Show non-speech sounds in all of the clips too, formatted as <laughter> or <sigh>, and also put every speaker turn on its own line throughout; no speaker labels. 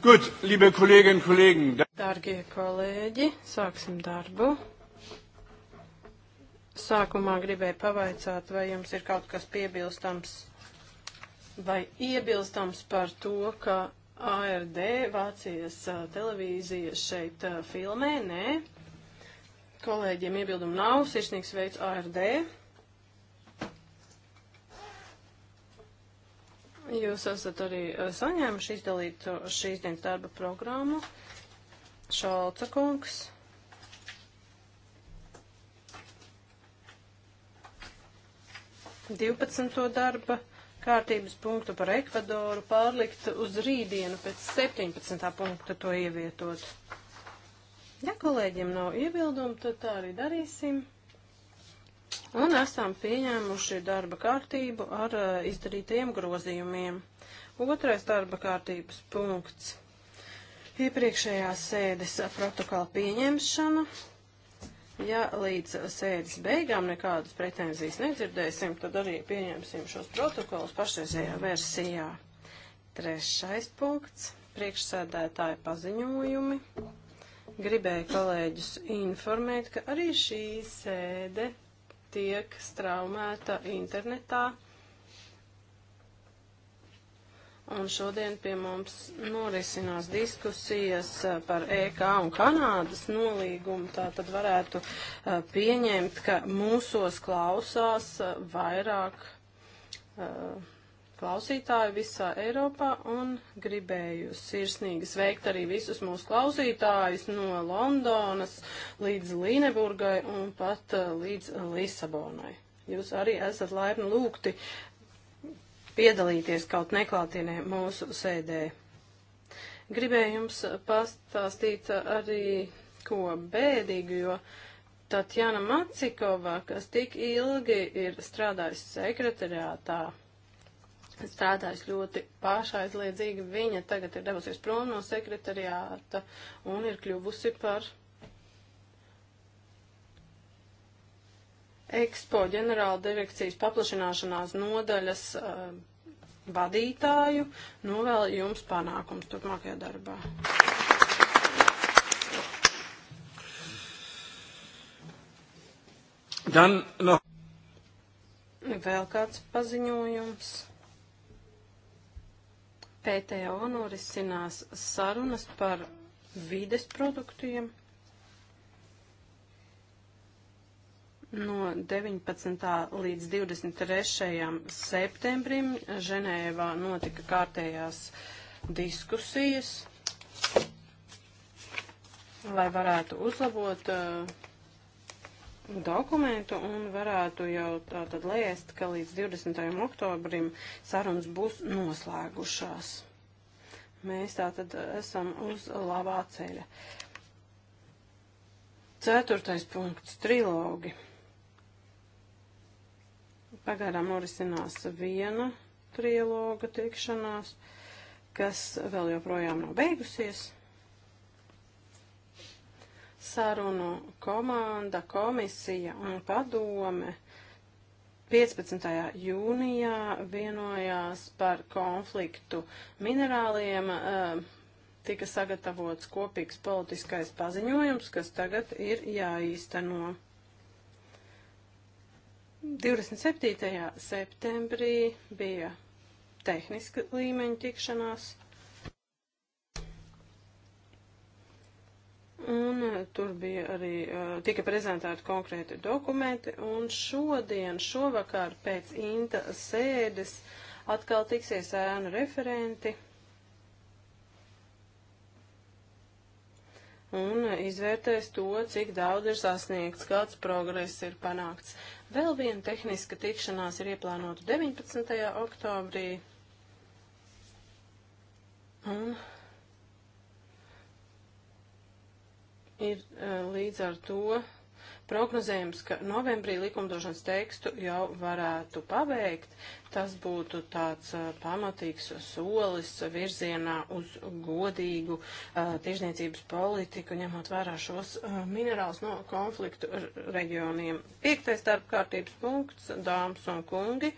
Gut, liebe Kolleginnen und Kollegen. Dargie kolēģi, sāksim darbu. Sākumā gribēju pavaicāt, vai jums ir kaut kas piebilstams vai iebilstams par to, ka ARD, Vācijas televīzija šeit filmē, nē. Kolēģiem iebildumu nav, sirsnīgs veids ARD. Jūs esat arī eh, saņēmuši izdalītu šīs dienas darba programmu. Šalca kungs. Divpadsmito darba kārtības punktu par Ekvadoru pārlikt uz rītdienu pēc 17. punkta to ievietot. Ja kolēģiem nav iebildumu, tad tā arī darīsim. Un esam pieņēmuši darba kārtību ar uh, izdarītajiem grozījumiem. Otrais darba kārtības punkts. Iepriekšējās sēdes protokola pieņemšana. Ja līdz sēdes beigām nekādas pretenzijas nedzirdēsim, tad arī pieņemsim šos protokolus pašreizējā versijā. Trešais punkts - priekšsēdētāja paziņojumi. Gribēju kolēģus informēt, ka arī šī sēde tiek straumēta internetā. Un šodien pie mums norisinās diskusijas eh, par EK un Kanādas nolīgumu. Tā tad varētu eh, pieņemt, ka mūsos klausās eh, vairāk uh, klausītāju visā Eiropā un gribēju sirsnīgi sveikt arī visus mūsu klausītājus no Londonas līdz Līneburgai un pat uh, līdz Lisabonai. Jūs arī esat laipni lūgti piedalīties kaut neklātienē mūsu sēdē. Gribēju jums pastāstīt arī ko bēdīgu, jo Tatjana Macikova, kas tik ilgi ir strādājusi sekretariātā, strādājis ļoti pašaizliedzīgi. Viņa tagad ir devusies prom no sekretariāta un ir kļuvusi par ekspo ģenerāla direkcijas paplašināšanās nodaļas uh, vadītāju. Novēl nu, jums panākums turpmākajā darbā. Dan, no. Vēl kāds paziņojums. PTO norisinās sarunas par vides produktiem no 19. līdz 23. septembrim. Ženēvā notika kārtējās diskusijas, lai varētu uzlabot uh, dokumentu un varētu jau tātad lēst, ka līdz 20. oktobrim sarunas būs noslēgušās. Mēs tātad esam uz labā ceļa. Ceturtais punkts - trilogi. Pagaidām norisinās viena triloga tikšanās, kas vēl joprojām nav beigusies sarunu komanda, komisija un padome 15. jūnijā vienojās par konfliktu minerāliem, eh, tika sagatavots kopīgs politiskais paziņojums, kas tagad ir jāīsteno. 27. septembrī bija tehniska līmeņa tikšanās Un eh, tur bija arī, eh, tika prezentēti konkrēti dokumenti, un šodien, šovakar pēc Inta sēdes atkal tiksies ēnu referenti. un eh, izvērtēs to, cik daudz ir sasniegts, kāds progress ir panākts. Vēl viena tehniska tikšanās ir ieplānota 19. oktobrī. Un Ir e, līdz ar to prognozējums, ka novembrī likumdošanas tekstu jau varētu pabeigt. Tas būtu tāds e, pamatīgs solis virzienā uz godīgu uh, tirzniecības politiku, ņemot vērā šos uh, minerālus no konfliktu reģioniem. Piektais starpkārtības punkts, dāmas un kungi,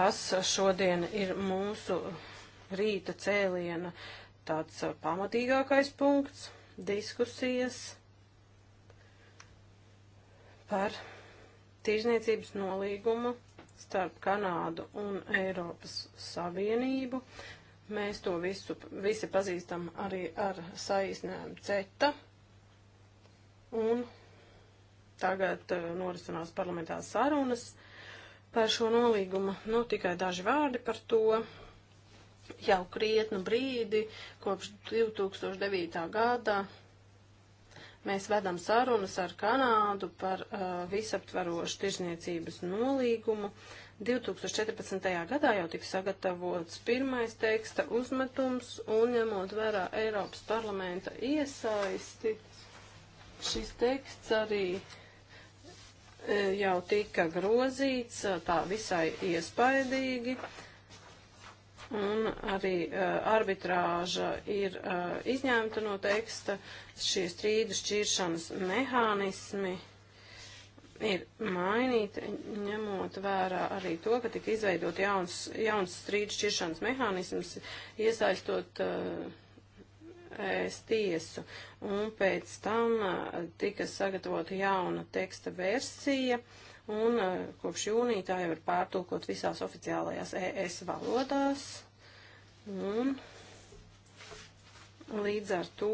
tas šodien ir mūsu rīta cēliena tāds uh, pamatīgākais punkts diskusijas par tirzniecības nolīgumu starp Kanādu un Eiropas Savienību. Mēs to visu, visi pazīstam arī ar saīsinājumu CETA. Un tagad uh, norisinās parlamentās sarunas par šo nolīgumu. Nu, tikai daži vārdi par to jau krietnu brīdi, kopš 2009. gada, mēs vedam sarunas ar Kanādu par uh, visaptvarošu tirzniecības nolīgumu. 2014. gadā jau tika sagatavots pirmais teksta uzmetums un ņemot vērā Eiropas parlamenta iesaisti, šis teksts arī uh, jau tika grozīts uh, tā visai iespaidīgi. Uh, un arī uh, arbitrāža ir uh, izņemta no teksta. Šie strīdu šķiršanas mehānismi ir mainīti, ņemot vērā arī to, ka tika izveidot jauns, jauns strīdu šķiršanas mehānisms, iesaistot uh, eh, es tiesu. Un pēc tam tika sagatavota jauna teksta versija. Uh, un eh, kopš jūnija tā jau ir pārtulkot visās oficiālajās ES valodās, un līdz ar to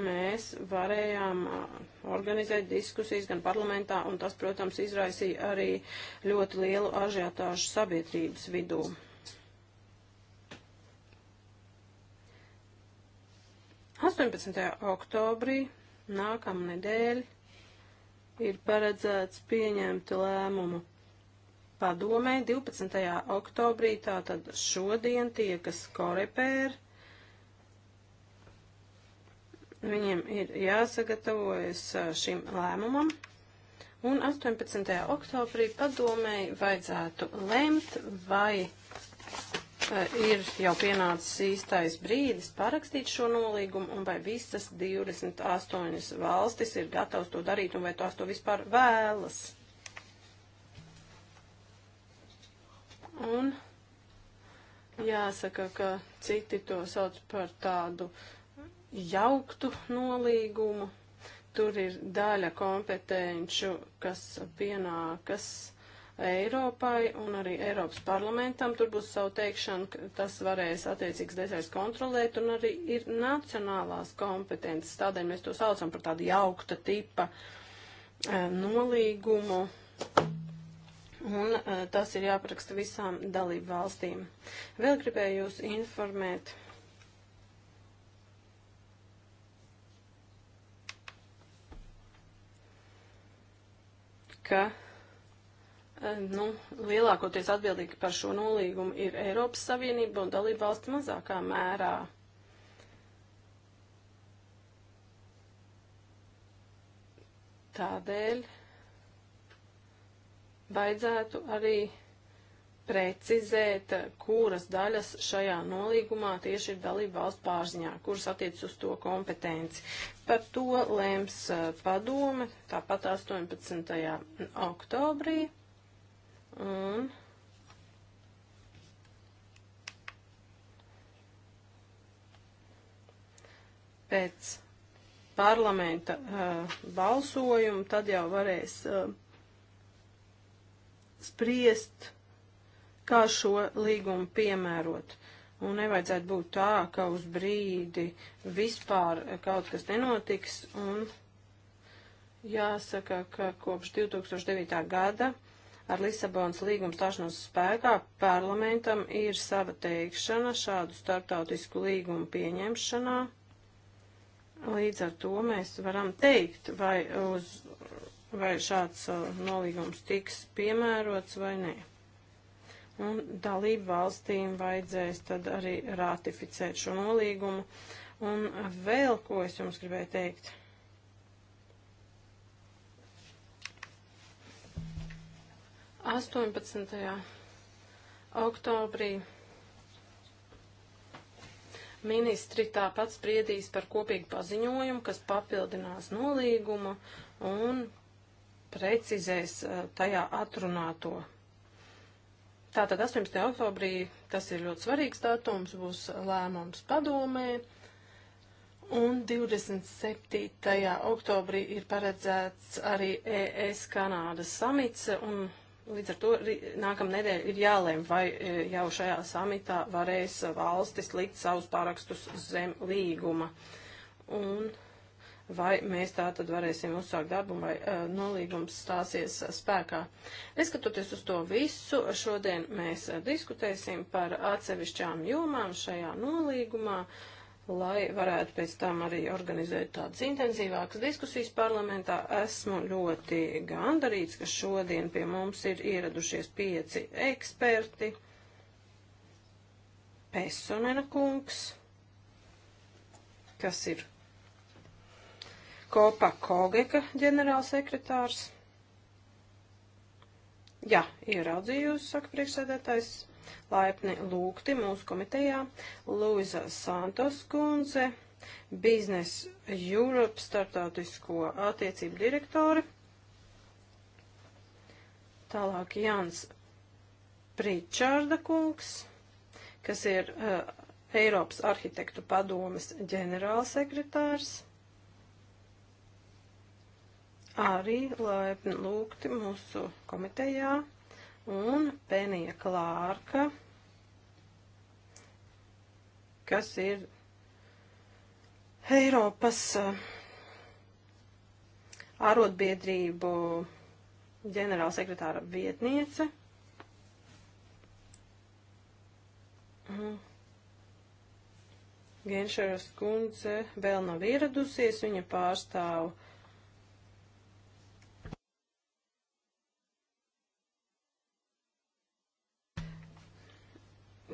mēs varējām eh, organizēt diskusijas gan parlamentā, un tas, protams, izraisīja arī ļoti lielu ažiotāžu sabiedrības vidū. Astoņpadsmitajā oktobrī nākamnedēļ ir paredzēts pieņemt lēmumu padomē 12. oktobrī, tātad šodien tiekas korepēri. Viņiem ir jāsagatavojas šim lēmumam. Un 18. oktobrī padomēji vajadzētu lemt, vai Eh, ir jau pienācis īstais brīdis parakstīt šo nolīgumu un vai visas 28 valstis ir gatavs to darīt un vai tās to vispār vēlas. Un jāsaka, ka citi to sauc par tādu jauktu nolīgumu. Tur ir daļa kompetenču, kas pienākas Eiropai un arī Eiropas parlamentam. Tur būs savu teikšanu, tas varēs attiecīgs detaļas kontrolēt un arī ir nacionālās kompetences. Tādēļ mēs to saucam par tādu jaukta tipa eh, nolīgumu. Un eh, tas ir jāpraksta visām dalību valstīm. Vēl gribēju jūs informēt ka Eh, nu, lielākoties atbildīgi par šo nolīgumu ir Eiropas Savienība un dalība valsts mazākā mērā. Tādēļ vajadzētu arī precizēt, kuras daļas šajā nolīgumā tieši ir dalība valsts pārziņā, kuras attiec uz to kompetenci. Par to lēms eh, padome, tāpat 18. oktobrī. Un pēc parlamenta uh, eh, balsojumu, tad jau varēs uh, spriest, kā šo līgumu piemērot. Un nevajadzētu būt tā, ka uz brīdi vispār kaut kas nenotiks. Un jāsaka, ka kopš 2009. gada uh, ar Lisabonas līgumu stāšanos spēkā parlamentam ir sava teikšana šādu starptautisku līgumu pieņemšanā. Līdz ar to mēs varam teikt, vai, uz, vai šāds uh, nolīgums tiks piemērots vai nē. Un dalību valstīm vajadzēs tad arī ratificēt šo nolīgumu. Un vēl ko es jums gribēju teikt? 18. oktobrī ministri tāpat spriedīs par kopīgu paziņojumu, kas papildinās nolīgumu un precizēs eh, tajā atrunāto. Tātad 18. oktobrī tas ir ļoti svarīgs datums, būs lēmums padomē. Un 27. oktobrī ir paredzēts arī ES Kanādas samits, un Līdz ar to nākamā nedēļa ir jālēm, vai e, jau šajā samitā varēs e, valstis likt savus pārakstus zem līguma. Un vai mēs tā tad varēsim uzsākt darbu, vai uh, nolīgums stāsies spēkā. Neskatoties uz to visu, šodien mēs diskutēsim par atsevišķām jomām šajā nolīgumā. Uh, lai varētu pēc tam arī organizēt tādas intensīvākas diskusijas parlamentā. Esmu ļoti gandarīts, ka šodien pie mums ir ieradušies pieci eksperti. Pesonena kungs, kas ir Kopa Kogeka ģenerālsekretārs. Jā, ieraudzīju, saka priekšsēdētājs laipni lūgti mūsu komitejā Luiza Santos kundze, Biznes Europe startautisko attiecību direktori. Tālāk Jānis Pričārda kungs, kas ir uh, Eiropas arhitektu padomes ģenerālsekretārs. Arī laipni lūgti mūsu komitejā un Penija Klārka, kas ir Eiropas eh, arotbiedrību ģenerālsekretāra vietniece. Mhm. Genšeras kundze vēl nav ieradusies, viņa pārstāv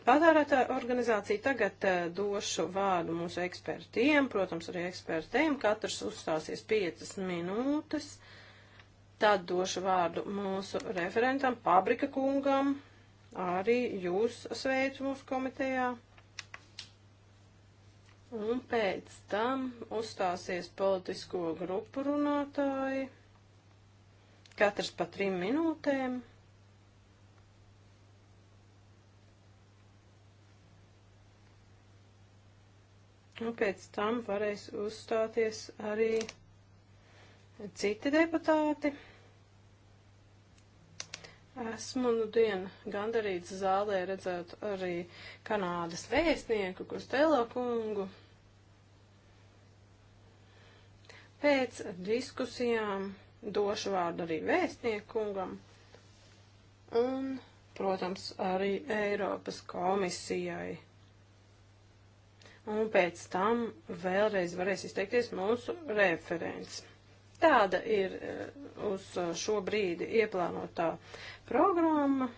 patērētāju organizāciju. Tagad uh, došu vārdu mūsu ekspertiem, protams, arī ekspertēm. Katrs uzstāsies 5 minūtes. Tad došu vārdu mūsu referentam, Pabrika kungam. Arī jūs sveicu mūsu komitejā. Un pēc tam uzstāsies politisko grupu runātāji. Katrs pa trim minūtēm. Un nu, pēc tam varēs uzstāties arī citi deputāti. Esmu nu dienu gandarīts zālē redzēt arī Kanādas vēstnieku Kustelo kungu. Pēc diskusijām došu vārdu arī vēstnieku kungam un, protams, arī Eiropas komisijai un pēc tam vēlreiz varēs izteikties mūsu referents. Tāda ir eh, uz šo brīdi ieplānotā programma.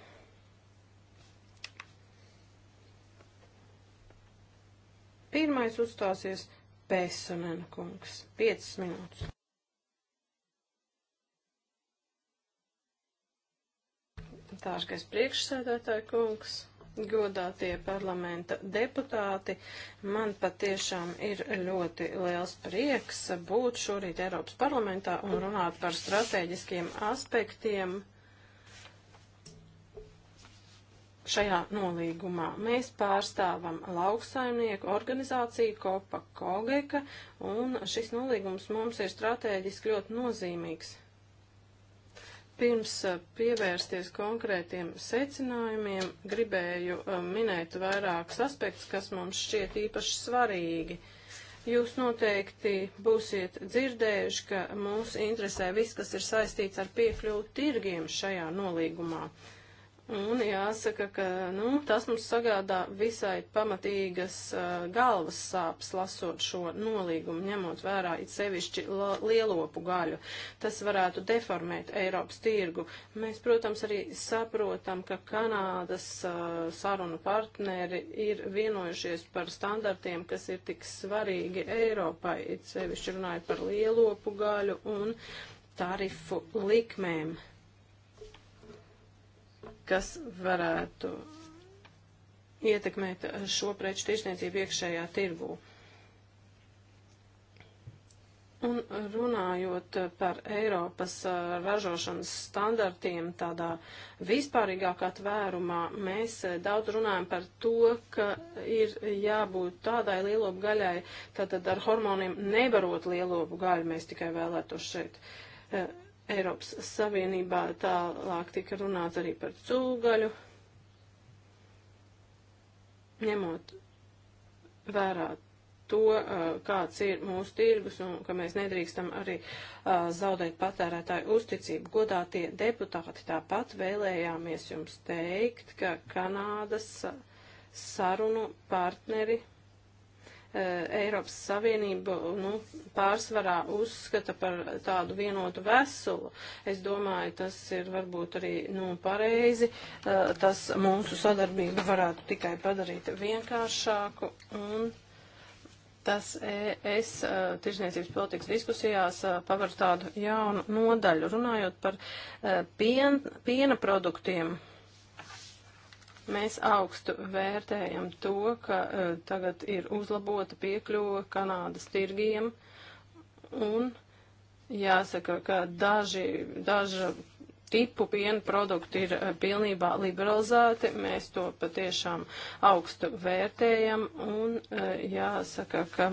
Pirmais uzstāsies Pēsonena kungs. 5 minūtes. Tārgais priekšsēdētāja kungs godātie parlamenta deputāti. Man patiešām ir ļoti liels prieks būt šorīt Eiropas parlamentā un runāt par strateģiskiem aspektiem šajā nolīgumā. Mēs pārstāvam lauksaimnieku organizāciju Kopa Kogeka, un šis nolīgums mums ir strateģiski ļoti nozīmīgs. Pirms eh, pievērsties konkrētiem secinājumiem, gribēju eh, minēt vairākus aspektus, kas mums šķiet īpaši svarīgi. Jūs noteikti būsiet dzirdējuši, ka mūs interesē viss, kas ir saistīts ar piekļuvu tirgiem šajā nolīgumā. Uh, Un jāsaka, ka nu, tas mums sagādā visai pamatīgas uh, galvas sāpes, lasot šo nolīgumu, ņemot vērā it sevišķi lielopu gaļu. Tas varētu deformēt Eiropas tirgu. Mēs, protams, arī saprotam, ka Kanādas uh, sarunu partneri ir vienojušies par standartiem, kas ir tik svarīgi Eiropai, it sevišķi runājot par lielopu gaļu un tarifu likmēm kas varētu ietekmēt šo preču tirsniecību iekšējā tirgū. Un runājot par Eiropas uh, ražošanas standartiem tādā vispārīgākā tvērumā, mēs uh, daudz runājam par to, ka ir jābūt tādai lielopu gaļai, tātad ar hormoniem nebarot lielopu gaļu, mēs tikai vēlētos šeit uh, Eiropas Savienībā tālāk tika runāts arī par cūgaļu, ņemot vērā to, kāds ir mūsu tirgus un ka mēs nedrīkstam arī zaudēt patērētāju uzticību. Godā tie deputāti tāpat vēlējāmies jums teikt, ka Kanādas sarunu partneri Eh, Eiropas Savienību nu, pārsvarā uzskata par tādu vienotu veselu. Es domāju, tas ir varbūt arī nu, pareizi. Eh, tas mūsu sadarbību varētu tikai padarīt vienkāršāku un tas es eh, tirzniecības politikas diskusijās pavar tādu jaunu nodaļu, runājot par pien, piena produktiem. Mēs augstu vērtējam to, ka uh, tagad ir uzlabota piekļuva Kanādas tirgiem un jāsaka, ka daži, daža tipu piena produkti ir e, pilnībā liberalizēti. Mēs to patiešām augstu vērtējam un e, jāsaka, ka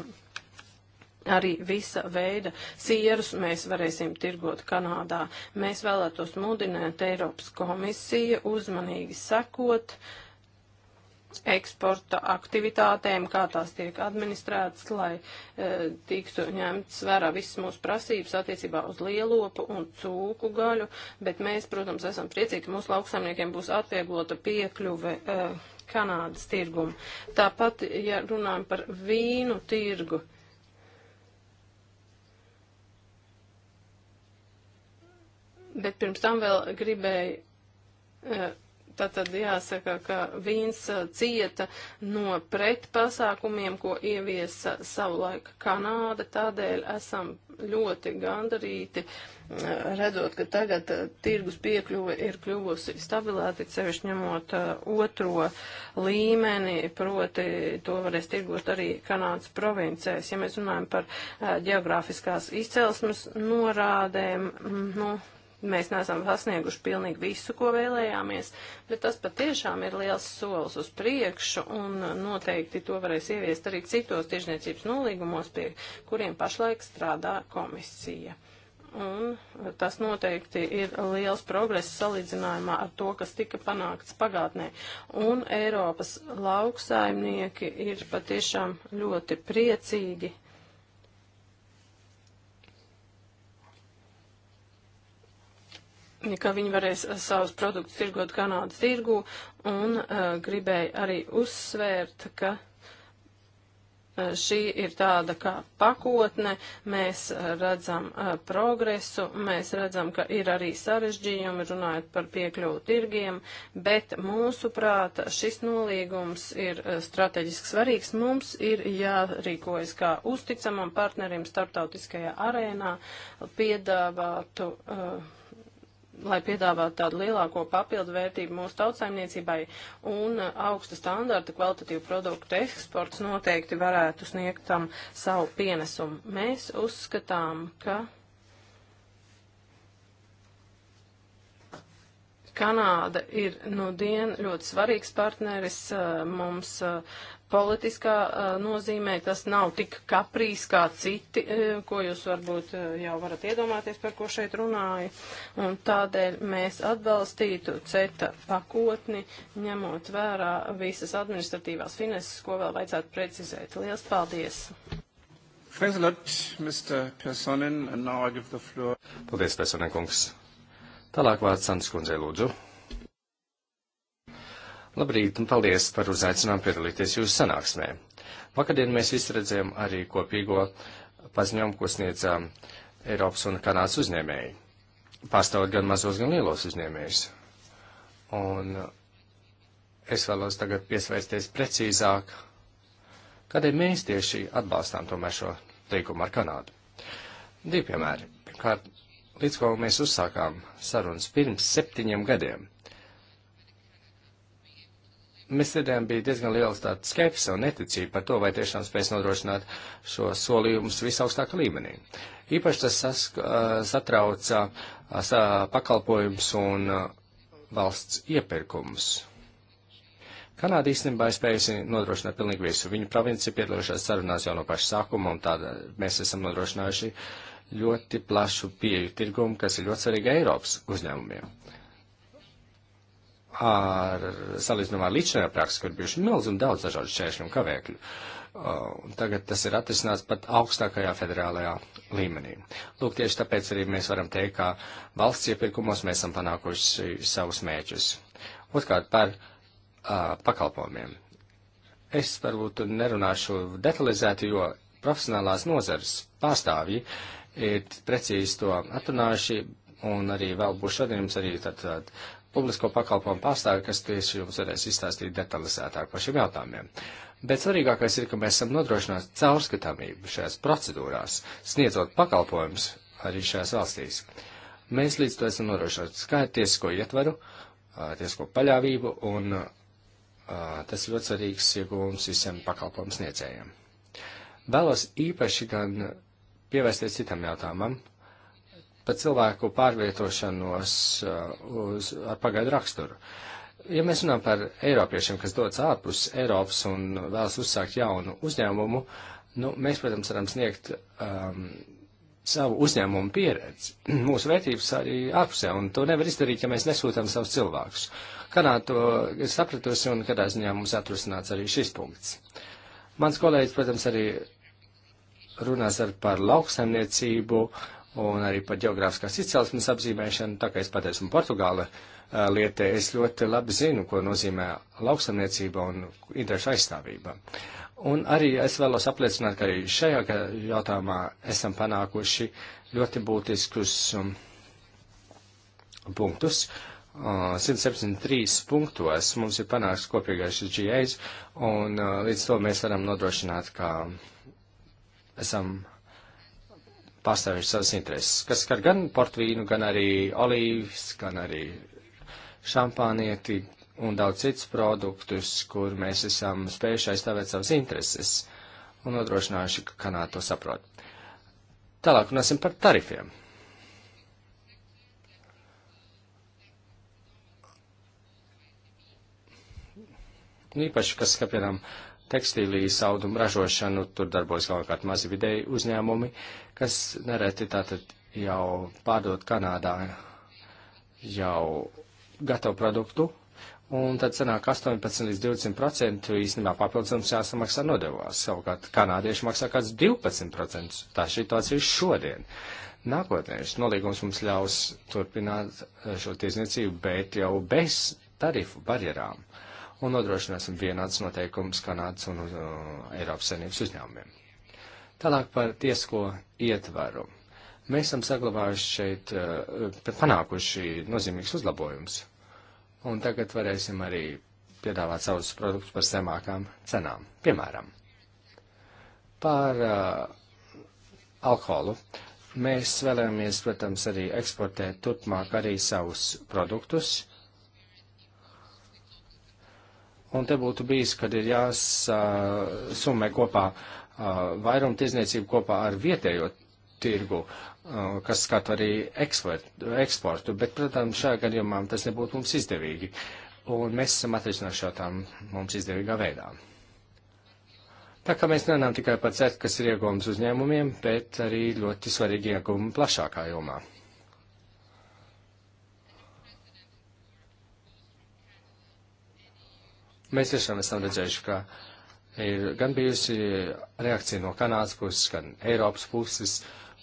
Arī visa veida sierus mēs varēsim tirgot Kanādā. Mēs vēlētos mudināt Eiropas komisiju uzmanīgi sekot eksporta aktivitātēm, kā tās tiek administrētas, lai e, tiktu ņemts vērā visas mūsu prasības attiecībā uz lielopu un cūku gaļu, bet mēs, protams, esam priecīgi, ka mūsu lauksaimniekiem būs atvieglota piekļuve e, Kanādas tirgumu. Tāpat, ja runājam par vīnu tirgu, e, Bet pirms tam vēl gribēju. Eh, tātad jāsaka, ka vīns eh, cieta no pretpasākumiem, ko ieviesa savulaik Kanāda, tādēļ esam ļoti gandarīti, eh, redzot, ka tagad tirgus piekļuve ir kļuvusi stabilēti, sevišķi ņemot otro līmeni, proti to varēs tirgot arī Kanādas provincēs. Ja mēs runājam par ģeogrāfiskās izcelsmes norādēm, mm, nu, Mēs neesam sasnieguši pilnīgi visu, ko vēlējāmies, bet tas patiešām ir liels solis uz priekšu un noteikti to varēs ieviest arī citos tiešniecības nolīgumos, pie kuriem pašlaik strādā komisija. Un tas noteikti ir liels progress salīdzinājumā ar to, kas tika panākts pagātnē. Un Eiropas lauksaimnieki ir patiešām ļoti priecīgi ka viņi varēs eh, savus produktus tirgot Kanādas tirgu un uh, gribēja arī uzsvērt, ka uh, šī ir tāda kā pakotne, mēs uh, redzam uh, progresu, mēs redzam, ka ir arī sarežģījumi runājot par piekļuvu tirgiem, bet mūsuprāt šis nolīgums ir uh, strateģiski svarīgs. Mums ir jārīkojas kā uzticamam partnerim starptautiskajā arēnā, piedāvātu. Uh, lai piedāvātu tādu lielāko papildu vērtību mūsu tautsaimniecībai un augsta standarta kvalitatīvu produktu eksports noteikti varētu sniegt tam savu pienesumu. Mēs uzskatām, ka Kanāda ir nu no dien ļoti svarīgs partneris. Eh, mums eh, Politiskā uh, nozīmē tas nav tik kaprīs kā citi, uh, ko jūs varbūt uh, jau varat iedomāties, par ko šeit runāju. Un tādēļ mēs atbalstītu CETA pakotni, ņemot vērā visas administratīvās finanses, ko vēl vajadzētu precizēt. Lielas paldies!
Thanks a lot,
Mr.
Personen, and now I give the floor.
Paldies, Personen kungs. Tālāk vārds Sandis kundzei lūdzu. Labrīt un paldies par uzaicinājumu piedalīties jūsu sanāksmē. Vakardien mēs visi redzējām arī kopīgo paziņojumu, ko sniedza Eiropas un Kanādas uzņēmēji. Pārstāvot gan mazos, gan lielos uzņēmējus. Un es vēlos tagad piesvērsties precīzāk, kādēļ mēs tieši atbalstām tomēr šo teikumu ar Kanādu. Divi piemēri. Pirmkārt, līdz ko mēs uzsākām sarunas pirms septiņiem gadiem mēs redzējām, bija diezgan liels tāds skepse un neticība par to, vai tiešām spēs nodrošināt šo solījumus visaugstākā līmenī. Īpaši tas sask, satrauca sa, pakalpojums un valsts iepirkums. Kanāda īstenībā ir spējusi nodrošināt pilnīgi visu. Viņa provinci ir piedalījušās sarunās jau no paša sākuma, un tādā mēs esam nodrošinājuši ļoti plašu pieeju tirgumu, kas ir ļoti svarīga Eiropas uzņēmumiem. Uh, ar salīdzinām ar līdzinājā praksi, kur bijuši milz un daudz dažādu šķēršļu un kavēkļu. Uh, tagad tas ir atrisināts pat augstākajā federālajā līmenī. Lūk, tieši tāpēc arī mēs varam teikt, ka valsts iepirkumos mēs esam panākuši savus mēķus. Otkārt par uh, pakalpojumiem. Es varbūt nerunāšu detalizēti, jo profesionālās nozares pārstāvji ir precīzi to atrunājuši, un arī vēl būs šodien jums arī tad, tad publisko pakalpojumu pārstāvi, kas tieši jums varēs izstāstīt detalizētāk par šiem jautājumiem. Bet svarīgākais ir, ka mēs esam nodrošināti caurskatāmību šajās procedūrās, sniedzot pakalpojumus arī šajās valstīs. Mēs līdz to esam nodrošināti skaidru tiesisko ietvaru, tiesisko paļāvību, un tas ļoti svarīgs iegūms visiem pakalpojumu sniedzējiem. Vēlos īpaši gan pievērsties citam jautājumam, par cilvēku pārvietošanos uh, uz, ar pagaidu raksturu. Ja mēs runājam par eiropiešiem, kas dodas ārpus Eiropas un vēlas uzsākt jaunu uzņēmumu, nu, mēs, protams, varam sniegt um, savu uzņēmumu pieredzi, <clears throat> mūsu vērtības arī ārpusē, un to nevar izdarīt, ja mēs nesūtām savus cilvēkus. Kanā to ir sapratusi, un kādā ziņā mums atrasināts arī šis punkts. Mans kolēģis, protams, arī runās ar par lauksaimniecību, uh, un arī par geogrāfiskās izcelsmes apzīmēšanu, tā kā es pats esmu Portugāla lietē, es ļoti labi zinu, ko nozīmē lauksamniecība un interešu aizstāvība. Un arī es vēlos apliecināt, ka arī šajā jautājumā esam panākuši ļoti būtiskus um, punktus. Uh, 173 punktos mums ir panāks kopīgais šis GAs, un uh, līdz to mēs varam nodrošināt, ka esam pārstāvjums savas intereses, kas skar gan portvīnu, gan arī olīvas, gan arī šampānieti un daudz cits produktus, kur mēs esam spējuši aizstāvēt savas intereses un nodrošinājuši, ka Kanāda to saprot. Tālāk runāsim par tarifiem. Un nu, īpaši, kas, kā piemēram, tekstīlijas audumu ražošanu, tur darbojas galvenokārt mazi vidēji uzņēmumi, uh, kas nereti tātad jau pārdod Kanādā jau gatavu produktu, un tad sanāk 18 līdz 20 procentu īstenībā papildinājums jāsamaksā nodevās. Savukārt kanādieši maksā kāds 12 procentus. Tā situācija ir šodien. Nākotnē šis nolīgums mums ļaus turpināt eh, šo tiesniecību, bet jau bez tarifu barjerām. Un nodrošināsim vienāds noteikums Kanādas un uh, Eiropas saimnības uzņēmumiem. Tālāk par tiesko ietvaru. Mēs esam saglabājuši šeit, eh, panākuši nozīmīgs uzlabojums. Un tagad varēsim arī piedāvāt savus produktus par zemākām cenām. Piemēram, par uh, alkoholu. Mēs vēlamies, protams, arī eksportēt turpmāk arī savus produktus. Un te būtu bijis, kad ir jāsumē kopā uh, vairumu tirzniecību kopā ar vietējo tirgu, kas skata arī eksportu, bet, protams, šajā gadījumā tas nebūtu mums izdevīgi. Un mēs esam atrisinājuši šo tām mums izdevīgā veidā. Tā kā mēs nenām tikai par CET, kas ir iegūms uzņēmumiem, bet arī ļoti svarīgi iegūmi plašākā jomā. Mēs tiešām esam redzējuši, ka uh, ir gan bijusi reakcija no Kanādas puses, gan Eiropas puses,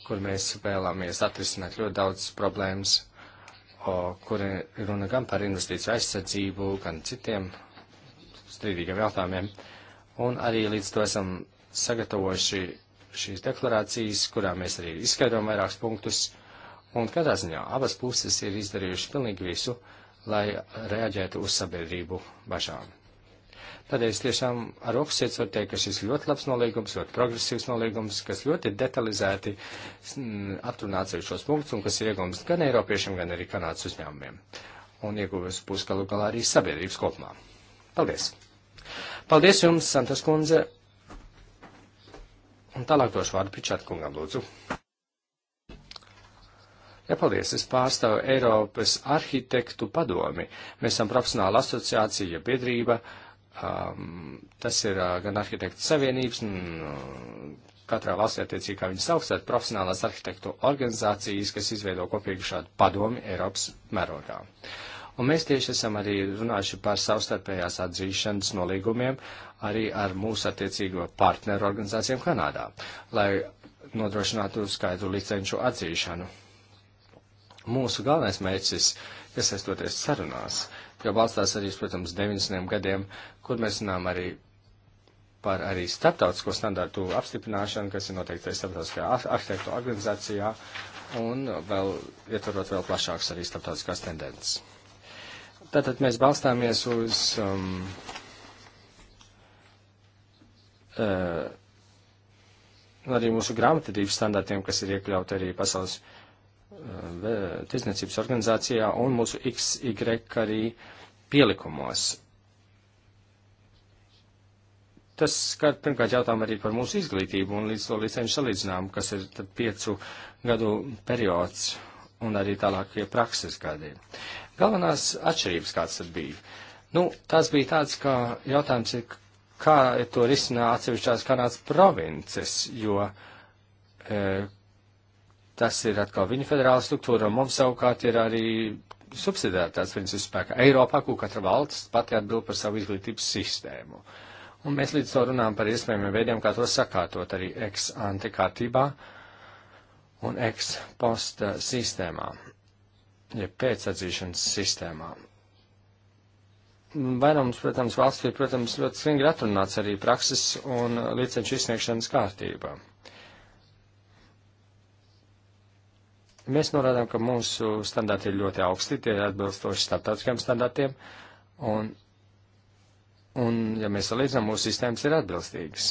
kur mēs vēlamies atrisināt ļoti daudz problēmas, o, kur ir runa gan par investīciju aizsardzību, gan citiem strīdīgiem jautājumiem. Un arī līdz to esam sagatavojuši šīs deklarācijas, kurā mēs arī izskaidrojam vairākus punktus. Un katrā ziņā abas puses ir izdarījuši pilnīgi visu, lai reaģētu uz sabiedrību bažām. Tādēļ es tiešām ar augsts varu teikt, ka šis ļoti labs nolīgums, ļoti progresīvs nolīgums, kas ļoti detalizēti mm, atrunāts arī šos punktus un kas ir iegums gan Eiropiešiem, gan arī Kanādas uzņēmumiem. Un ieguvis būs galu galā arī sabiedrības kopumā. Paldies! Paldies jums, Santas kundze! Un tālāk došu vārdu Pričāt kungam, lūdzu. Jā, paldies. Es pārstāvu Eiropas arhitektu padomi. Mēs esam profesionāla asociācija, biedrība. Uh, Um, tas ir uh, gan arhitektu savienības, un uh, katrā valstī attiecīgi, kā viņas sauc, tad profesionālās arhitektu organizācijas, kas izveido kopīgi šādu padomi Eiropas mērogā. Un mēs tieši esam arī runājuši par savstarpējās atzīšanas nolīgumiem arī ar mūsu attiecīgo partneru organizācijām Kanādā, lai nodrošinātu skaidru licenču atzīšanu. Mūsu galvenais mērķis, kas estoties sarunās, uh, jau balstās arī, protams, 90. gadiem, kur mēs runājam arī par arī starptautisko standārtu apstiprināšanu, kas ir noteikti starptautiskajā arhitektu organizācijā, un vēl ietvarot vēl plašāks arī starptautiskās tendences. Tātad mēs balstāmies uz um, uh, arī mūsu grāmatvedības standartiem, kas ir iekļauti arī pasaules uh, Tirzniecības organizācijā un mūsu XY arī pielikumos. Tas skar pirmkārt jautājumu arī par mūsu izglītību un līdz to licenšu salīdzinājumu, kas ir tad piecu gadu periods un arī tālākie prakses gadi. Galvenās atšķirības kāds tad bija? Nu, tās bija tāds, ka jautājums ir, kā to risinā atsevišķās Kanādas provinces, jo e, Tas ir atkal viņa federāla struktūra, un mums savukārt ir arī subsidētās princips spēkā Eiropā, ko katra valsts pati atbild par savu izglītības sistēmu. Un mēs līdz to runājam par iespējamiem veidiem, kā to sakārtot arī ex ante kārtībā un ex posta sistēmā, ja pēcatzīšanas sistēmā. Vairums, protams, valstī, protams, ļoti stingri atrunāts arī prakses un licenču izsniegšanas kārtībā. Mēs norādām, ka mūsu standarti ir ļoti augsti, tie ir atbilstoši starptautiskiem standartiem, un, un ja mēs salīdzinām, mūsu sistēmas ir atbilstīgas.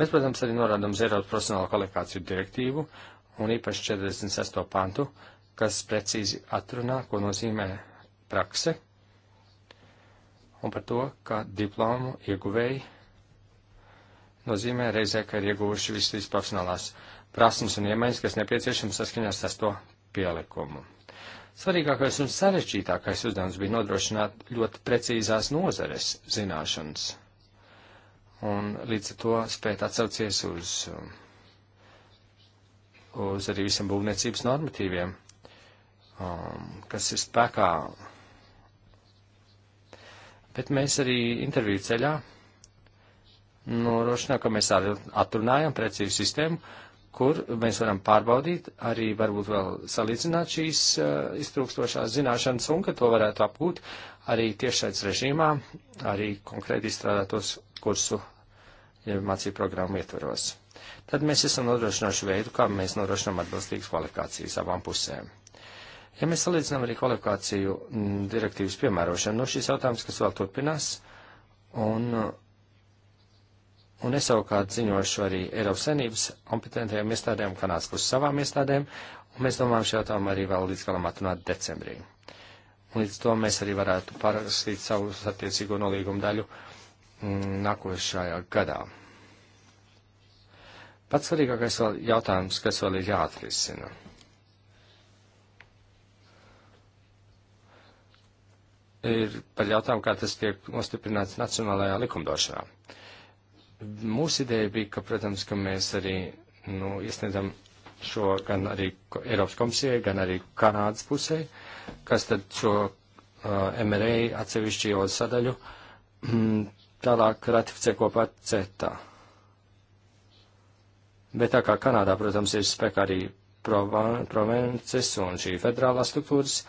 Mēs, protams, arī norādām uz Eiropas profesionālo kvalifikāciju direktīvu un īpaši 46. pantu, kas precīzi atrunā, ko nozīmē prakse, un par to, ka diplomu ieguvēji nozīmē reizē, ka ir ieguvuši visas profesionālās prasmes un iemaņas, kas nepieciešams saskaņā ar sesto pielikumu. Svarīgākais un sarežģītākais uzdevums bija nodrošināt ļoti precīzās nozares zināšanas, un līdz ar to spēt atsaucies uz, uz arī visiem būvniecības normatīviem, um, kas ir spēkā. Bet mēs arī interviju ceļā norošina, ka mēs atrunājam precīzu sistēmu, kur mēs varam pārbaudīt, arī varbūt vēl salīdzināt šīs uh, iztrūkstošās zināšanas un ka to varētu apgūt arī tiešsaits režīmā, arī konkrēti izstrādātos kursu ja mācību programmu ietveros. Tad mēs esam nodrošinājuši veidu, kā mēs nodrošinām atbilstīgas kvalifikācijas abām pusēm. Ja mēs salīdzinām arī kvalifikāciju direktīvas piemērošanu, no šis jautājums, kas vēl turpinās, un uh, Un es savukārt ziņošu arī Eiropas Savienības kompetentajām iestādēm, Kanādas puses savām iestādēm, un mēs domājam šo jautājumu arī vēl līdz galam atrunāt decembrī. Un līdz to mēs arī varētu parakstīt savu attiecīgo nolīgumu daļu m, mm, nākošajā gadā. Pats svarīgākais vēl jautājums, kas vēl ir jāatrisina. Ir par jautājumu, kā tas tiek nostiprināts nacionālajā likumdošanā. Mūsu ideja bija, ka, protams, ka mēs arī nu, iesniedzam šo gan arī Eiropas komisijai, gan arī Kanādas pusē, kas tad šo uh, MRA atsevišķi jau sadaļu mm, tālāk ratificē kopā ar CETA. Bet tā kā Kanādā, protams, ir spēkā arī provinces un šī federālā struktūras,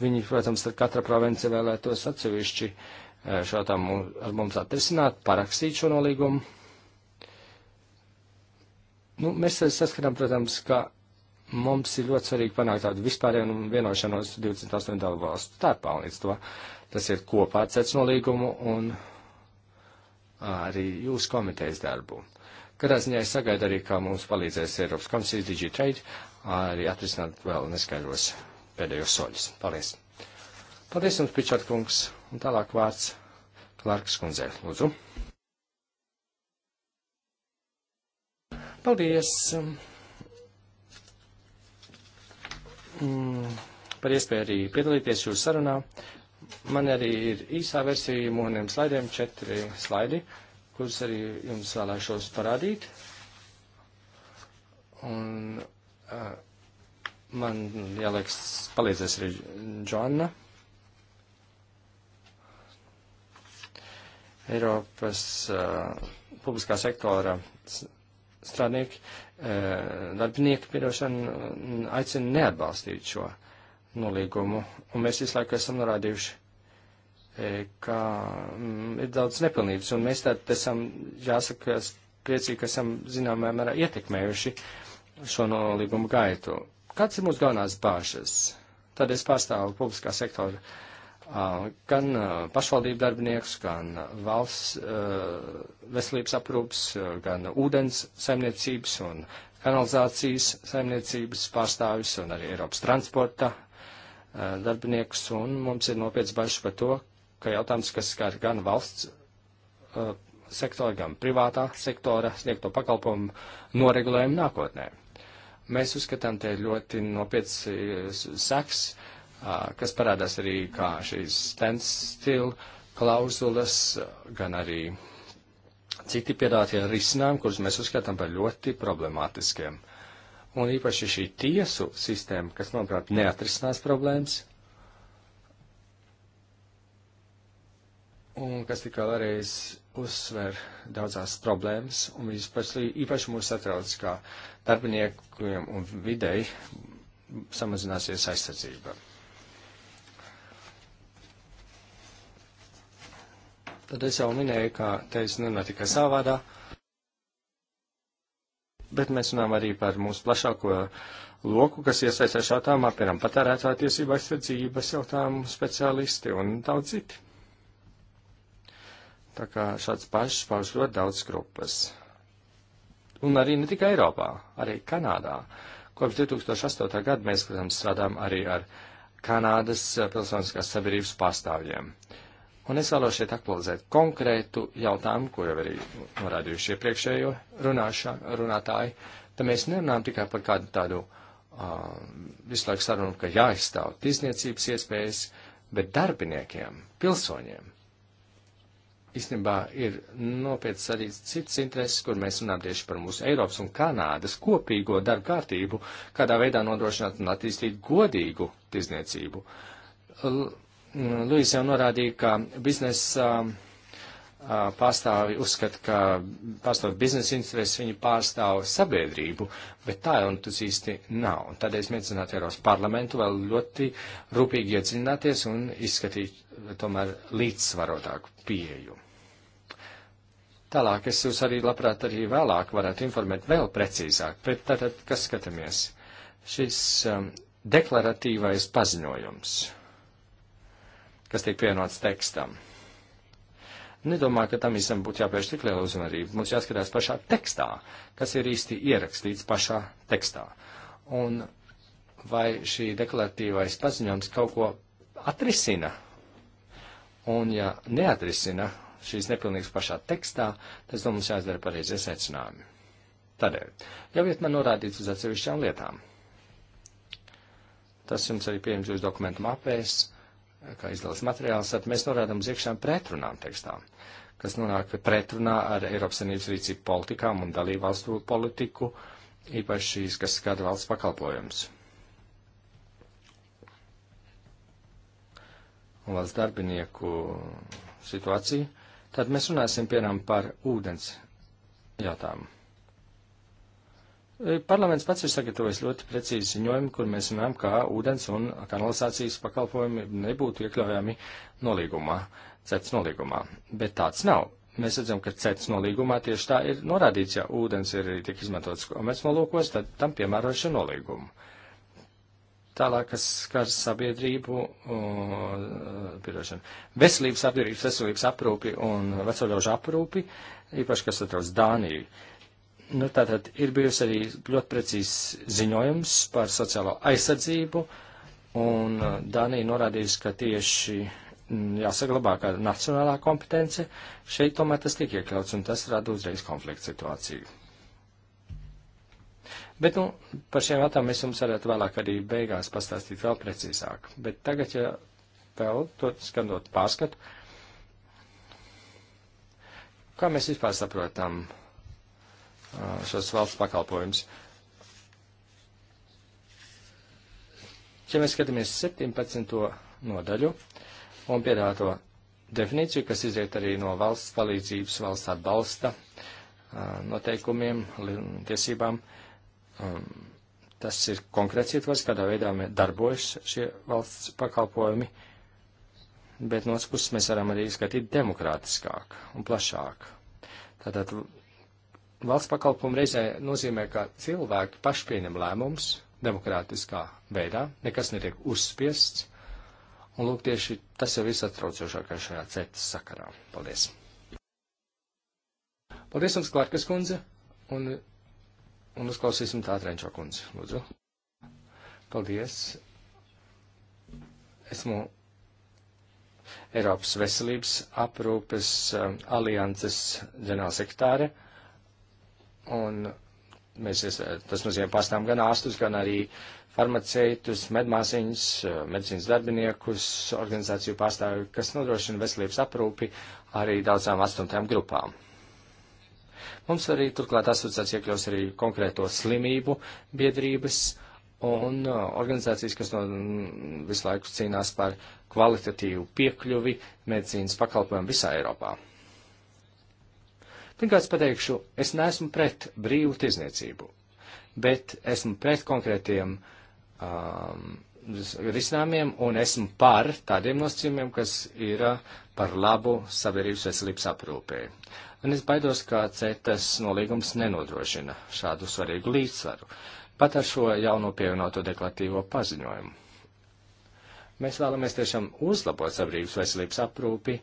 viņi, protams, tad katra province vēlētos atsevišķi uh, šo tam ar mums atrisināt, parakstīt šo nolīgumu. Nu, mēs saskatām, protams, ka mums ir ļoti svarīgi panākt tādu vispārēju vienošanos 28 dalību valstu starpā un līdz to. Tas ir kopā ar CETS nolīgumu un arī jūsu komitejas darbu. Katrā ziņā es sagaidu arī, kā mums palīdzēs Eiropas komisijas DigiTrade arī atrisināt vēl neskaidros pēdējos soļus. Paldies! Paldies jums, Pičot kungs, un tālāk vārds Klārkas kundzei. Lūdzu. Paldies um, mm, par iespēju arī piedalīties jūsu sarunā. Man arī ir īsā versija moniem slaidiem, četri slaidi, kurus arī jums vēlēšos parādīt. Un uh, man jāliekas palīdzēs arī Džoanna. Eiropas uh, publiskā sektora strādnieki, uh, darbinieki, piedošana, aicina neatbalstīt šo nolīgumu. Un mēs visu laiku esam norādījuši, ka mm, ir daudz nepilnības, un mēs tad esam, jāsaka, priecīgi, ka esam zināmā mērā ietekmējuši šo nolīgumu gaitu. Kāds ir mūsu galvenās bāžas? Tad es pārstāvu publiskā sektora uh, gan pašvaldību darbinieks, gan valsts veselības aprūps, gan ūdens saimniecības un kanalizācijas saimniecības pārstāvis un arī Eiropas transporta darbinieks. Un mums ir nopietnas bažas par to, ka jautājums, kas skar gan valsts sektora, gan privātā sektora sniegto pakalpojumu noregulējumu nākotnē. Mēs uzskatām, te ir ļoti nopietns seks. Uh, kas parādās arī kā šīs standstill klauzulas, gan arī citi piedātie risinājumi, kurus mēs uzskatām par ļoti problemātiskiem. Un īpaši šī tiesu sistēma, kas, manuprāt, neatrisinās problēmas, un kas tikai vēlreiz uzsver daudzās problēmas, un īpaši, īpaši mūs satrauc, kā darbiniekiem un videi samazināsies aizsardzība. tad es jau minēju, ka te es nerunāju tikai savādā, bet mēs runājam arī par mūsu plašāko loku, kas iesaistās jautājumā, piemēram, patērētāja tiesība aizsardzības jautājumu speciālisti un daudz citi. Tā kā šāds pašs pauž ļoti daudz grupas. Un arī ne tikai Eiropā, arī Kanādā. Kopš 2008. gada mēs, protams, strādājam arī ar Kanādas eh, pilsoniskās sabiedrības pārstāvjiem. Uh, Un es vēlos šeit aktualizēt konkrētu jautājumu, ko jau arī norādījuši iepriekšējo runāšā, runātāji. Tad mēs nerunājam tikai par kādu tādu uh, visu laiku sarunu, ka jāizstāv tirzniecības iespējas, bet darbiniekiem, pilsoņiem. Īstenībā ir nopietns arī cits intereses, kur mēs runājam tieši par mūsu Eiropas un Kanādas kopīgo darba kārtību, kādā veidā nodrošināt un attīstīt godīgu tirzniecību Nu, Luis jau norādīja, ka biznesa pārstāvi uzskata, ka pārstāv biznesa intereses, viņi pārstāv sabiedrību, bet tā jau tas īsti nav. Un tādēļ es mēģinātu Eiropas parlamentu vēl ļoti rūpīgi iedziļināties un izskatīt tomēr līdzsvarotāku pieeju. Tālāk es jūs arī labprāt arī vēlāk varētu informēt vēl precīzāk, bet tātad, kas skatāmies? Šis um, deklaratīvais paziņojums kas tiek pievienots tekstam. Nedomāju, ka tam visam būtu jāpievērš tik liela uzmanība. Mums jāskatās pašā tekstā, kas ir īsti ierakstīts pašā tekstā. Un vai šī deklaratīvais paziņojums kaut ko atrisina? Un ja neatrisina šīs nepilnības pašā tekstā, tas domāju, mums jāizdara pareizie secinājumi. Tādēļ, jau iet man norādīts uz atsevišķām lietām. Tas jums arī pieejams jūsu dokumentu mapēs kā izdalas materiāls, tad mēs norādām uz iekšām pretrunām tekstām, kas nonāk pretrunā ar Eiropas Savienības rīcību politikām un dalībvalstu politiku, īpaši šīs, kas skata valsts pakalpojumus. Un valsts darbinieku situāciju, tad mēs runāsim, piemēram, par ūdens jautājumu. Eh, parlaments pats ir sagatavojis ļoti precīzi ziņojumu, kur mēs runājam, kā ūdens un kanalizācijas pakalpojumi nebūtu iekļaujami nolīgumā, CETS nolīgumā. Bet tāds nav. Mēs redzam, ka CETS nolīgumā tieši tā ir norādīts, ja ūdens ir tik izmantots komercnolūkos, tad tam piemērošu nolīgumu. Tālāk, kas skars sabiedrību, pirošanu, veselības apdzīvības, veselības aprūpi un vecoļožu aprūpi, īpaši, kas atrodas Dāniju. Uh, Nu, tātad ir bijusi arī ļoti precīzs ziņojums par sociālo aizsardzību, un uh, Dānija norādījusi, ka tieši mm, jāsaglabā kā nacionālā kompetence. Šeit tomēr tas tiek iekļauts, un tas rada uzreiz konflikta situāciju. Bet, nu, par šiem jautājumiem es jums varētu vēlāk arī beigās pastāstīt vēl precīzāk. Bet tagad, ja vēl to skatot pārskatu, kā mēs vispār saprotam? šos valsts pakalpojumus. Ja mēs skatāmies 17. nodaļu un piedāto definīciju, kas izriet arī no valsts palīdzības, valsts atbalsta noteikumiem, tiesībām, tas ir konkrēts ietvars, kādā veidā darbojas šie valsts pakalpojumi, bet no otras puses mēs varam arī skatīt demokrātiskāk un plašāk. Tātad valsts pakalpojumi reizē nozīmē, ka cilvēki paši pieņem lēmumus demokrātiskā veidā, nekas netiek uzspiests. Un lūk, tieši tas jau viss atraucošākais šajā cetas sakarā. Paldies! Paldies jums, Klārkas kundze, un, un uzklausīsim tā Trenčo kundzi, lūdzu. Paldies! Esmu Eiropas veselības aprūpes um, alianses ģenerālsektāre. sektāre Un mēs, tas nozīmē pārstāvam gan ārstus, gan arī farmaceitus, medmāsiņus, medicīnas darbiniekus, organizāciju pārstāvju, kas nodrošina veselības aprūpi arī daudzām atstumtajām grupām. Mums arī turklāt asociācija iekļaus arī konkrēto slimību biedrības un uh, organizācijas, kas no visu laiku cīnās par kvalitatīvu piekļuvi medicīnas pakalpojumu visā Eiropā. Pirmkārt, pateikšu, es neesmu pret brīvu tirzniecību, bet esmu pret konkrētiem um, risinājumiem un esmu par tādiem nosacījumiem, kas ir uh, par labu sabiedrības veselības aprūpē. Un es baidos, ka CETAS nolīgums nenodrošina šādu svarīgu līdzsvaru, pat ar šo jauno pievienoto deklaratīvo paziņojumu. Mēs vēlamies tiešām uzlabot sabiedrības veselības aprūpi,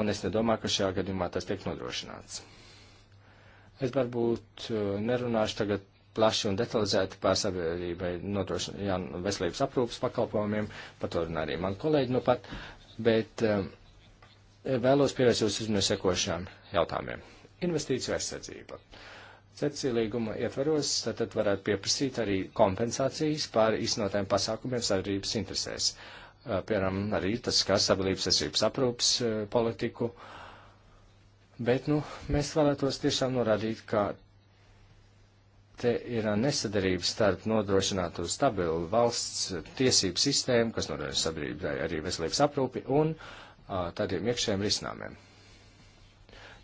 un es nedomāju, ka šajā gadījumā tas tiek nodrošināts. Es varbūt uh, nerunāšu tagad plaši un detalizēti par sabiedrībai nodrošinājumu veselības aprūpas pakalpojumiem, par to runā arī man kolēģi nu pat, bet um, vēlos pievērst jūsu uzmanību sekošām jautājumiem. Investīciju aizsardzība. Cecīlīguma ietvaros tad varētu pieprasīt arī kompensācijas par iznotēm pasākumiem sabiedrības interesēs. Uh, piemēram, arī tas skar sabiedrības aizsardzības aprūpas uh, politiku. Uh, Bet, nu, mēs vēlētos tiešām norādīt, ka te ir nesadarība starp nodrošinātu stabilu valsts tiesību sistēmu, kas nodrošina sabiedrībai arī veselības aprūpi, un a, tādiem iekšējiem risinājumiem.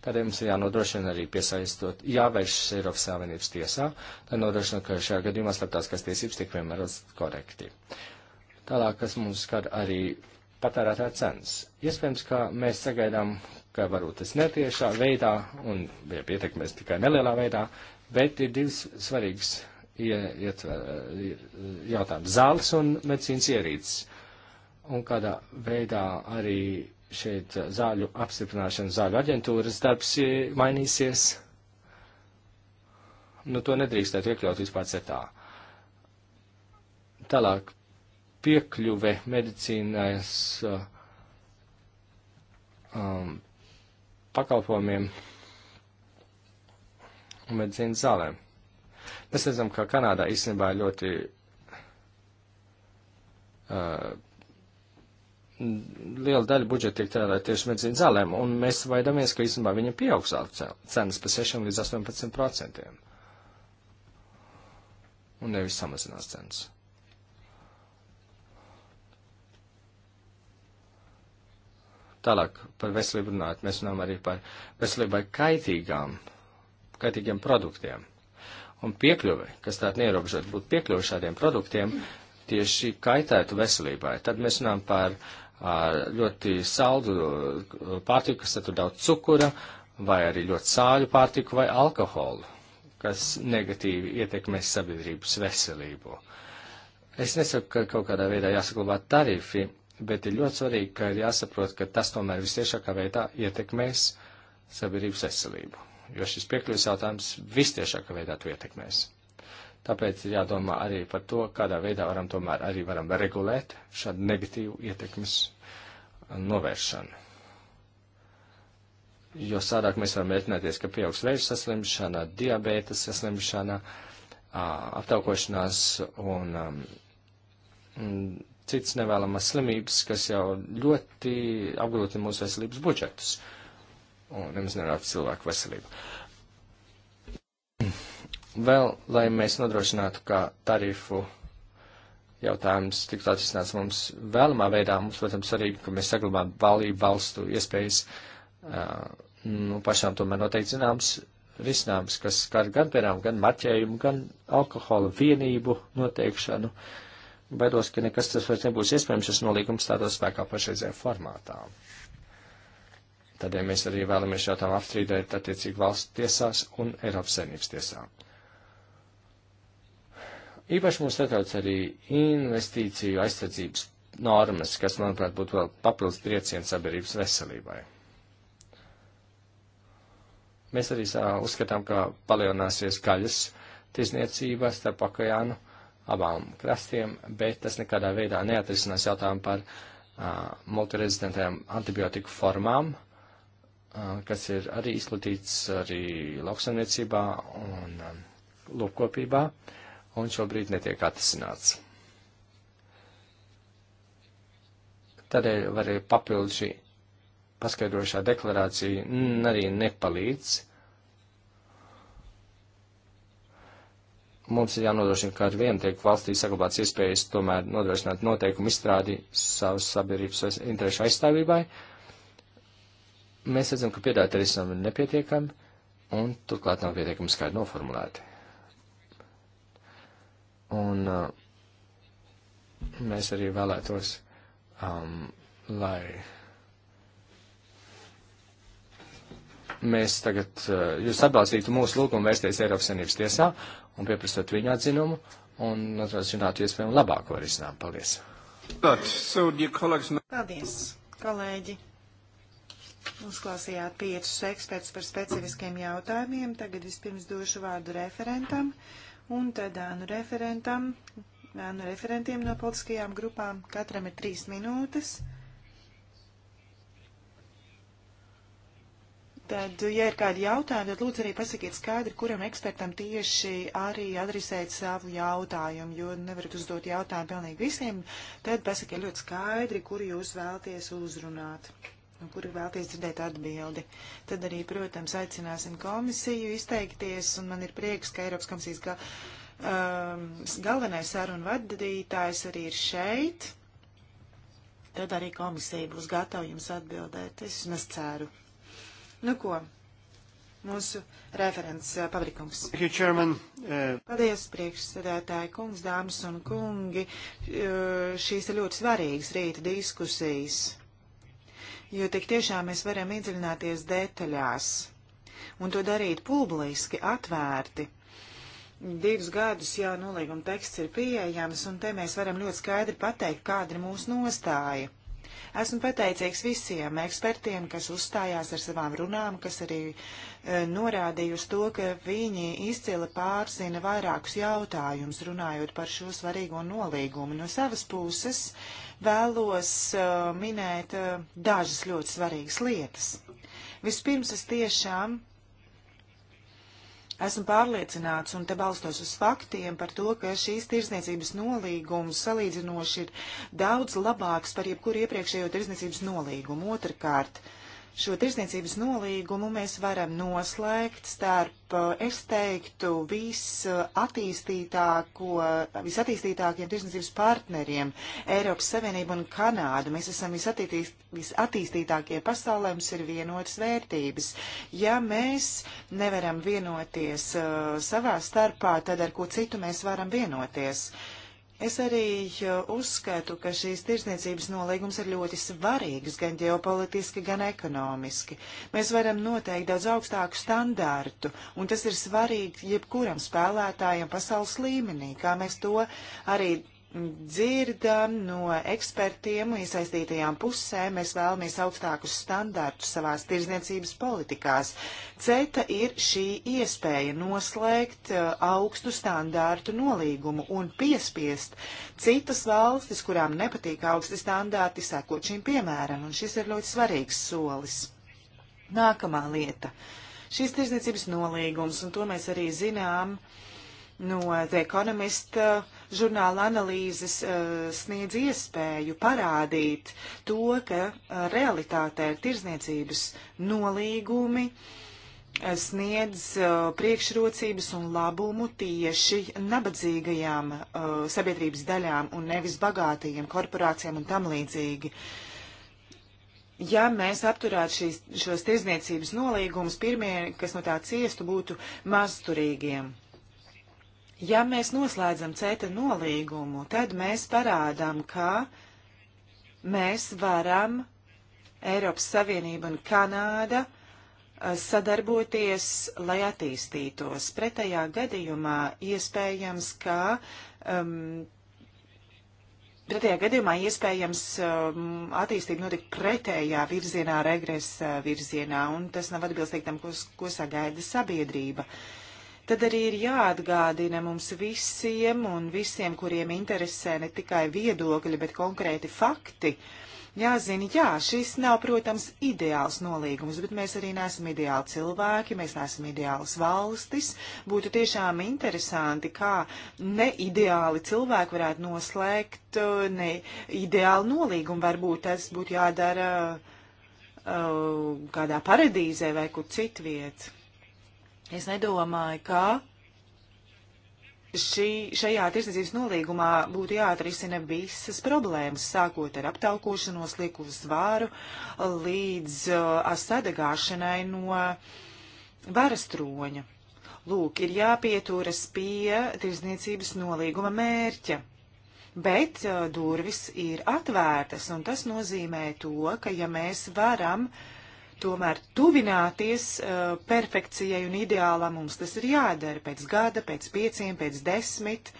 Tādēļ mums ir jānodrošina arī piesaistot, jāvēršas Eiropas Savienības tiesā, lai nodrošina, ka šajā gadījumā starptautiskās tiesības tiek piemērotas korekti. Tālāk, kas mums skar arī patērētā cenas. Iespējams, ka mēs sagaidām, ka varbūt tas netiešā veidā un bija pietekmēs tikai nelielā veidā, bet ir divas svarīgas jautājumas - zāles un medicīnas ierīces. Un kādā veidā arī šeit zāļu apstiprināšana, zāļu aģentūras darbs mainīsies. Nu, to nedrīkstētu iekļaut vispār cetā. Tālāk piekļuve medicīnas um, pakalpojumiem un medicīnas zālēm. Mēs redzam, ka Kanādā īstenībā ir ļoti uh, liela daļa budžeta tiek tērēta tieši medicīnas zālēm, un mēs vaidamies, ka īstenībā viņam pieaugs cenas par 6 līdz 18 procentiem. Un nevis samazinās cenas. Tālāk par veselību runāt. Mēs runājam arī par veselībai kaitīgām, kaitīgiem produktiem. Un piekļuve, kas tāda neierobežot, būtu piekļuve šādiem produktiem, tieši kaitētu veselībai. Tad mēs runājam par ļoti saldu pārtiku, kas satur daudz cukura, vai arī ļoti sāļu pārtiku vai alkoholu, kas negatīvi ietekmēs sabiedrības veselību. Es nesaku, ka kaut kādā veidā jāsaglabā tarifi, bet ir ļoti svarīgi, ka ir jāsaprot, ka tas tomēr visiešākā veidā ietekmēs sabiedrības veselību, jo šis piekļuvis jautājums vistiešākā veidā to ietekmēs. Tāpēc ir jādomā arī par to, kādā veidā varam tomēr arī varam regulēt šādu negatīvu ietekmes uh, novēršanu. Jo sādāk mēs varam mēģināties, ka pieaugs vēža saslimšana, diabēta saslimšana, uh, aptaukošanās un um, cits nevēlamas slimības, kas jau ļoti apgrūti mūsu veselības budžetus. Un nemaz nerāda cilvēku veselību. Vēl, lai mēs nodrošinātu, ka tarifu jautājums tiktu atrisināts mums vēlamā veidā, mums, protams, svarīgi, ka mēs saglabājam valību valstu iespējas, uh, nu, pašām tomēr noteikti zināms risinājums, kas skar gan, piemēram, gan marķējumu, gan alkohola vienību noteikšanu. Uh, Baidos, ka nekas tas vairs nebūs iespējams, šis nolīgums tādā spēkā pašreizē formātā. Tādēļ ja mēs arī vēlamies jautājumu apstrīdēt attiecīgi valsts tiesās un Eiropas saimnības tiesā. Īpaši mums satrauc arī investīciju aizsardzības normas, kas, manuprāt, būtu vēl papildus trieciens sabiedrības veselībai. Mēs arī sā, uzskatām, ka palielināsies gaļas tirzniecībā starp Pakajānu abām krastiem, bet tas nekādā veidā neatrisinās jautājumu par uh, multirezistentajām antibiotiku formām, uh, kas ir arī izplatīts arī lauksaimniecībā un um, lopkopībā, un šobrīd netiek atrisināts. Tādēļ var papildu šī paskaidrošā deklarācija arī nepalīdz, mums ir jānodrošina, ka ar vienu tiek valstī saglabāts iespējas tomēr nodrošināt noteikumu izstrādi savas sabiedrības interešu aizstāvībai. Mēs redzam, ka piedāta risinājumi ir nepietiekami, un turklāt nav pietiekami skaidri noformulēti. Un uh, mēs arī vēlētos, um, lai mēs tagad, uh, jūs atbalstītu mūsu lūgumu vērsties Eiropas Savienības tiesā un pieprasot viņu atzinumu un atrastu iespējamu labāko risinājumu. Paldies!
Paldies, kolēģi! Uzklausījāt piecus ekspertus par specifiskiem jautājumiem. Tagad vispirms došu vārdu referentam un tad ānu referentam, ānu referentiem no politiskajām grupām. Katram ir trīs minūtes. Tad, ja ir kādi jautājumi, tad lūdzu arī pasakiet skaidri, kuram ekspertam tieši arī adresēt savu jautājumu, jo nevarat uzdot jautājumu pilnīgi visiem, tad pasakiet ļoti skaidri, kuru jūs vēlties uzrunāt un kuru vēlties dzirdēt atbildi. Tad arī, protams, aicināsim komisiju izteikties, un man ir prieks, ka Eiropas komisijas ga, um, galvenais sarunu vadītājs arī ir šeit. Tad arī komisija būs gatava jums atbildēt. Es maz ceru. Nu ko, mūsu referents eh, pavrikums.
Eh,
Paldies, priekšsēdētāji, kungs, dāmas un kungi. Eh, šīs ir ļoti svarīgas rīta diskusijas, jo tik tiešām mēs varam iedziļināties detaļās un to darīt publiski, atvērti. Divus gadus jau nolīguma teksts ir pieejams, un te mēs varam ļoti skaidri pateikt, kāda ir mūsu nostāja. Esmu pateicīgs visiem ekspertiem, kas uzstājās ar savām runām, kas arī e, norādīja uz to, ka viņi izcila pārzina vairākus jautājumus, runājot par šo svarīgo nolīgumu. No savas puses vēlos e, minēt e, dažas ļoti svarīgas lietas. Vispirms es tiešām Esmu pārliecināts, un te balstos uz faktiem par to, ka šīs tirsniecības nolīgums salīdzinoši ir daudz labāks par jebkuru iepriekšējo tirsniecības nolīgumu. Otrakārt, uh, Šo tirsniecības nolīgumu mēs varam noslēgt starp, eh, es teiktu, visattīstītāko, visattīstītākiem tirsniecības partneriem - Eiropas Savienību un Kanādu. Mēs esam visattīstītākie pasaulē, mums ir vienotas vērtības. Ja mēs nevaram vienoties uh, savā starpā, tad ar ko citu mēs varam vienoties? Uh, Es arī uh, uzskatu, ka šīs tirsniecības nolīgums ir ļoti svarīgs gan ģeopolitiski, gan ekonomiski. Mēs varam noteikt daudz augstāku standārtu, un tas ir svarīgi jebkuram spēlētājam pasaules līmenī, kā mēs to arī dzirdam no ekspertiem un iesaistītajām pusēm, mēs vēlamies augstākus standārtus savās tirzniecības politikās. CETA ir šī iespēja noslēgt uh, augstu standārtu nolīgumu un piespiest citas valstis, kurām nepatīk augsti standārti, sekot šim piemēram, un šis ir ļoti svarīgs solis. Nākamā lieta. Šis tirzniecības nolīgums, un to mēs arī zinām no The Economist uh, žurnāla analīzes eh, sniedz iespēju parādīt to, ka eh, realitātē ir tirzniecības nolīgumi eh, sniedz uh, priekšrocības un labumu tieši nabadzīgajām uh, sabiedrības daļām un nevis bagātajiem korporācijām un tam līdzīgi. Ja mēs apturētu šīs, šos tirzniecības nolīgumus, pirmie, kas no tā ciestu, būtu mazturīgiem. Ja mēs noslēdzam CETA nolīgumu, tad mēs parādām, ka mēs varam Eiropas Savienība un Kanāda sadarboties, lai attīstītos. Pretējā gadījumā iespējams, ka um, Pretējā gadījumā iespējams um, attīstība notikt pretējā virzienā, regresa virzienā, un tas nav atbilstīgi tam, ko, ko sagaida sabiedrība. Uh, tad arī ir jāatgādina mums visiem un visiem, kuriem interesē ne tikai viedokļi, bet konkrēti fakti. Jāzina, jā, šis nav, protams, ideāls nolīgums, bet mēs arī neesam ideāli cilvēki, mēs neesam ideāls valstis. Būtu tiešām interesanti, kā neideāli cilvēki varētu noslēgt uh, neideālu nolīgumu. Varbūt tas būtu jādara uh, uh, kādā paradīzē vai kur citviet. Es nedomāju, ka šī, šajā tirsniecības nolīgumā būtu jāatrisina visas problēmas, sākot ar aptaukošanos, lieku svāru, līdz uh, asadagāšanai no varas troņa. Lūk, ir jāpieturas pie tirsniecības nolīguma mērķa. Bet uh, durvis ir atvērtas, un tas nozīmē to, ka ja mēs varam uh, tomēr tuvināties uh, perfekcijai un ideālam mums tas ir jādara pēc gada, pēc pieciem, pēc desmit.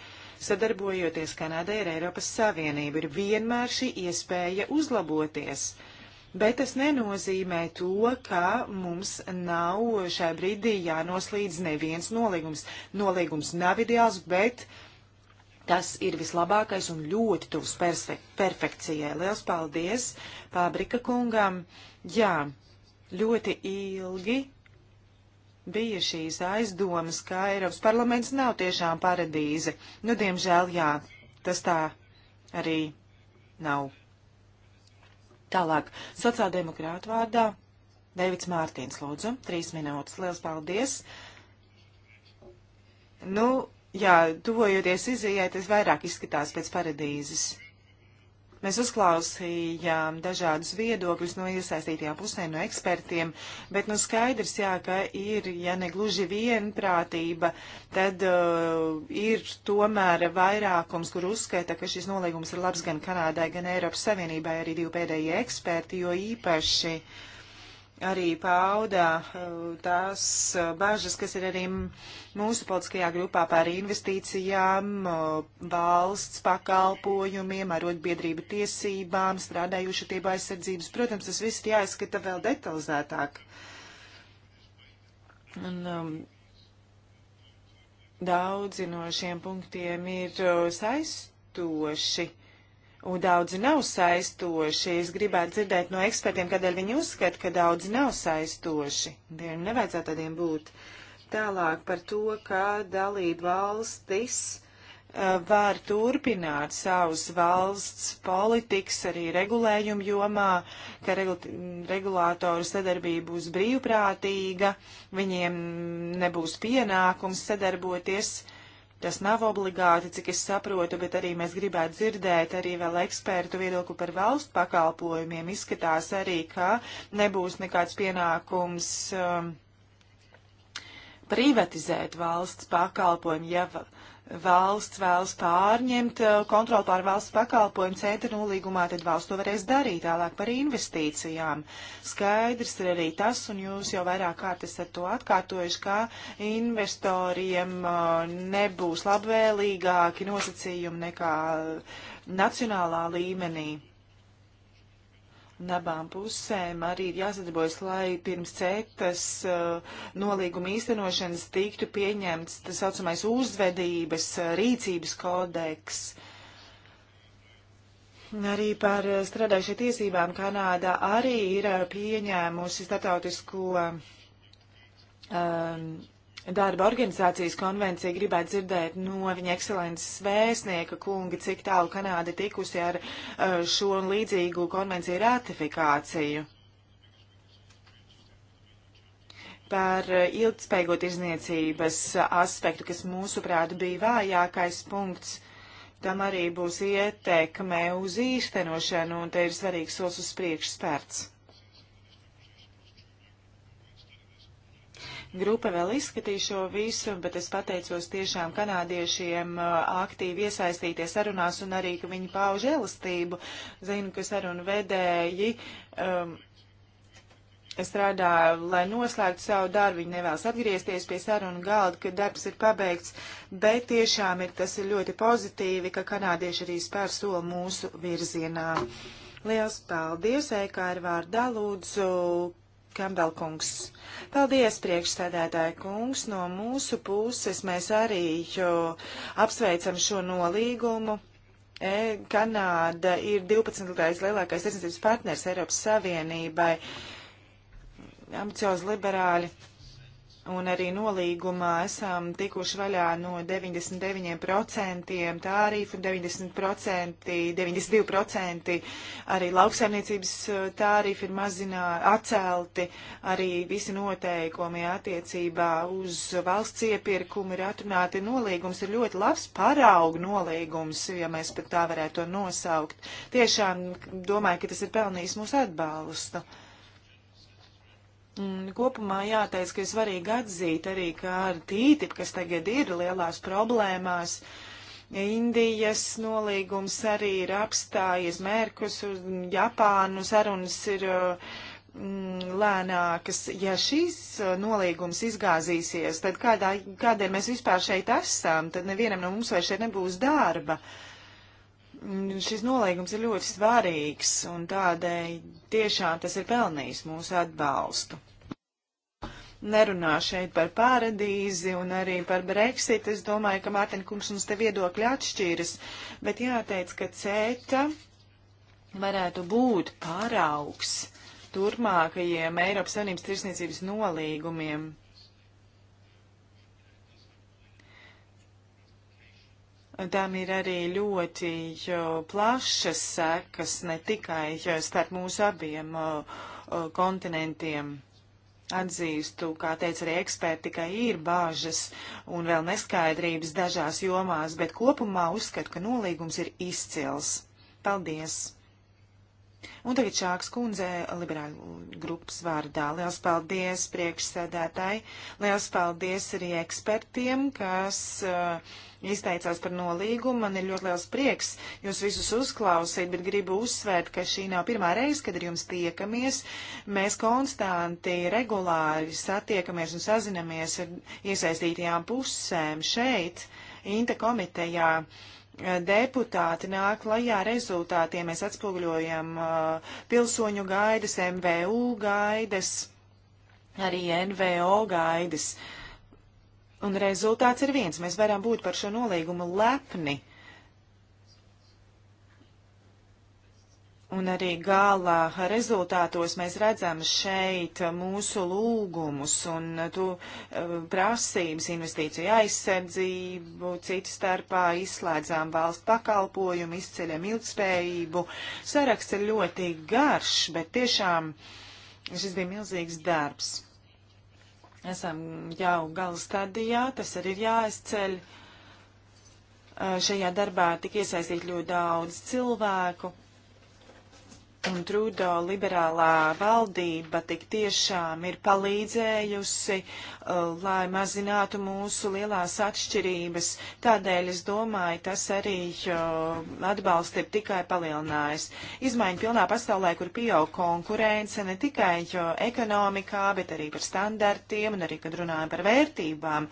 Sadarbojoties Kanādai ar Eiropas Savienību ir vienmēr šī iespēja uzlaboties. Bet tas nenozīmē to, ka mums nav šai brīdī jānoslīdz neviens nolīgums. Nolīgums nav ideāls, bet tas ir vislabākais un ļoti tuvs perfekcijai. Liels paldies Pābrika kungam! Jā, Ļoti ilgi bija šīs aizdomas, ka Eiropas parlaments nav tiešām paradīze. Nu, diemžēl, jā, tas tā arī nav. Tālāk, sociāldemokrātu vārdā Deivids Mārtiņš, lūdzu, trīs minūtes. Lielas paldies! Nu, jā, tuvojoties izējai, tas vairāk izskatās pēc paradīzes. Mēs uzklausījām dažādus viedokļus no iesaistītajām pusēm, no ekspertiem, bet nu skaidrs, jā, ka ir, ja negluži vienprātība, tad uh, ir tomēr vairākums, kur uzskaita, ka šis nolīgums ir labs gan Kanādai, gan Eiropas Savienībai, arī divi pēdējie eksperti, jo īpaši uh, arī pauda eh, tās eh, bažas, kas ir arī mūsu politiskajā grupā par investīcijām, eh, valsts pakalpojumiem, arotbiedrību tiesībām, strādājuši tie aizsardzības. Protams, tas viss ir jāizskata vēl detalizētāk. Un, um, daudzi no šiem punktiem ir saistoši. Uh, un daudzi nav saistoši. Es gribētu dzirdēt no ekspertiem, kādēļ viņi uzskata, ka daudzi nav saistoši. Viņiem nevajadzētu tādiem būt. Tālāk par to, kā dalība valstis eh, var turpināt savus valsts politikas arī regulējumu jomā, ka regulātoru sadarbība būs brīvprātīga, viņiem nebūs pienākums sadarboties uh, Tas nav obligāti, cik es saprotu, bet arī mēs gribētu dzirdēt arī vēl ekspertu viedokli par valstu pakalpojumiem. Izskatās arī, ka nebūs nekāds pienākums um, privatizēt valsts pakalpojumu, ja valsts vēlas pārņemt eh, kontroli pār valsts pakalpojumu centra nolīgumā, tad valsts to varēs darīt tālāk par investīcijām. Skaidrs ir arī tas, un jūs jau vairāk kārt esat to atkārtojuši, ka investoriem eh, nebūs labvēlīgāki nosacījumi nekā nacionālā līmenī. Un abām pusēm arī ir jāsadarbojas, lai pirms cetas uh, nolīguma īstenošanas tiktu pieņemts tas saucamais uzvedības uh, rīcības kodeks. Arī par uh, strādājušie tiesībām Kanādā arī ir uh, pieņēmusi statautisku um, darba organizācijas konvencija gribētu dzirdēt no viņa ekscelences vēstnieka kunga, cik tālu Kanāda tikusi ar uh, šo un līdzīgu konvenciju ratifikāciju. Par uh, ilgspējot izniecības aspektu, kas mūsuprāt bija vājākais punkts, tam arī būs ietekme uz īstenošanu, un te ir svarīgs solis uz priekšu spērts. grupa vēl izskatīs šo visu, bet es pateicos tiešām kanādiešiem aktīvi iesaistīties sarunās un arī, ka viņi pauž elastību. Zinu, ka sarunu vedēji. Um, strādā, lai noslēgtu savu darbu. Viņi nevēlas atgriezties pie sarunu galda, kad darbs ir pabeigts, bet tiešām ir tas ir ļoti pozitīvi, ka kanādieši arī spēr soli mūsu virzienā. Liels paldies, Eikā ir vārdā lūdzu Kambelkungs. Paldies, priekšsēdētāja kungs. No mūsu puses mēs arī apsveicam šo nolīgumu. E, Kanāda ir 12. lielākais tirsniecības partners Eiropas Savienībai. Ambiciozi liberāļi un arī nolīgumā esam tikuši vaļā no 99% tārifu, 90%, 92% arī lauksaimniecības eh, tārifi ir mazinā, atcelti, arī visi noteikumi attiecībā uz valsts iepirkumu ir atrunāti. Nolīgums ir ļoti labs paraugu nolīgums, ja mēs pat tā varētu to nosaukt. Tiešām domāju, ka tas ir pelnījis mūsu atbalstu. Un kopumā jāteic, ka ir svarīgi atzīt arī, ka ar TTIP, kas tagad ir lielās problēmās, Indijas nolīgums arī ir apstājies, Mērkus, Japānu sarunas ir mm, lēnākas. Ja šīs uh, nolīgums izgāzīsies, tad kādā, kādēļ mēs vispār šeit esam, tad nevienam no mums vairs šeit nebūs darba šis nolīgums ir ļoti svarīgs, un tādēļ tiešām tas ir pelnījis mūsu atbalstu nerunā šeit par paradīzi un arī par Brexit. Es domāju, ka Mārtiņa kungs mums te viedokļi atšķīras, bet jāteic, ka CETA varētu būt paraugs turpmākajiem Eiropas Savienības tirsniecības nolīgumiem. Tām ir arī ļoti plašas sekas, ne tikai starp mūsu abiem kontinentiem. Atzīstu, kā teica arī eksperti, ka ir bāžas un vēl neskaidrības dažās jomās, bet kopumā uzskatu, ka nolīgums ir izcils. Paldies! Un tagad Šāks kundze, liberāļu grupas vārdā. Liels paldies priekšsēdētāji, liels paldies arī ekspertiem, kas uh, izteicās par nolīgumu. Man ir ļoti liels prieks jūs visus uzklausīt, bet gribu uzsvērt, ka šī nav pirmā reize, kad ar jums tiekamies. Mēs konstanti, regulāri satiekamies un sazinamies ar iesaistītajām pusēm šeit, Inta komitejā. Uh, deputāti nāk lajā rezultātiem. Mēs atspoguļojam uh, pilsoņu gaidas, MVU gaidas, arī NVO gaidas. Un rezultāts ir viens. Mēs varam būt par šo nolīgumu lepni. Uh, Un arī gala rezultātos mēs redzam šeit mūsu lūgumus un tu, e, prasības investīciju aizsardzību, citu starpā izslēdzām valsts pakalpojumu, izceļam ilgspējību. Saraksts ir ļoti garš, bet tiešām šis bija milzīgs darbs. Esam jau gala stadijā, tas arī ir jāizceļ. E, šajā darbā tik iesaistīt ļoti daudz cilvēku Un Trūdo liberālā valdība tik tiešām ir palīdzējusi, uh, lai mazinātu mūsu lielās atšķirības. Tādēļ es domāju, tas arī uh, atbalsts ir tikai palielinājis. Izmaiņu pilnā pasaulē, kur pieaug konkurence ne tikai uh, ekonomikā, bet arī par standartiem un arī, kad runājam par vērtībām,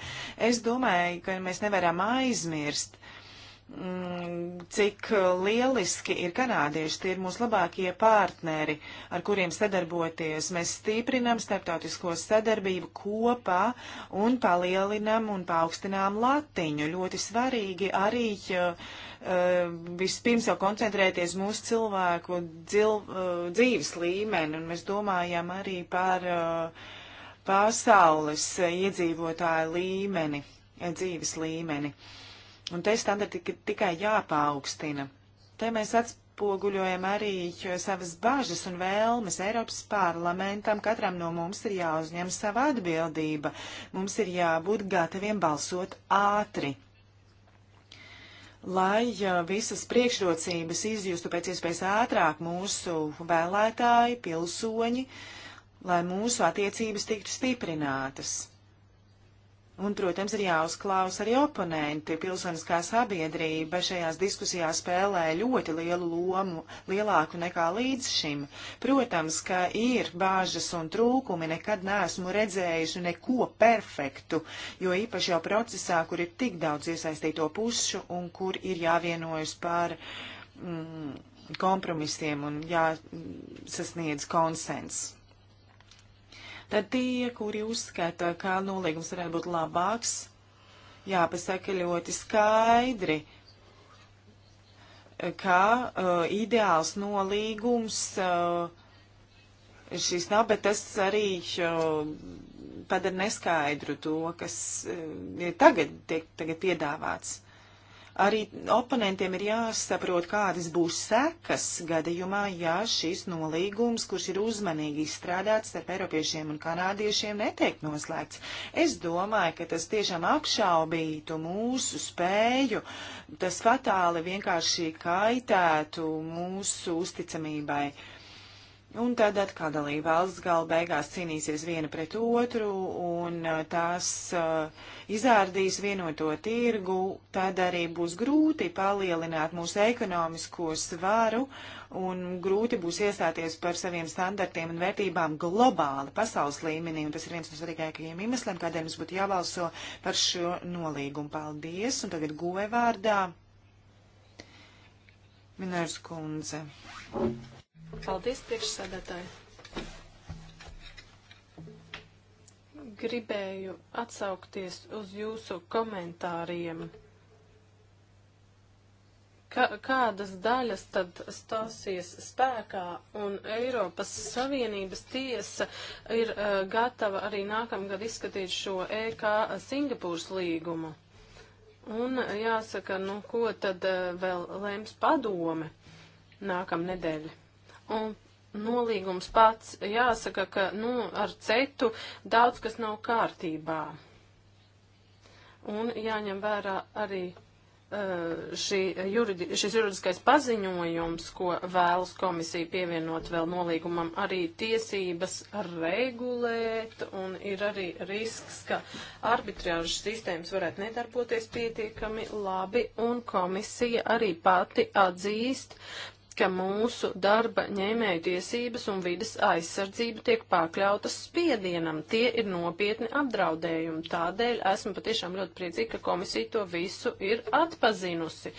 es domāju, ka mēs nevaram aizmirst Mm, cik lieliski ir kanādieši. Tie ir mūsu labākie partneri, ar kuriem sadarboties. Mēs stiprinam starptautisko sadarbību kopā un palielinam un paaugstinām latiņu. Ļoti svarīgi arī uh, vispirms jau koncentrēties mūsu cilvēku dzil, uh, dzīves līmeni, un mēs domājam arī par uh, pasaules iedzīvotāju līmeni, dzīves līmeni. Uh, Un te standarti tikai jāpaukstina. Te mēs atspoguļojam arī eh, savas bažas un vēlmes Eiropas parlamentam. Katram no mums ir jāuzņem sava atbildība. Mums ir jābūt gataviem balsot ātri. Lai eh, visas priekšrocības izjustu pēc iespējas ātrāk mūsu vēlētāji, pilsoņi, lai mūsu attiecības tiktu stiprinātas. Un, protams, ir jāuzklausa arī oponenti. Pilsoniskā sabiedrība šajās diskusijās spēlē ļoti lielu lomu, lielāku nekā līdz šim. Protams, ka ir bāžas un trūkumi, nekad neesmu redzējuši neko perfektu, jo īpaši jau procesā, kur ir tik daudz iesaistīto pušu un kur ir jāvienojas par mm, kompromisiem un jāsasniedz konsens. Tad tie, kuri uzskata, ka nolīgums varētu būt labāks, jāpasaka ļoti skaidri, ka uh, ideāls nolīgums uh, šis nav, bet tas arī uh, padara neskaidru to, kas uh, tagad tiek tagad piedāvāts. Arī oponentiem ir jāsaprot, kādas būs sekas gadījumā, ja šis nolīgums, kurš ir uzmanīgi izstrādāts starp Eiropiešiem un Kanādiešiem, netiek noslēgts. Es domāju, ka tas tiešām apšaubītu mūsu spēju, tas fatāli vienkārši kaitētu mūsu uzticamībai. Uh, Un tad atkal dalība valsts gala beigās cīnīsies viena pret otru, un uh, tās uh, izārdīs vienoto tirgu, tad arī būs grūti palielināt mūsu ekonomisko svaru, un grūti būs iestāties par saviem standartiem un vērtībām globāli, pasaules līmenī, un tas ir viens no svarīgākajiem iemesliem, kādēļ mums būtu jābalso par šo nolīgumu. Paldies, un tagad govē vārdā. Minērs kundze. Thank you. Paldies, priekšsēdētāji.
Gribēju atsaukties uz jūsu komentāriem. Kā, kādas daļas tad stāsies spēkā un Eiropas Savienības tiesa ir uh, gatava arī nākamgad izskatīt šo EK Singapūras līgumu? Un jāsaka, nu ko tad uh, vēl lems padome nākamnedēļ? Un nolīgums pats jāsaka, ka nu, ar cetu daudz kas nav kārtībā. Un jāņem vērā arī e, šī juridi, šis juridiskais paziņojums, ko vēlas komisija pievienot vēl nolīgumam, arī tiesības regulēt, un ir arī risks, ka arbitrāžas sistēmas varētu nedarboties pietiekami labi, un komisija arī pati atzīst, ka mūsu darba ņēmēju tiesības un vidas aizsardzība tiek pakļautas spiedienam. Tie ir nopietni apdraudējumi. Tādēļ esmu patiešām ļoti priecīga, ka komisija to visu ir atpazinusi.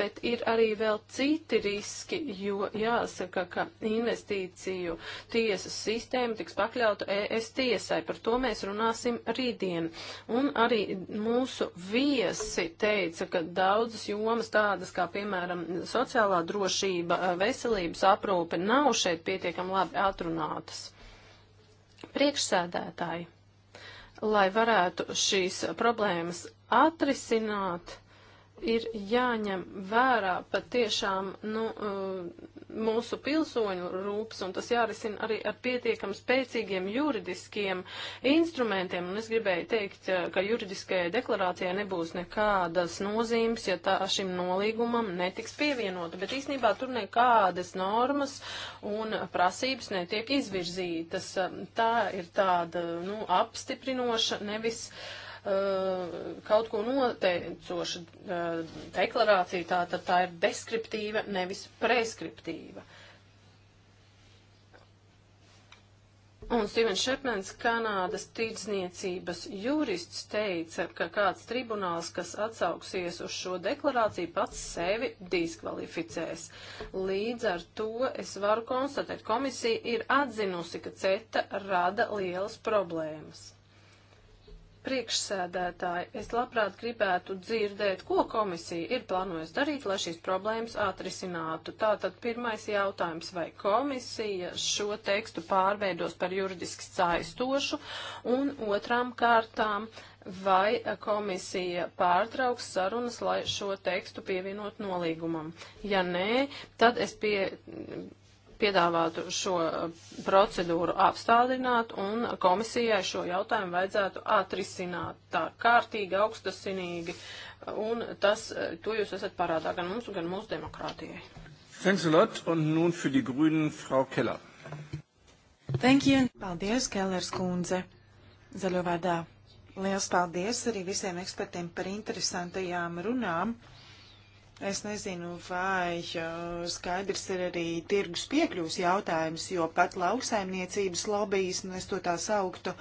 Bet ir arī vēl citi riski, jo jāsaka, ka investīciju tiesas sistēma tiks pakļauta ES tiesai. Par to mēs runāsim rītdien. Un arī mūsu viesi teica, ka daudzas jomas tādas kā, piemēram, sociālā drošība, Eh, veselības aprūpe nav šeit pietiekami labi atrunātas. Priekšsēdētāji, lai varētu šīs problēmas atrisināt, ir jāņem vērā patiešām nu, uh, mūsu pilsoņu rūps, un tas jārisina arī ar pietiekam spēcīgiem juridiskiem instrumentiem. Un es gribēju teikt, uh, ka juridiskajai deklarācijai nebūs nekādas nozīmes, ja tā šim nolīgumam netiks pievienota, bet īsnībā tur nekādas normas un prasības netiek izvirzītas. Um, tā ir tāda nu, apstiprinoša, nevis. Uh, Uh, kaut ko noteicoša uh, deklarācija, tā tad tā ir deskriptīva, nevis preskriptīva. Un Stīvens Šepmens, Kanādas tirdzniecības jurists, teica, ka kāds tribunāls, kas atsauksies uz šo deklarāciju, pats sevi diskvalificēs. Līdz ar to es varu konstatēt, komisija ir atzinusi, ka CETA rada lielas problēmas. Priekšsēdētāji, es labprāt gribētu dzirdēt, ko komisija ir plānojusi darīt, lai šīs problēmas atrisinātu. Tātad pirmais jautājums, vai komisija šo tekstu pārveidos par juridiski saistošu, un otrām kārtām, vai komisija pārtrauks sarunas, lai šo tekstu pievienot nolīgumam. Ja nē, tad es pie, piedāvātu šo eh, procedūru apstādināt un komisijai šo jautājumu vajadzētu atrisināt tā kārtīgi, augstasinīgi, un tas, eh, to jūs esat parādā gan mums, gan mūsu demokrātijai.
Thanks a lot, un nun für die Grünen, Frau Keller.
Thank you. Paldies, Kellers kundze. Zaļo vārdā. Liels paldies arī visiem ekspertiem par interesantajām runām. Es nezinu, vai uh, skaidrs ir arī tirgus piekļūs jautājums, jo pat lauksaimniecības lobijas, un es to tā sauktu,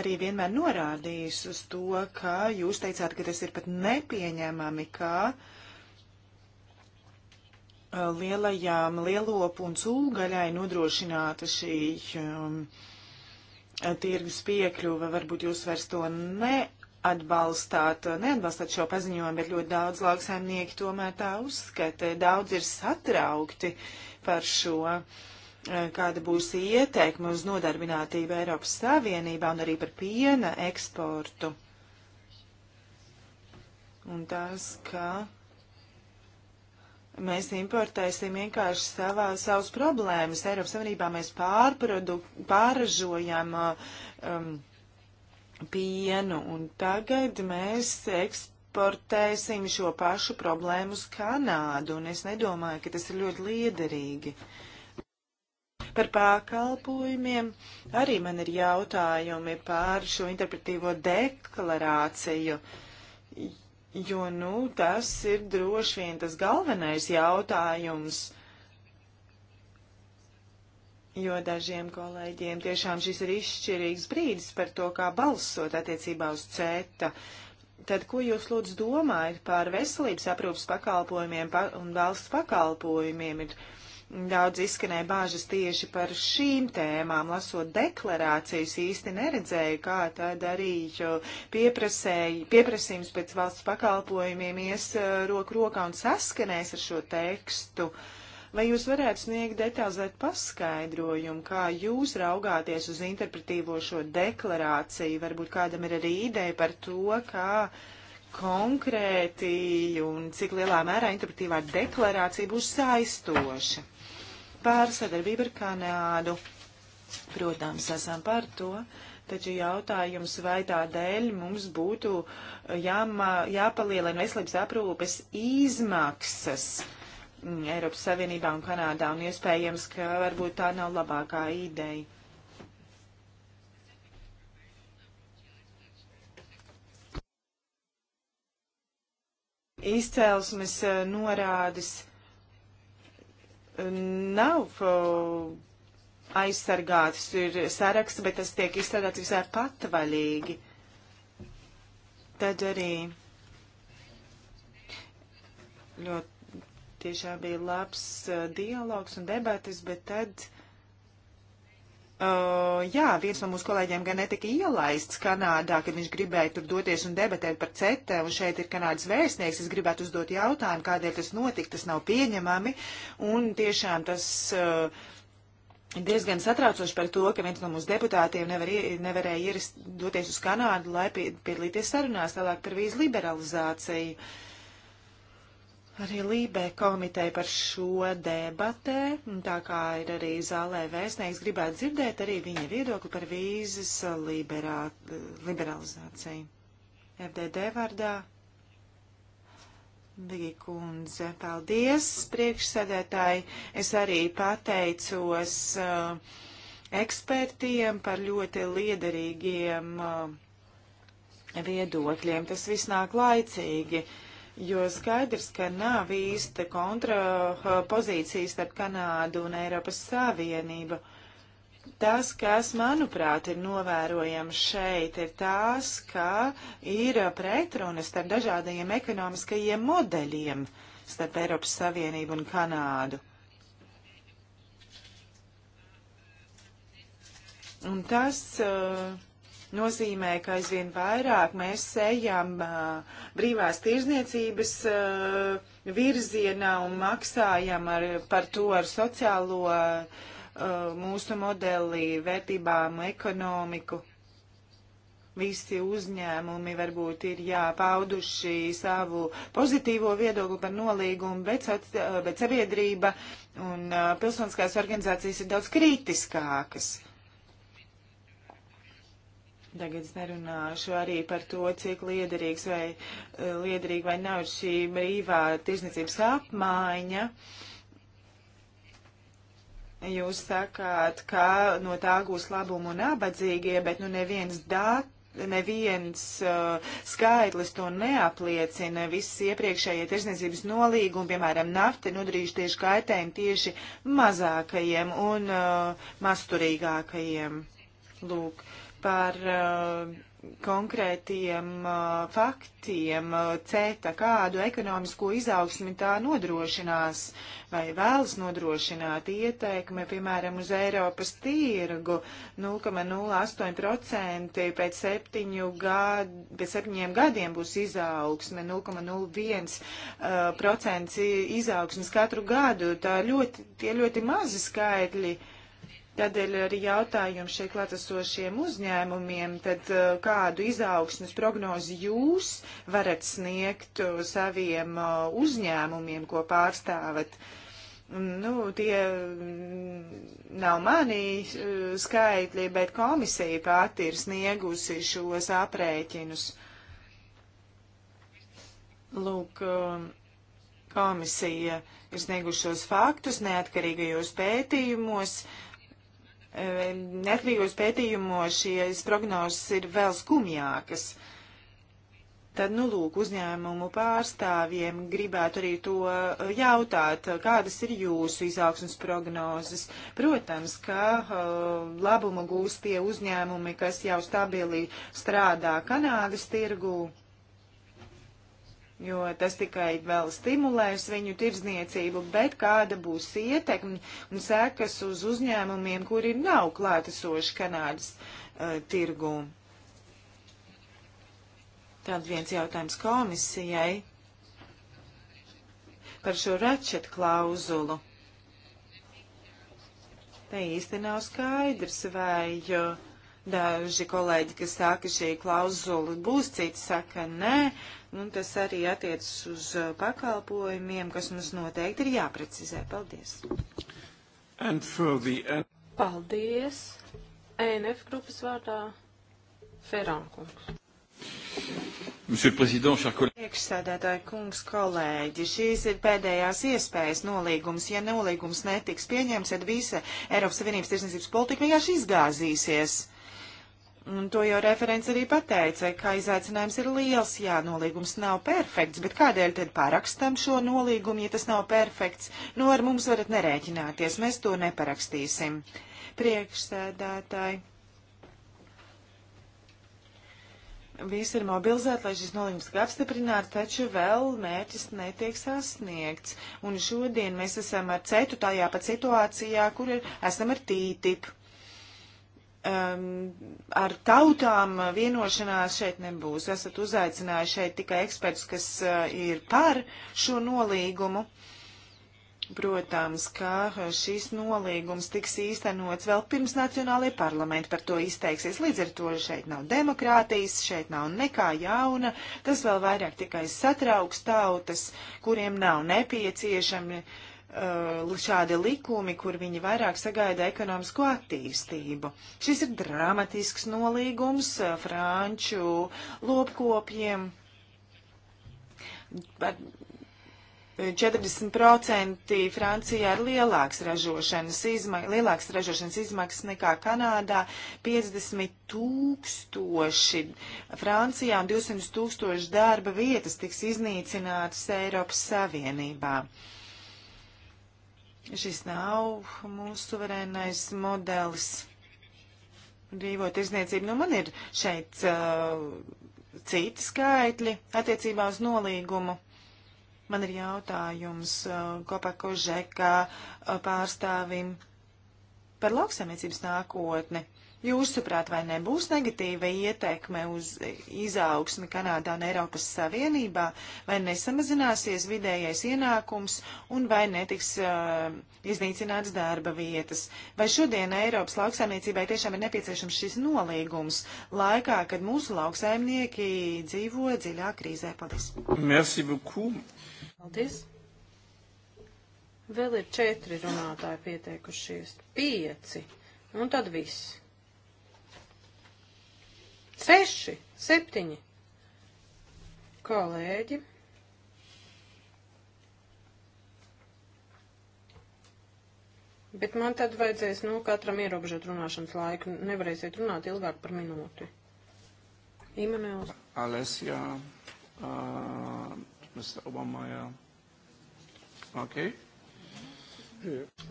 arī vienmēr norādījis uz to, ka jūs teicāt, ka tas ir pat nepieņemami, ka uh, lielajām lielopu un cūgaļai nodrošināta šī um, tirgus piekļuva, varbūt jūs vairs to ne atbalstāt, neatbalstāt šo paziņojumu, bet ļoti daudz lauksaimnieki tomēr tā uzskata. Daudz ir satraukti par šo, e, kāda būs ieteikuma uz nodarbinātību Eiropas Savienībā un arī par piena eksportu. Un tas, ka mēs importēsim vienkārši savā, savas problēmas. Eiropas Savienībā mēs pārprodu, pārražojam e, um, pienu, un tagad mēs eksportēsim šo pašu problēmu uz Kanādu, un es nedomāju, ka tas ir ļoti liederīgi. Par pakalpojumiem arī man ir jautājumi par šo interpretīvo deklarāciju, jo, nu, tas ir droši vien tas galvenais jautājums. Uh, jo dažiem kolēģiem tiešām šis ir izšķirīgs brīdis par to, kā balsot attiecībā uz CETA. Tad, ko jūs lūdzu domājat par veselības aprūpas pakalpojumiem pa un valsts pakalpojumiem? Ir daudz izskanēja bāžas tieši par šīm tēmām. Lasot deklarācijas īsti neredzēju, kā tad arī pieprasījums pēc valsts pakalpojumiem ies eh, roku rokā un saskanēs ar šo tekstu. Uh, Vai jūs varētu sniegt detalizētu paskaidrojumu, kā jūs raugāties uz interpretīvo šo deklarāciju? Varbūt kādam ir arī ideja par to, kā konkrēti un cik lielā mērā interpretīvā deklarācija būs saistoša. Pār sadarbību ar Kanādu. Protams, esam par to. Taču jautājums, vai tādēļ mums būtu jāma, jāpalielina veselības aprūpes izmaksas. Uh, Eiropas Savienībā un Kanādā, un iespējams, ka varbūt tā nav labākā ideja. Izcelsmes eh, norādes eh, nav eh, aizsargātas, ir saraksts, bet tas tiek izstrādāts visai patvaļīgi. Tad arī ļoti tiešām bija labs uh, dialogs un debatas, bet tad. Uh, jā, viens no mūsu kolēģiem gan netika ielaists Kanādā, kad viņš gribēja tur doties un debatēt par CETA, un šeit ir Kanādas vēstnieks. Es gribētu uzdot jautājumu, kādēļ tas notika, tas nav pieņemami, un tiešām tas. Uh, diezgan satraucoši par to, ka viens no mūsu deputātiem nevar, nevarēja ierast, doties uz Kanādu, lai piedalīties sarunās tālāk par vīzu liberalizāciju. Uh, arī Lībē komiteja par šo debatē, tā kā ir arī zālē vēstnieks, gribētu dzirdēt arī viņa viedokli par vīzes liberā, liberalizāciju. FDD vārdā. Digi kundze, paldies, priekšsēdētāji. Es arī pateicos uh, ekspertiem par ļoti liederīgiem uh, viedokļiem. Tas viss nāk laicīgi. Uh, jo skaidrs, ka nav īsta kontrapozīcija starp Kanādu un Eiropas Savienību. Tas, kas, manuprāt, ir novērojams šeit, ir tās, ka ir pretrunas starp dažādajiem ekonomiskajiem modeļiem starp Eiropas Savienību un Kanādu. Un tas uh, nozīmē, ka aizvien vairāk mēs ejam uh, brīvās tirzniecības uh, virzienā un maksājam ar, par to ar sociālo uh, mūsu modeli, vērtībām, ekonomiku. Visi uzņēmumi varbūt ir jāpauduši savu pozitīvo viedokli par nolīgumu, bet, bet sabiedrība un pilsoniskās organizācijas ir daudz kritiskākas. Tagad es nerunāšu arī par to, cik liederīgs vai eh, liederīgi vai nav šī brīvā tirzniecības apmaiņa. Jūs sakāt, ka no tā gūs labumu nabadzīgie, bet nu neviens dat, neviens uh, skaitlis to neapliecina. Visas iepriekšējie tirsniecības nolīgumi, piemēram, nafta, nodarījuši tieši kaitējumu tieši mazākajiem un uh, masturīgākajiem. Lūk, par uh, konkrētiem uh, faktiem, uh, CETA, kādu ekonomisko izaugsmi tā nodrošinās vai vēlas nodrošināt ieteikumi, piemēram, uz Eiropas tirgu 0,08% pēc, gad, pēc septiņiem gadiem būs izaugsme, 0,01% uh, izaugsmes katru gadu. Tā ļoti, tie ļoti mazi skaitļi. Uh, Tādēļ arī jautājums šeit klātesošiem uzņēmumiem, tad uh, kādu izaugsmes prognozi jūs varat sniegt uh, saviem uh, uzņēmumiem, ko pārstāvat? Mm, nu, tie mm, nav mani skaitļi, bet komisija pati ir sniegusi šos aprēķinus. Lūk, um, komisija ir sniegušos faktus neatkarīgajos pētījumos, neatkarīgos pētījumos šīs prognozes ir vēl skumjākas. Tad, nu, lūk, uzņēmumu pārstāvjiem gribētu arī to uh, jautāt, kādas ir jūsu izaugsmas prognozes. Protams, ka uh, labumu gūs tie uzņēmumi, kas jau stabili strādā Kanādas tirgū jo tas tikai vēl stimulēs viņu tirdzniecību, bet kāda būs ietekme un sekas uz uzņēmumiem, kuri nav klātesoši Kanādas uh, tirgū. Tad viens jautājums komisijai par šo ratchet klauzulu. Te īsti nav skaidrs, vai daži kolēģi, kas saka, šī klauzula būs, citi saka, nē. Uh, Un tas arī attiecas uz uh, pakalpojumiem, kas mums noteikti ir jāprecizē. Paldies! The... Paldies! ENF grupas vārdā Ferānkungs. Monsieur le Président, chers collègues. Priekšsēdētāji kungs, kolēģi, šīs ir pēdējās iespējas nolīgums. Ja nolīgums netiks pieņemts, tad visa Eiropas Savienības tirsniecības politika vienkārši izgāzīsies. Un to jau referents arī pateica, ka izaicinājums ir liels, jā, nolīgums nav perfekts, bet kādēļ tad parakstam šo nolīgumu, ja tas nav perfekts? Nu, ar mums varat nerēķināties, mēs to neparakstīsim. Priekšsēdētāji. Visi ir mobilizēti, lai šis nolīgums tiek apstiprināts, taču vēl mērķis netiek sasniegts. Un šodien mēs esam ar cetu tajā pat situācijā, kur ir, esam ar tītipu um, ar tautām vienošanās šeit nebūs. Esat uzaicinājuši šeit tikai ekspertus, kas uh, ir par šo nolīgumu. Protams, ka šis nolīgums tiks īstenots vēl pirms Nacionālajie parlamenti par to izteiksies. Līdz ar to šeit nav demokrātijas, šeit nav nekā jauna. Tas vēl vairāk tikai satrauks tautas, kuriem nav nepieciešami uh, Uh, šādi likumi, kur viņi vairāk sagaida ekonomisko attīstību. Šis ir dramatisks nolīgums uh, franču lopkopiem. Par 40% Francijā ir lielāks ražošanas, izma lielāks ražošanas izmaksas nekā Kanādā, 50 tūkstoši Francijā un 200 tūkstoši darba vietas tiks iznīcinātas Eiropas Savienībā. Uh, Šis nav mūsu suverēnais modelis. Brīvo tirzniecību. Nu, man ir šeit uh, citi skaitļi attiecībā uz nolīgumu. Man ir jautājums uh, Kopako Žeka uh, pārstāvim par lauksaimniecības nākotni. Jūsuprāt, vai nebūs negatīva ietekme uz izaugsmi Kanādā un Eiropas Savienībā, vai nesamazināsies vidējais ienākums un vai netiks uh, iznīcināts darba vietas? Vai šodien Eiropas lauksaimniecībai tiešām ir nepieciešams šis nolīgums laikā, kad mūsu lauksaimnieki dzīvo dziļā krīzē? Paldies!
Merci beaucoup!
Paldies! Vēl ir četri runātāji
pieteikušies, pieci, un tad viss. Seši, septiņi. Kolēģi. Bet man tad vajadzēs, nu, katram ierobežot runāšanas laiku. Nevarēsiet runāt ilgāk par minūti. Imanēls. Alesija, uh, Mr. Obamaja. Ok.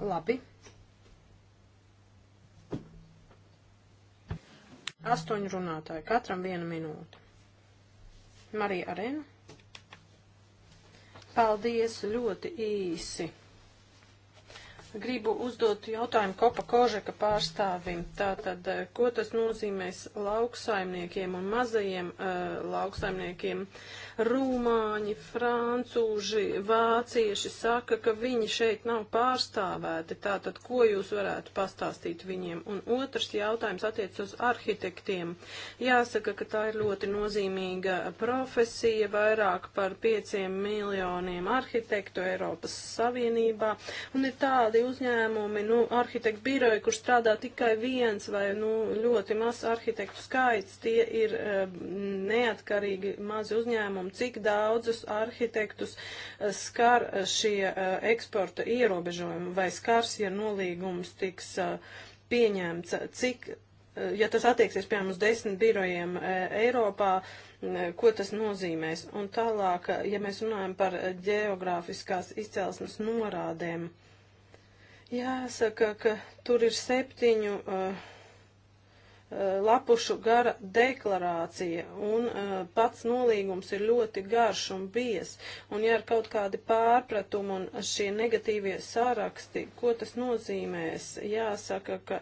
Labi. Astoņi runātāji, katram viena minūte. Marija Arena. Paldies, ļoti īsi. Gribu uzdot jautājumu Kopa Kožeka pārstāvim. Tātad, eh, ko tas nozīmēs lauksaimniekiem un mazajiem uh, lauksaimniekiem? Rumāņi, francūži, vācieši saka, ka viņi šeit nav pārstāvēti. Tātad, ko jūs varētu pastāstīt viņiem? Un otrs jautājums attiec uz arhitektiem. Jāsaka, ka tā ir ļoti nozīmīga profesija, vairāk par pieciem miljoniem arhitektu Eiropas Savienībā. Un ir tādi uzņēmumi, nu, arhitektu biroji, kur strādā tikai viens vai, nu, ļoti maz arhitektu skaits, tie ir eh, neatkarīgi mazi uzņēmumi, cik daudzus arhitektus eh, skar eh, šie eksporta ierobežojumi vai skars, ja nolīgums tiks pieņemts, cik ja tas attieksies, piemēram, uz desmit birojiem Eiropā, ko tas nozīmēs. Un tālāk, ja mēs runājam par geogrāfiskās izcelsmes norādēm, Jāsaka, ka tur ir septiņu uh, uh, lapušu gara deklarācija, un uh, pats nolīgums ir ļoti garš un bies, un ja ir kaut kādi pārpratumi un šie negatīvie sāraksti, ko tas nozīmēs, jāsaka, ka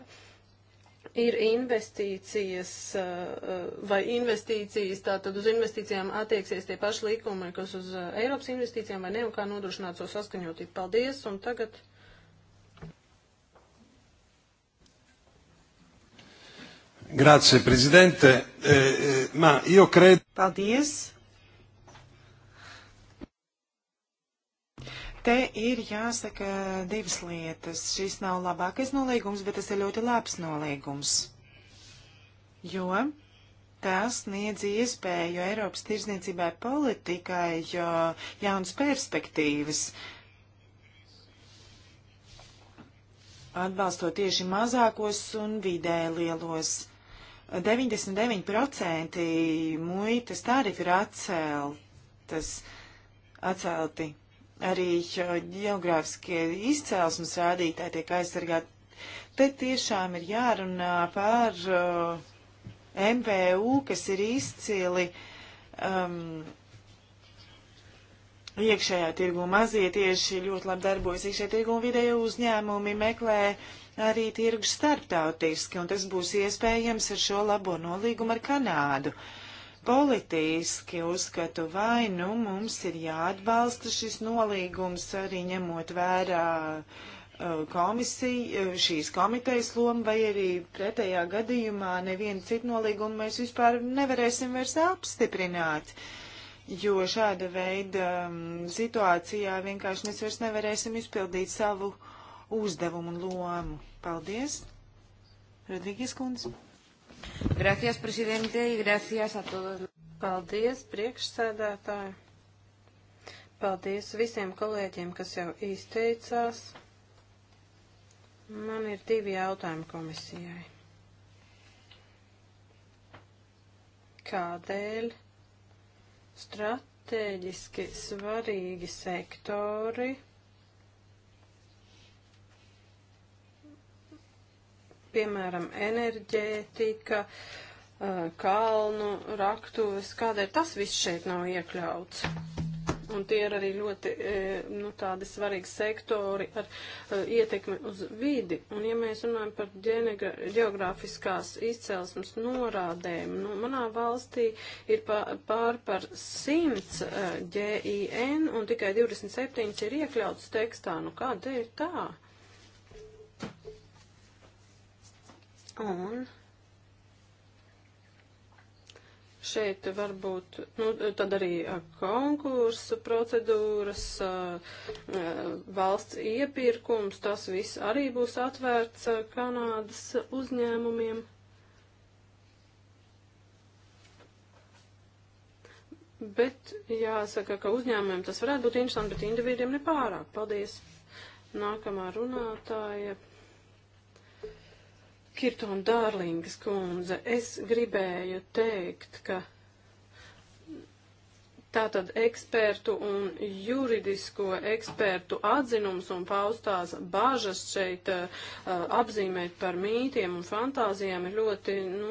ir investīcijas uh, uh vai investīcijas, tātad uz investīcijām attieksies tie paši likumi, kas uz uh, Eiropas investīcijām vai ne, un kā nodrošināt šo so saskaņotību. Paldies, un tagad.
Grazie, prezidente. Eh, eh, ma io credo. Paldies. Te ir jāsaka divas lietas. Šis nav labākais nolīgums, bet tas ir ļoti labs nolīgums. Jo tas sniedz iespēju Eiropas tirzniecībai politikai jaunas perspektīvas. Atbalstot tieši mazākos un vidē lielos 99% muitas tarifi ir atceltas, atcelti. Arī geogrāfiskie izcelsmes rādītāji tiek aizsargāti Te tiešām ir jārunā par uh, MVU, kas ir izcili um, iekšējā tirgu mazie tieši ļoti labi darbojas iekšējā tirgu un vidēju uzņēmumi meklē uh, arī tirgus starptautiski, un tas būs iespējams ar šo labo nolīgumu ar Kanādu. Politiski uzskatu, vai nu mums ir jāatbalsta šis nolīgums, arī ņemot vērā uh, komisija, uh, šīs komitejas loma, vai arī pretējā gadījumā nevienu citu nolīgumu mēs vispār nevarēsim vairs apstiprināt jo šāda veida um, situācijā vienkārši mēs vairs nevarēsim izpildīt savu uzdevumu un lomu. Paldies. Rodrīgijas kundze.
Gracias, prezidente, y gracias a todos. Paldies, priekšsēdētāji. Paldies visiem kolēģiem, kas jau izteicās. Man ir divi jautājumi komisijai. Kādēļ stratēģiski svarīgi sektori? piemēram, enerģētika, kalnu, raktuves, kādēļ tas viss šeit nav iekļauts. Un tie ir arī ļoti nu, tādi svarīgi sektori ar ietekmi uz vidi. Un ja mēs runājam par geogrāfiskās izcelsmes norādēm, nu, manā valstī ir pār par 100 GIN un tikai 27 ir iekļauts tekstā. Nu, kādēļ tā? Un šeit varbūt nu, tad arī konkursu procedūras, valsts iepirkums, tas viss arī būs atvērts Kanādas uzņēmumiem. Bet jāsaka, ka uzņēmumiem tas varētu būt interesanti, bet individiem nepārāk. Paldies! Nākamā runātāja Kirtona Dārlingas kundze, es gribēju teikt, ka Tātad ekspertu un juridisko ekspertu atzinums un paustās bāžas šeit uh, apzīmēt par mītiem un fantāzijām ir ļoti, nu,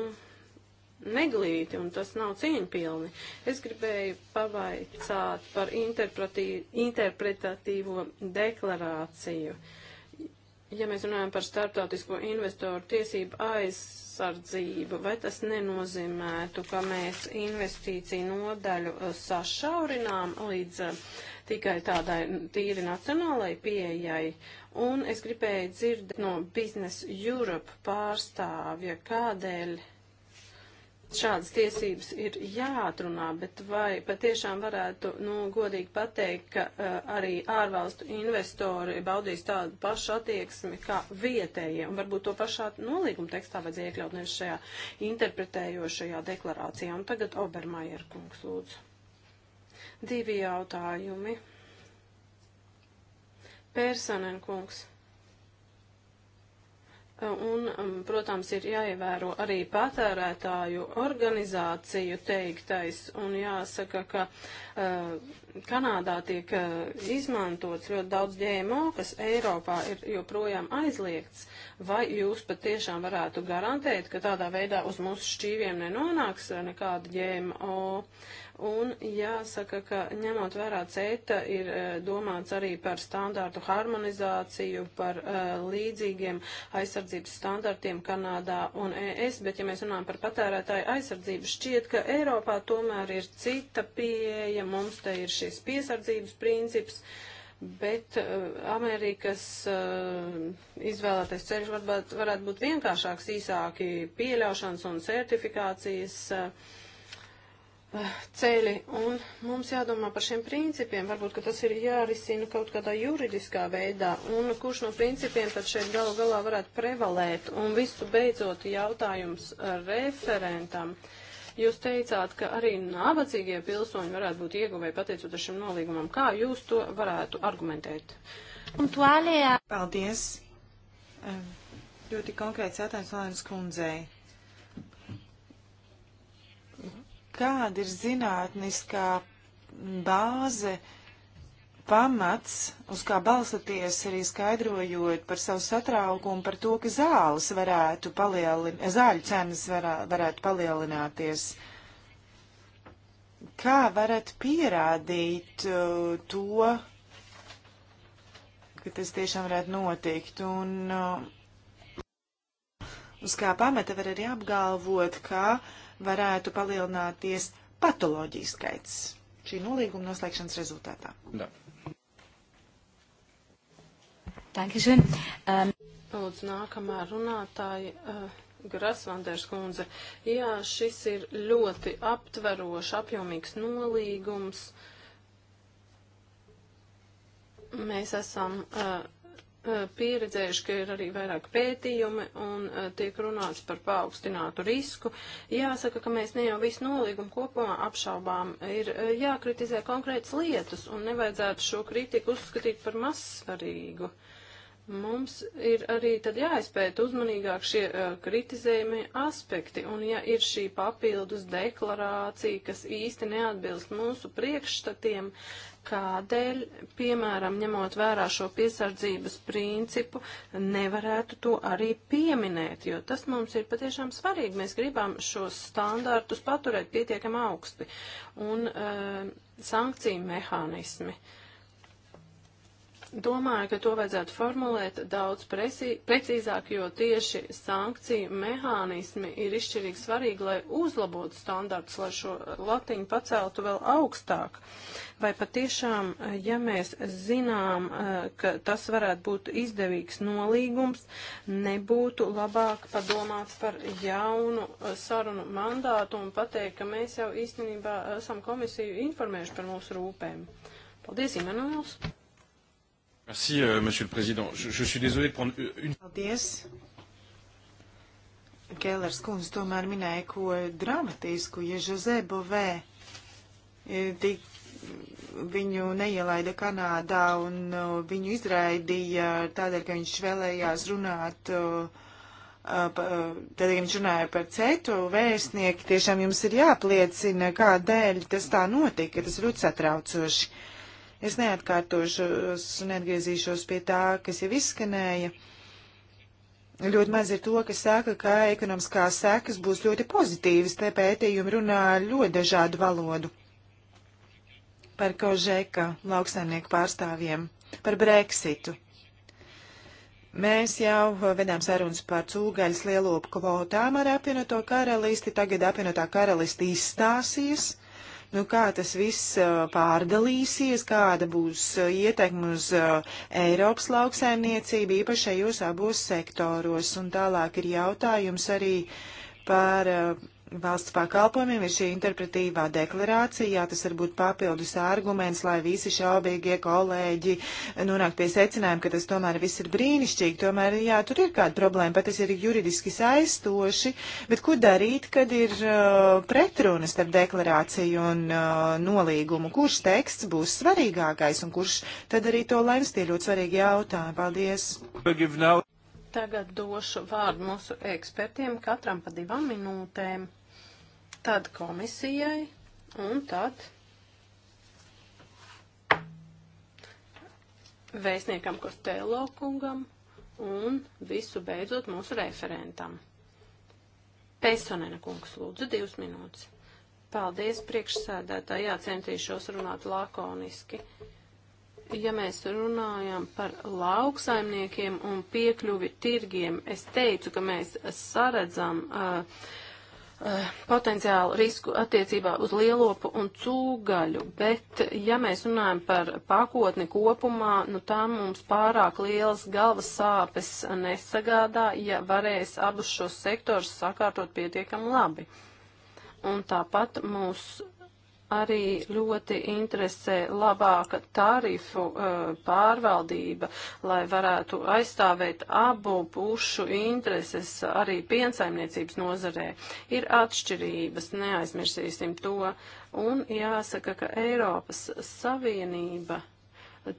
neglīti un tas nav cieņpilni. Es gribēju pavaicāt par interpretatīvo deklarāciju. Uh, ja mēs runājam par starptautisko investoru tiesību aizsardzību, vai tas nenozīmētu, ka mēs investīciju nodaļu uh, sašaurinām līdz uh, tikai tādai tīri nacionālai pieejai? Un es gribēju dzirdēt no Business Europe pārstāvja, kādēļ šādas tiesības ir jāatrunā, bet vai patiešām varētu nu, godīgi pateikt, ka uh, arī ārvalstu investori baudīs tādu pašu attieksmi kā vietējie, un varbūt to pašā nolīguma tekstā vajadzēja iekļaut nevis šajā interpretējošajā deklarācijā. Un tagad Obermajer kungs lūdzu. Divi jautājumi. Personen kungs. Un, um, protams, ir jāievēro arī patērētāju organizāciju teiktais, un jāsaka, ka uh, Kanādā tiek eh, izmantots ļoti daudz GMO, kas Eiropā ir joprojām aizliegts, vai jūs pat tiešām varētu garantēt, ka tādā veidā uz mūsu šķīviem nenonāks eh, nekāda GMO? Un jāsaka, ka ņemot vērā CETA ir eh, domāts arī par standārtu harmonizāciju, par uh, līdzīgiem aizsardzības standartiem Kanādā un ES, bet ja mēs runājam par patērētāju aizsardzību, šķiet, ka Eiropā tomēr ir cita pieeja, mums te ir šis piesardzības princips, bet uh, Amerikas uh, izvēlētais ceļš varbūt, varētu būt vienkāršāks, īsāki pieļaušanas un certifikācijas uh, uh, ceļi, un mums jādomā par šiem principiem, varbūt, ka tas ir jārisina kaut kādā juridiskā veidā, un kurš no principiem tad šeit galu galā varētu prevalēt, un visu beidzot jautājums referentam. Uh, Jūs teicāt, ka arī nabadzīgie pilsoņi varētu būt ieguvēji pateicoties šim nolīgumam. Kā jūs to varētu argumentēt?
Punktuālajā. Paldies. Ļoti konkrēts jautājums Lēnas kundzei. Kāda ir zinātniskā bāze? Uh, pamats, uz kā balstoties arī skaidrojot par savu satraukumu par to, ka zāles varētu palielināt, zāļu cenas varā, varētu palielināties. Kā varat pierādīt uh, to, ka tas tiešām varētu notikt? Un uh, uz kā pamata var arī apgalvot, ka varētu palielināties patoloģijas skaits šī nolīguma noslēgšanas rezultātā? Da. Dankeschön. Um... Lūdzu,
nākamā runātāja. Uh... Eh, Grasvanders kundze, jā, šis ir ļoti aptverošs, apjomīgs nolīgums. Mēs esam uh, pieredzējuši, ka ir arī vairāk pētījumi un uh, tiek runāts par paaugstinātu risku. Jāsaka, ka mēs ne jau visu nolīgumu kopumā apšaubām. Ir uh, jākritizē konkrētas lietas un nevajadzētu šo kritiku uzskatīt par mazsvarīgu. Uh, Mums ir arī tad jāizpēta uzmanīgāk šie uh, kritizējumie aspekti, un ja ir šī papildus deklarācija, kas īsti neatbilst mūsu priekšstatiem, kādēļ, piemēram, ņemot vērā šo piesardzības principu, nevarētu to arī pieminēt, jo tas mums ir patiešām svarīgi. Mēs gribam šos standārtus paturēt pietiekam augsti, un uh, sankciju mehānismi. Uh, Domāju, ka to vajadzētu formulēt daudz presī, precīzāk, jo tieši sankciju mehānismi ir izšķirīgi svarīgi, lai uzlabotu standartus, lai šo latiņu paceltu vēl augstāk. Vai patiešām, ja mēs zinām, eh, ka tas varētu būt izdevīgs nolīgums, nebūtu labāk padomāt par jaunu eh, sarunu mandātu un pateikt, ka mēs jau īstenībā esam komisiju informējuši par mūsu rūpēm. Paldies,
Imanuils!
Merci, uh, monsieur le président. Je, je suis désolé de prendre euh, une...
Paldies. Kēlers kundze tomēr minēja ko dramatisku, ja Jose Bovē tik e, viņu neielaida Kanādā un viņu izraidīja tādēļ, ka viņš vēlējās runāt, tādēļ, ka viņš runāja par cetu vēstnieku, tiešām jums ir jāpliecina, kādēļ tas tā notika, tas ļoti satraucoši. Uh, Es neatkārtošos un atgriezīšos pie tā, kas jau izskanēja. Ļoti maz ir to, kas saka, ka ekonomiskās sekas būs ļoti pozitīvas. Te pētījumi runā ļoti dažādu valodu. Par Kožeka lauksaimnieku pārstāvjiem, par Brexitu. Mēs jau vedām sarunas par cūgaļas lielopu kvotām ar apvienoto karalisti. Tagad apvienotā karalisti izstāsies. Uh, Nu, kā tas viss pārdalīsies, kāda būs ietekme uz Eiropas lauksaimniecību, īpaši šajos abos sektoros. Un tālāk ir jautājums arī par valsts pakalpojumiem ir šī interpretīvā deklarācija. Jā, tas var būt papildus arguments, lai visi šaubīgie kolēģi nonāk pie secinājuma, ka tas tomēr viss ir brīnišķīgi. Tomēr, jā, tur ir kāda problēma, pat tas ir juridiski saistoši. Bet ko darīt, kad ir uh, pretrunas starp deklarāciju un uh, nolīgumu? Kurš teksts būs svarīgākais un kurš tad arī to lems? Tie ļoti svarīgi jautājumi. Paldies! Tagad
došu vārdu mūsu ekspertiem, katram pa divām minūtēm tad komisijai un tad vēstniekam Kostēlo kungam un visu beidzot mūsu referentam. Pēsonena kungs lūdzu divas minūtes. Paldies priekšsēdētāji, jā, centīšos runāt lakoniski. Ja mēs runājam par lauksaimniekiem un piekļuvi tirgiem, es teicu, ka mēs saredzam uh, Eh, potenciālu risku attiecībā uz lielopu un cūgaļu, bet ja mēs runājam par pakotni kopumā, nu tā mums pārāk lielas galvas sāpes nesagādā, ja varēs abus šos sektors sakārtot pietiekami labi. Un tāpat mūs arī ļoti interesē labāka tarifu uh, pārvaldība, lai varētu aizstāvēt abu pušu intereses arī piensaimniecības nozarē. Ir atšķirības, neaizmirsīsim to, un jāsaka, ka Eiropas Savienība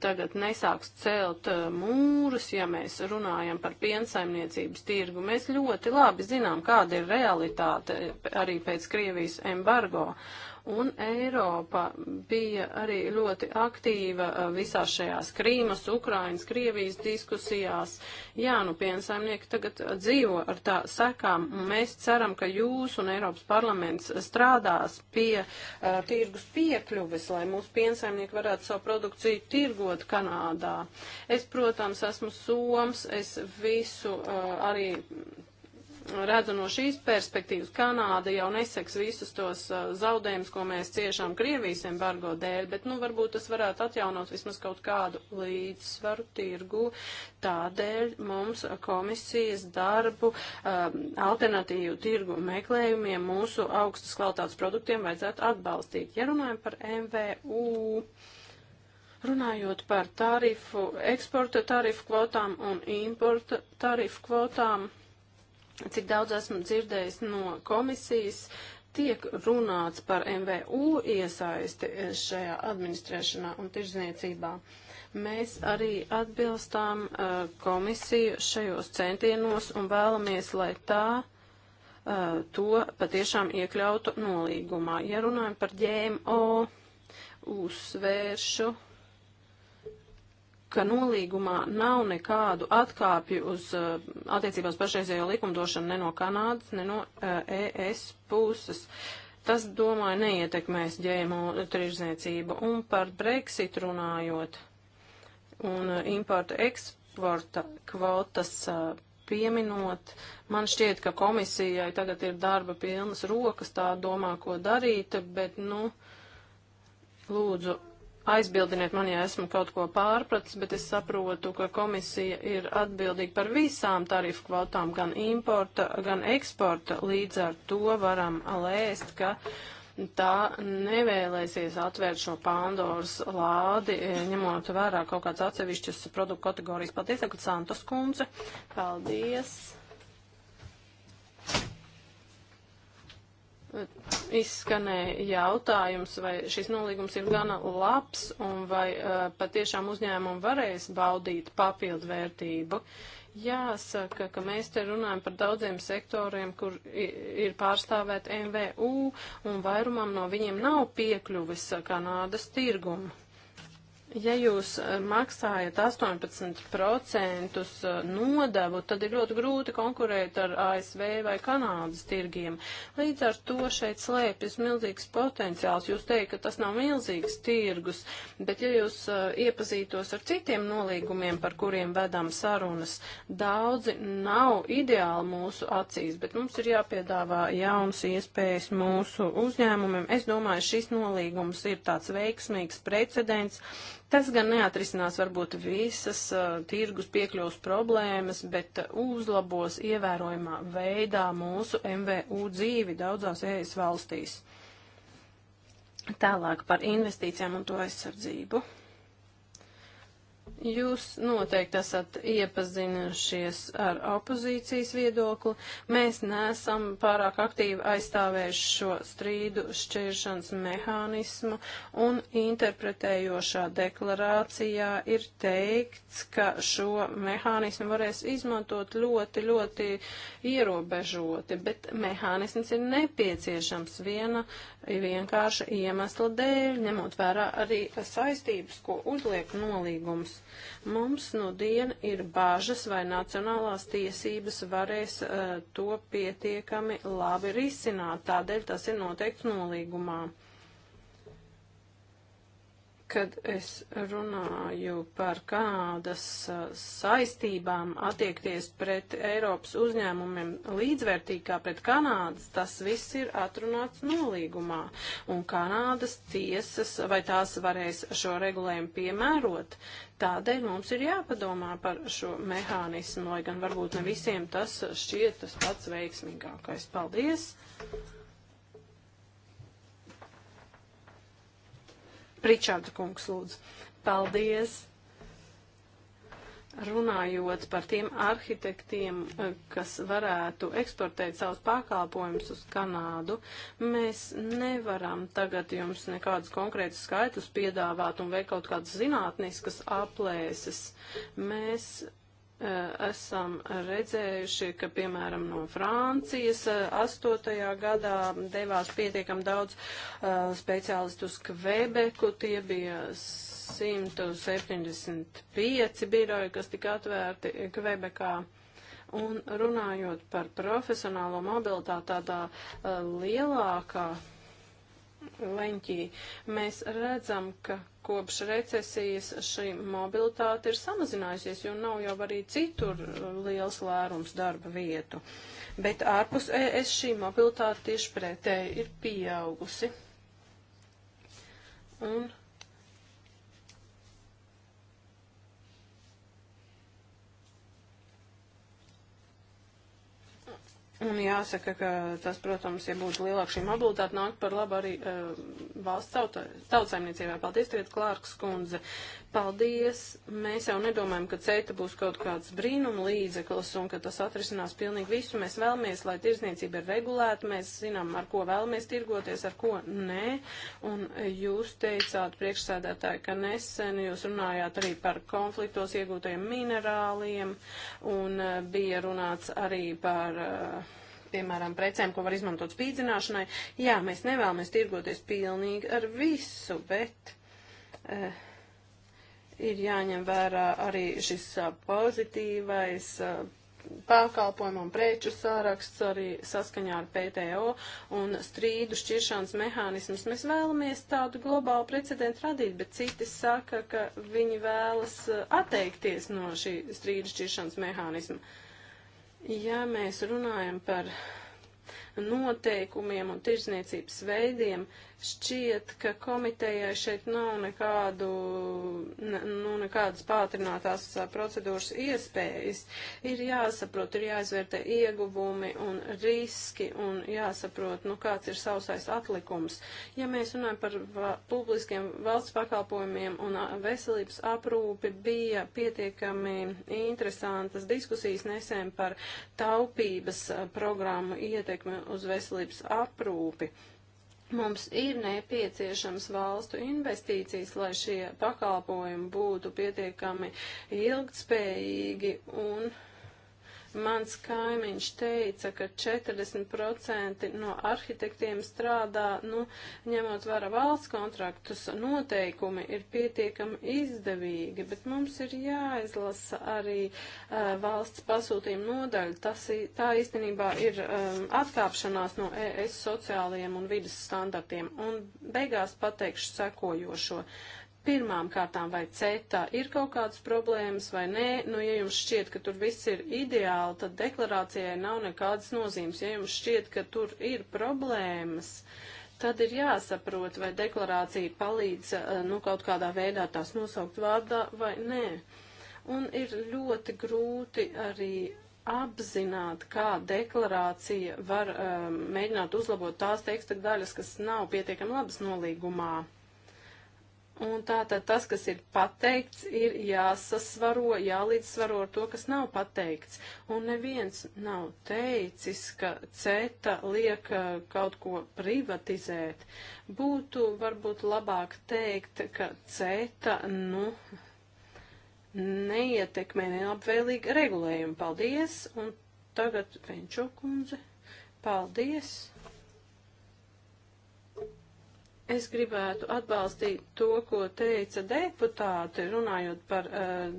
tagad nesāks celt uh, mūrus, ja mēs runājam par piensaimniecības tirgu. Mēs ļoti labi zinām, kāda ir realitāte uh, arī pēc Krievijas embargo. Uh, Un Eiropa bija arī ļoti aktīva uh, visās šajās Krīmas, Ukrainas, Krievijas diskusijās. Jā, nu piensaimnieki tagad uh, dzīvo ar tā sekām. Mēs ceram, ka jūs un Eiropas parlaments strādās pie uh, tirgus piekļuves, lai mūsu piensaimnieki varētu savu produkciju tirgot Kanādā. Es, protams, esmu Soms, es visu uh, arī redzu no šīs perspektīvas, Kanāda jau neseks visus tos uh, zaudējumus, ko mēs ciešām Krievijas embargo dēļ, bet, nu, varbūt tas varētu atjaunot vismaz kaut kādu līdzsvaru tirgu. Tādēļ mums komisijas darbu um, alternatīvu tirgu meklējumiem mūsu augstas kvalitātes produktiem vajadzētu atbalstīt. Ja runājam par MVU. Runājot par tarifu, eksporta tarifu kvotām un importa tarifu kvotām, cik daudz esmu dzirdējis no komisijas, tiek runāts par MVU iesaisti šajā administrēšanā un tirzniecībā. Mēs arī atbilstām uh, komisiju šajos centienos un vēlamies, lai tā uh, to patiešām iekļautu nolīgumā. Ja runājam par ģēmo, uzsvēršu. Uh, ka nolīgumā nav nekādu atkāpju uz uh, eh, attiecībā uz pašreizējo likumdošanu ne no Kanādas, ne no uh, eh, ES puses. Tas, domāju, neietekmēs ģēmo tirzniecību. Un par Brexit runājot un uh, importa eksporta kvotas pieminot, man šķiet, ka komisijai tagad ir darba pilnas rokas, tā domā, ko darīt, bet, nu, lūdzu, aizbildiniet mani, ja esmu kaut ko pārpratis, bet es saprotu, ka komisija ir atbildīga par visām tarifu kvotām, gan importa, gan eksporta. Līdz ar to varam lēst, ka tā nevēlēsies atvērt šo Pandoras lādi, e, ņemot vērā kaut kāds atsevišķas produktu kategorijas. Paldies, Ekuts Santos kundze. Paldies. izskanēja jautājums, vai šis nolīgums ir gana labs un vai uh, patiešām uzņēmumi varēs baudīt papildu vērtību. Jāsaka, ka mēs te runājam par daudziem sektoriem, kur ir pārstāvēt MVU, un vairumam no viņiem nav piekļuvis eh, Kanādas tirgumu. Ja jūs e, maksājat 18% e, nodevu, tad ir ļoti grūti konkurēt ar ASV vai Kanādas tirgiem. Līdz ar to šeit slēpjas milzīgs potenciāls. Jūs teikt, ka tas nav milzīgs tirgus, bet ja jūs uh, iepazītos ar citiem nolīgumiem, par kuriem vedam sarunas, daudzi nav ideāli mūsu acīs, bet mums ir jāpiedāvā jaunas iespējas mūsu uzņēmumiem. Es domāju, šis nolīgums ir tāds veiksmīgs precedents Tas gan neatrisinās varbūt visas uh, tirgus piekļuvas problēmas, bet uh, uzlabos ievērojumā veidā mūsu MVU dzīvi daudzās ES valstīs. Tālāk par investīcijām un to aizsardzību. Jūs noteikti esat iepazinušies ar opozīcijas viedokli. Mēs neesam pārāk aktīvi aizstāvējuši šo strīdu šķiršanas mehānismu, un interpretējošā deklarācijā ir teikts, ka šo mehānismu varēs izmantot ļoti, ļoti ierobežoti, bet mehānisms ir nepieciešams viena vienkārša iemesla dēļ, ņemot vērā arī saistības, ko uzliek nolīgums. Mums nu diena ir bāžas, vai nacionālās tiesības varēs uh, to pietiekami labi risināt, tādēļ tas ir noteikts nolīgumā. Uh, kad es runāju par kādas saistībām attiekties pret Eiropas uzņēmumiem līdzvērtīgi kā pret Kanādas, tas viss ir atrunāts nolīgumā. Un Kanādas tiesas vai tās varēs šo regulējumu piemērot, tādēļ mums ir jāpadomā par šo mehānismu, lai gan varbūt ne visiem tas šķiet tas pats veiksmīgākais. Paldies! Pričārda kungs lūdzu. Paldies! Runājot par tiem arhitektiem, eh, kas varētu eksportēt savus pakalpojumus uz Kanādu, mēs nevaram tagad jums nekādus konkrētus skaitus piedāvāt un veikt kaut kādas zinātniskas aplēses. Mēs Eh, esam redzējuši, ka, piemēram, no Francijas 8. Eh, gadā devās pietiekam daudz uh, speciālistu uz Kvebeku. Tie bija 175 biroji, kas tika atvērti Kvebekā. Un runājot par profesionālo mobilitāti tādā uh, lielākā leņķī. Mēs redzam, ka kopš recesijas šī mobilitāte ir samazinājusies, jo nav jau arī citur uh, liels lērums darba vietu. Bet ārpus ES šī mobilitāte tieši pretēji ir pieaugusi. Un Un jāsaka, ka tas, protams, ja būtu lielāka šī mobilitāte, nāk par labu arī uh, valsts tauta, tautsaimniecībai. Paldies, Tiet Klārks kundze. Paldies! Mēs jau nedomājam, ka CETA būs kaut kāds brīnuma līdzeklis un ka tas atrisinās pilnīgi visu. Mēs vēlamies, lai tirzniecība ir regulēta, mēs zinām, ar ko vēlamies tirgoties, ar ko nē. Un jūs teicāt, priekšsēdētāji, ka nesen jūs runājāt arī par konfliktos iegūtajiem minerāliem un eh, bija runāts arī par. Uh, piemēram, precēm, ko var izmantot spīdzināšanai. Jā, mēs nevēlamies tirgoties pilnīgi ar visu, bet. Uh, Ir jāņem vērā arī šis pozitīvais pakalpojumu un preču sāraksts arī saskaņā ar PTO un strīdu šķiršanas mehānismus. Mēs vēlamies tādu globālu precedentu radīt, bet citi saka, ka viņi vēlas atteikties no šī strīdu šķiršanas mehānisma. Ja mēs runājam par noteikumiem un tirzniecības veidiem, uh, Šķiet, ka komitejai šeit nav nekādu, nu, nekādas pātrinātās procedūras iespējas. Ir jāsaprot, ir jāizvērtē ieguvumi un riski un jāsaprot, nu, kāds ir sausais atlikums. Ja mēs runājam par va publiskiem valsts pakalpojumiem un veselības aprūpi, bija pietiekami interesantas diskusijas nesen par taupības programmu ietekmi uz veselības aprūpi. Mums ir nepieciešams valstu investīcijas, lai šie pakalpojumi būtu pietiekami ilgtspējīgi un uh, Mans kaimiņš teica, ka 40% no arhitektiem strādā, nu, ņemot vērā valsts kontraktus, noteikumi ir pietiekami izdevīgi, bet mums ir jāizlasa arī uh, valsts pasūtījuma nodaļa. Tas, tā īstenībā ir um, atkāpšanās no ES sociālajiem un vidas standartiem. Un beigās pateikšu sekojošo. Uh, Pirmām kārtām, vai CETA ir kaut kādas problēmas vai nē, nu, ja jums šķiet, ka tur viss ir ideāli, tad deklarācijai nav nekādas nozīmes. Ja jums šķiet, ka tur ir problēmas, tad ir jāsaprot, vai deklarācija palīdz, eh, nu, kaut kādā veidā tās nosaukt vārdā vai nē. Un ir ļoti grūti arī apzināt, kā deklarācija var um, mēģināt uzlabot tās teksta daļas, kas nav pietiekami labas nolīgumā. Un tātad tas, kas ir pateikts, ir jāsasvaro, jālīdzsvaro ar to, kas nav pateikts. Un neviens nav teicis, ka CETA liek uh, kaut ko privatizēt. Būtu varbūt labāk teikt, ka CETA, nu, neietekmē nelabvēlīgi regulējumu. Paldies! Un tagad Venčo kundze. Paldies! Es gribētu atbalstīt to, ko teica deputāti, runājot par uh,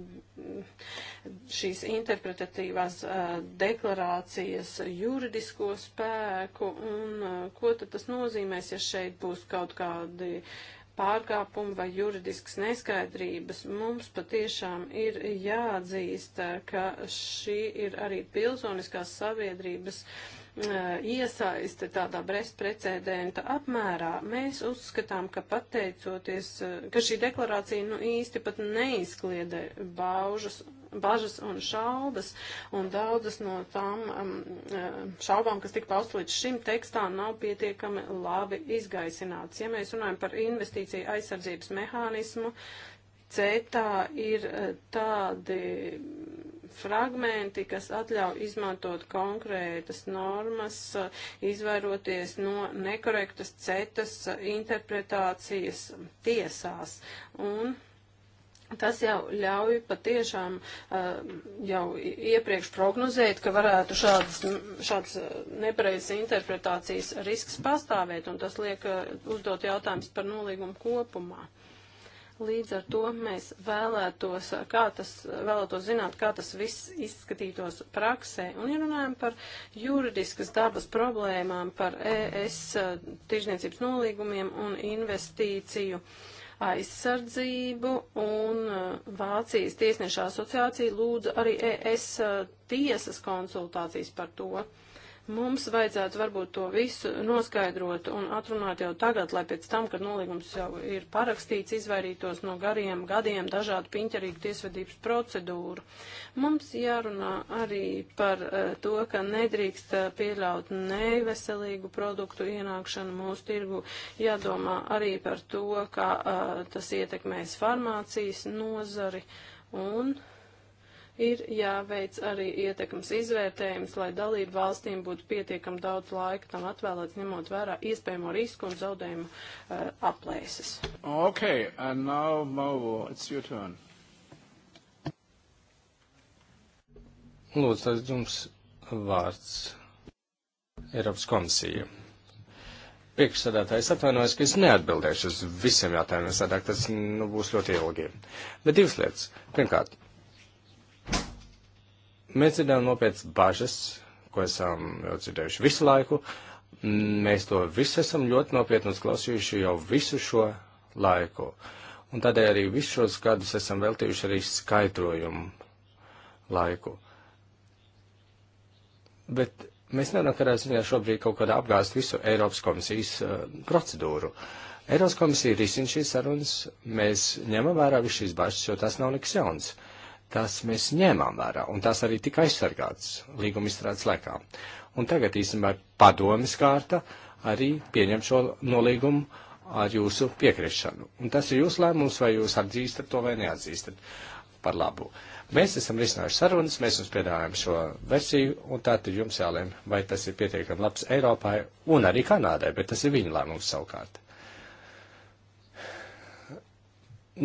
šīs interpretatīvās uh, deklarācijas juridisko spēku un uh, ko tad tas nozīmēs, ja šeit būs kaut kādi pārkāpumi vai juridiskas neskaidrības. Mums patiešām ir jāatzīst, ka šī ir arī pilsoniskās sabiedrības uh, Eh, iesaiste tādā bezprecedenta apmērā. Mēs uzskatām, ka pateicoties, eh, ka šī deklarācija nu īsti pat neizkliedē baužas bažas un šaubas, un daudzas no tām um, šaubām, kas tika paust līdz šim tekstā, nav pietiekami labi izgaisināts. Ja mēs runājam par investīciju aizsardzības mehānismu, CETA ir tādi fragmenti, kas atļauj izmantot konkrētas normas, izvairoties no nekorektas cetas interpretācijas tiesās. Un Tas jau ļauj patiešām eh, jau iepriekš prognozēt, ka varētu šādas, šādas eh, nepareizas interpretācijas risks pastāvēt, un tas liek eh, uzdot jautājums par nolīgumu kopumā. Līdz ar to mēs vēlētos, kā tas, vēlētos zināt, kā tas viss izskatītos praksē. Un, ja runājam par juridiskas dabas problēmām, par ES eh, tirzniecības nolīgumiem un investīciju aizsardzību, un eh, Vācijas tiesneša asociācija lūdza arī ES eh, tiesas konsultācijas par to. Uh, Mums vajadzētu varbūt to visu noskaidrot un atrunāt jau tagad, lai pēc tam, kad nolīgums jau ir parakstīts, izvairītos no gariem gadiem dažādu piņķerīgu tiesvedības procedūru. Mums jārunā arī par eh, to, ka nedrīkst eh, pieļaut neveselīgu produktu ienākšanu mūsu tirgu. Jādomā arī par to, kā uh, tas ietekmēs farmācijas nozari un. Uh, Ir jāveic arī ietekmes izvērtējums, lai dalību valstīm būtu pietiekami daudz laika tam atvēlēts, ņemot vērā iespējamo risku un zaudējumu uh, aplēses.
Okay, and now, Mauro, it's your turn. Lūdzu, tas jums vārds. Eiropas komisija. Priekšsēdētājs atvainojas, ka es neatbildēšu uz visiem jautājumiem, sādāk tas nu, būs ļoti ilgi. Bet divas lietas. Pirmkārt, Mēs dzirdējām nopietnas bažas, ko esam jau dzirdējuši visu laiku. Mēs to visu esam ļoti nopietni uzklausījuši jau visu šo laiku. Un tādēļ arī visus šos gadus esam veltījuši arī skaidrojumu laiku. Bet mēs nevaram kādā ziņā šobrīd kaut kādā apgāst visu Eiropas komisijas uh, procedūru. Eiropas komisija risina šīs sarunas, mēs ņemam vērā visu šīs bažas, jo tas nav nekas jauns. Uh, Tas mēs ņēmām vērā, un tās arī tika aizsargāts līguma izstrādes laikā. Un tagad īstenībā padomis kārta arī pieņem šo nolīgumu ar jūsu piekrišanu. Un tas ir jūsu lēmums, vai jūs atzīstat to vai neatzīstat par labu. Mēs esam risinājuši sarunas, mēs jums piedāvājam šo versiju, un tā tad jums jālēm, vai tas ir pietiekami labs Eiropai un arī Kanādai, bet tas ir viņa lēmums savukārt.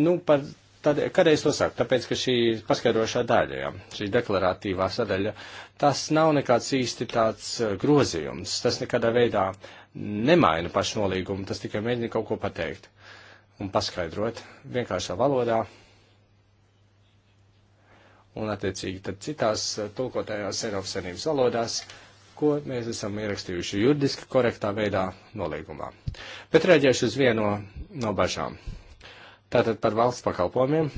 Nu, par Tad, kādēļ es to saku? Tāpēc, ka šī paskaidrošā daļa, ja, šī deklaratīvā sadaļa, tas nav nekāds īsti tāds eh, grozījums, tas nekādā veidā nemaina pašnolīgumu, tas tikai mēģina kaut ko pateikt un paskaidrot vienkāršā valodā. Un, attiecīgi, tad citās eh, tulkotājās Eiropas Savienības valodās, ko mēs esam ierakstījuši juridiski korektā veidā nolīgumā. Bet rēģēšu uz vieno no bažām. No Tātad par valsts pakalpojumiem,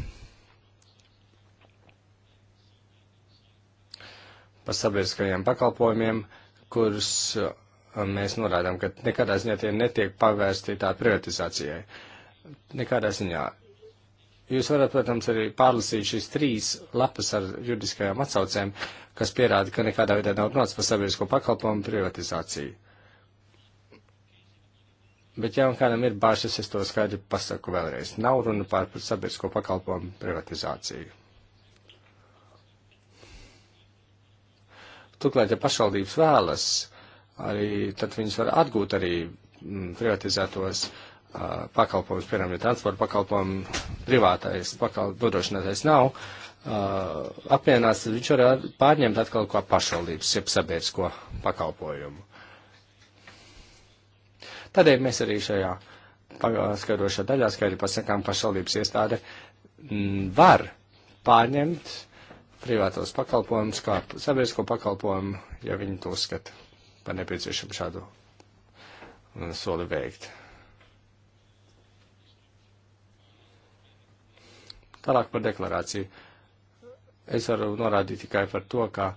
par sabiedriskajiem pakalpojumiem, kurus uh, mēs norādām, ka nekādā ziņā tie netiek pavērsti tā privatizācijai. Nekādā ziņā. Jūs varat, protams, arī pārlasīt šīs trīs lapas ar juridiskajām atsaucēm, kas pierāda, ka nekādā veidā nav runāts par sabiedrisko pakalpojumu privatizāciju. Bet, ja kādam ir bāžas, es to skaidri pasaku vēlreiz. Nav runa par sabiedrisko pakalpojumu privatizāciju. Turklāt, ja pašvaldības vēlas, arī tad viņas var atgūt arī mm, privatizētos uh, pakalpojumus, piemēram, ja transporta pakalpojumu privātais pakal, nodrošinātais nav, uh, apvienās, viņš var pārņemt atkal kā pašvaldības, jeb sabiedrisko pakalpojumu. Tādēļ mēs arī šajā skaidrošā daļā skaidri pasakām, ka pašvaldības iestāde mm, var pārņemt privātos pakalpojumus kā sabiedrisko pakalpojumu, ja viņi to uzskata par nepieciešamu šādu mm, soli veikt. Tālāk par deklarāciju. Es varu norādīt tikai par to, ka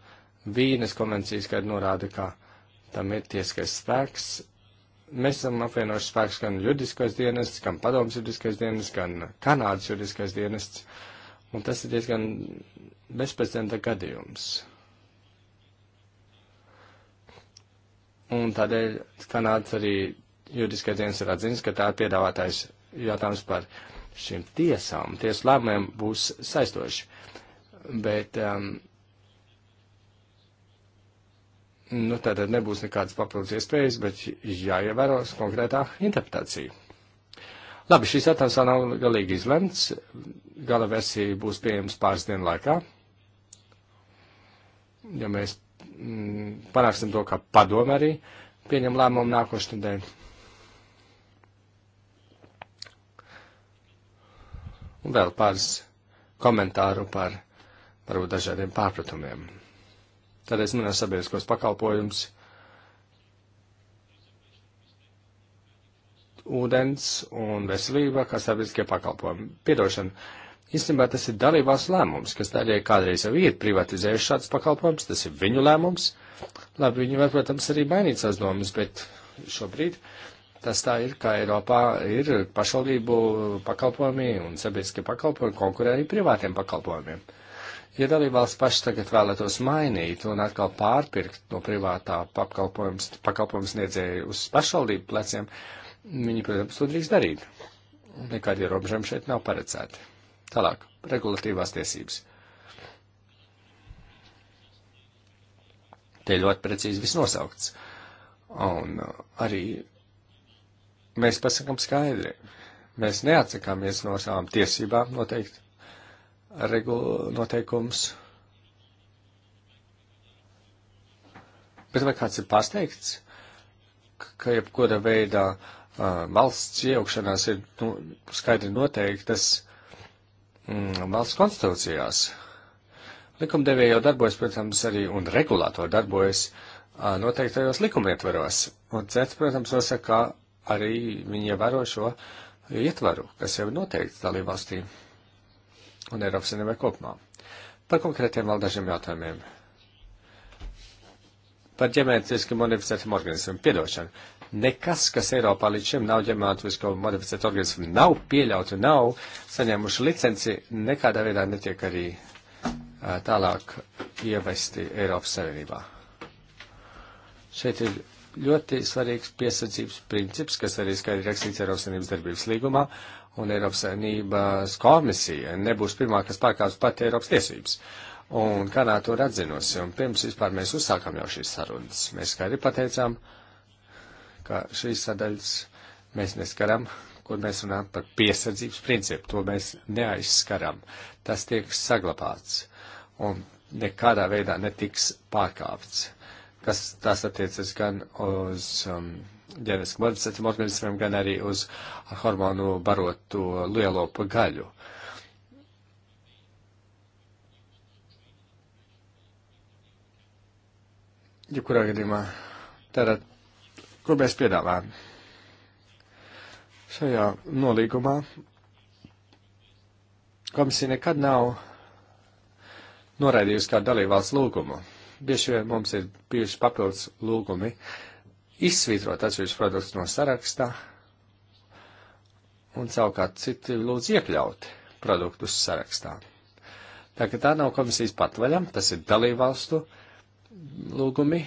Vīnes konvencijas, kad norāda, ka tam ir tieskais spēks, Mēs esam apvienojuši spēks gan juridiskais dienests, gan padomus juridiskais dienests, gan Kanādas juridiskais dienests, un tas ir diezgan bezprecedenta gadījums. Un tādēļ Kanādas arī juridiskais dienas ir atzinis, ka tā piedāvātais jautājums par šīm tiesām, tiesu lēmumiem būs saistoši. Bet um, nu, tātad nebūs nekādas papildus iespējas, bet jāievēros konkrētā interpretācija. Labi, šīs attēls nav galīgi izlemts. Gala versija būs pieejams pāris dienu laikā. Ja mēs mm, panāksim to, ka padome arī pieņem lēmumu nākošnedēļ. Un vēl pāris komentāru par varbūt dažādiem pārpratumiem. Tādēļ es minēju sabiedriskos pakalpojumus, ūdens un veselība kā sabiedriskie pakalpojumi. Piedošana. Īstenībā tas ir dalībās lēmums, kas tādēļ kādreiz jau ir privatizējuši šāds pakalpojums, tas ir viņu lēmums. Labi, viņi var, protams, arī mainīt savas domas, bet šobrīd tas tā ir, ka Eiropā ir pašvaldību pakalpojumi un sabiedriskie pakalpojumi konkurē arī privātiem pakalpojumiem. Uh, Ja dalībvalsts paši tagad vēlētos mainīt un atkal pārpirkt no privātā pakalpojums sniedzēju uz pašvaldību pleciem, viņi, protams, to drīkst darīt. Nekādi ierobežojumi šeit nav paredzēti. Tālāk, regulatīvās tiesības. Te ļoti precīzi viss nosaukts. Un uh, arī mēs pasakam skaidri. Mēs neatsakāmies no savām tiesībām noteikti regula noteikums. Bet vai kāds ir pārsteigts, ka jebkura veidā uh, valsts iejaukšanās ir nu, skaidri noteiktas mm, valsts konstitūcijās? Likumdevēja jau darbojas, protams, arī un regulātori darbojas uh, noteiktajos likumietvaros. Un cits, protams, nosaka, ka arī viņi ievēro šo ietvaru, kas jau ir noteikts dalībvalstīm un Eiropas Savienībai kopumā. Par konkrētiem vēl dažiem jautājumiem. Par ģenētiski modificētiem organismiem piedošanu. Nekas, kas Eiropā līdz šim nav ģenētiski modificēta organismu, nav pieļauts un nav saņēmuši licenci, nekādā veidā netiek arī tālāk ievesti Eiropas Savienībā. Šeit ir ļoti svarīgs piesardzības princips, kas arī skaidri rakstīts Eiropas Savienības darbības līgumā, un Eiropas saimnības komisija nebūs pirmā, kas pārkāps pat Eiropas tiesības. Un kādā to ir atzinusi, un pirms vispār mēs uzsākām jau šīs sarunas, mēs skaidri pateicām, ka šīs sadaļas mēs neskaram, kur mēs runājam par piesardzības principu, to mēs neaizskaram. Tas tiek saglabāts un nekādā veidā netiks pārkāpts. Kas tas attiecas gan uz um, ģenetiski modificētiem organismiem, gan arī uz hormonu barotu lielo pagaļu. Jebkurā gadījumā, tātad, ko mēs piedāvājam? Šajā nolīgumā komisija nekad nav noraidījusi kādu dalībvalsts lūgumu. Bieži vien mums ir bijuši papildus lūgumi, uh, izsvītrot atsevišķus produktus no sarakstā un savukārt citi lūdz iekļaut produktus sarakstā. Tā ka tā nav komisijas patvaļa, tas ir dalībvalstu lūgumi.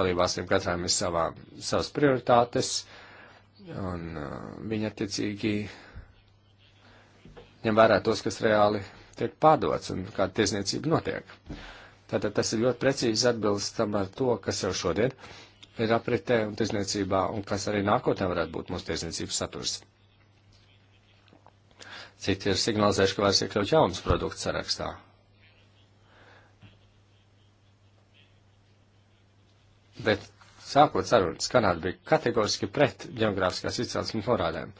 Dalībvalstīm katram ir savā, savas prioritātes, un uh, viņi attiecīgi ņem vērā tos, kas reāli tiek pārdots un kāda tiesniecība notiek. Tātad tas ir ļoti precīzi atbilstam ar to, kas jau šodien ir ir apritē un tirzniecībā, un kas arī nākotnē varētu būt mūsu tirzniecības saturs. Citi ir signalizējuši, ka vairs iekļaut jaunas produktu sarakstā. Bet sākot sarunas, Kanāda bija kategoriski pret geogrāfiskās izcelsmes norādēm.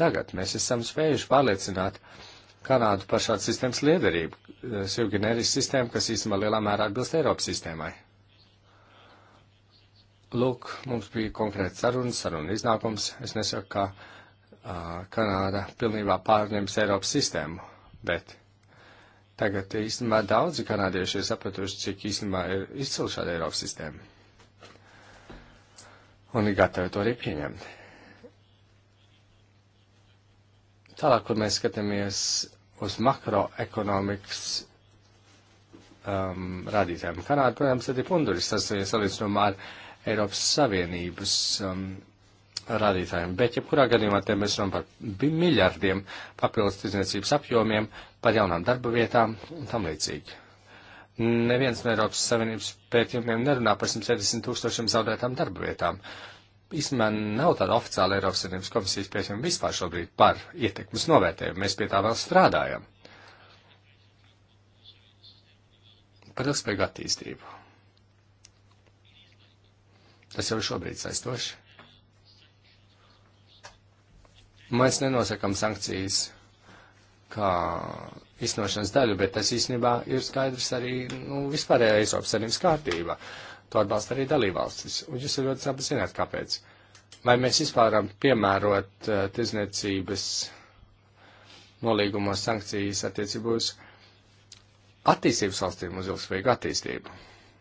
Tagad mēs esam spējuši pārliecināt Kanādu par šādu sistēmas liederību, eh, sivgeneris sistēmu, kas īstenībā lielā mērā atbilst Eiropas sistēmai. Lūk, mums bija konkrēta saruna, saruna iznākums. Es nesaku, ka uh, Kanāda pilnībā pārņems Eiropas sistēmu, bet tagad īstenībā daudzi kanādieši ir sapratuši, cik īstenībā ir izcila šāda Eiropas sistēma. Un ir gatavi to arī pieņemt. Tālāk, kur mēs skatāmies uz makroekonomikas um, rādītājiem. Kanāda, protams, ir punduris, tas ir salīdzinājumā ar. Uh, Eiropas Savienības um, rādītājiem. Bet, ja kurā gadījumā te mēs runājam par miljardiem papildus tirdzniecības apjomiem, par jaunām darba vietām un tam līdzīgi. Neviens no Eiropas Savienības pētījumiem nerunā par 170 tūkstošiem zaudētām darba vietām. Īstenībā nav tāda oficiāla Eiropas Savienības komisijas pētījuma vispār šobrīd par ietekmes novērtējumu. Mēs pie tā vēl strādājam. Par ilgspējīgu attīstību. Tas jau ir šobrīd saistoši. Mēs nenosakām sankcijas kā iznošanas daļu, bet tas īstenībā ir skaidrs arī nu, vispārējā Eiropas Savienības kārtībā. To atbalsta arī dalībvalstis. Un jūs ļoti labi zināt, kāpēc. Vai mēs vispār varam piemērot uh, tirzniecības nolīgumos sankcijas attiecībā uz attīstības valstīm uz ilgspējīgu attīstību?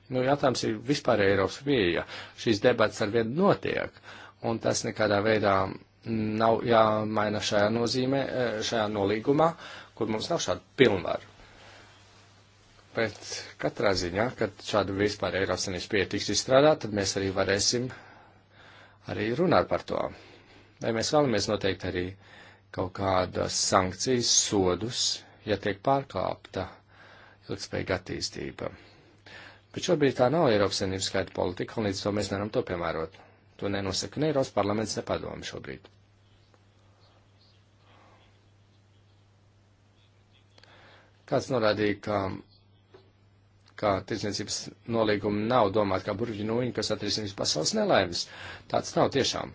Nu, jautājums ir vispār Eiropas pieeja. Šīs debats ar vienu notiek, un tas nekādā veidā nav jāmaina šajā nozīmē, e, šajā nolīgumā, kur mums nav šādu pilnvaru. Bet katrā ziņā, kad šāda vispār Eiropas Savienības pieeja tiks izstrādāta, tad mēs arī varēsim arī runāt par to. Vai mēs vēlamies noteikt arī kaut kādas sankcijas, sodus, ja tiek pārkāpta ilgspējīga attīstība. Bet šobrīd tā nav Eiropas Savienības skaita politika, un līdz to mēs nevaram to piemērot. To nenosaka ne Eiropas parlaments, ne padomi šobrīd. Kāds norādīja, ka, ka tirdzniecības nolīgumi nav domāti kā burvju nūjiņi, kas atrisinīs pasaules nelaimes. Tāds nav tiešām.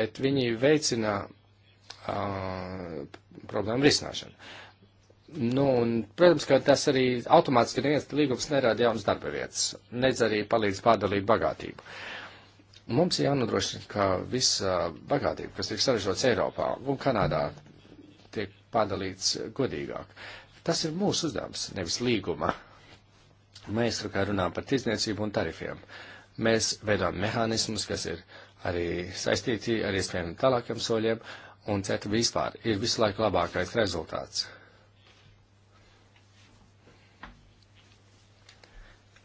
Bet viņi veicina uh, problēmu risināšanu. Nu, un, protams, ka tas arī automātiski neviens līgums nerada jaunas darba vietas, nedz arī palīdz pārdalīt bagātību. Mums ir jānodrošina, ka visa bagātība, kas tiek saražots Eiropā un Kanādā, tiek pārdalīts godīgāk. Tas ir mūsu uzdevums, nevis līguma. Mēs kā runājam par tirdzniecību un tarifiem. Mēs veidojam mehānismus, kas ir arī saistīti ar iespējamiem tālākiem soļiem, un CETA vispār ir visu laiku labākais rezultāts.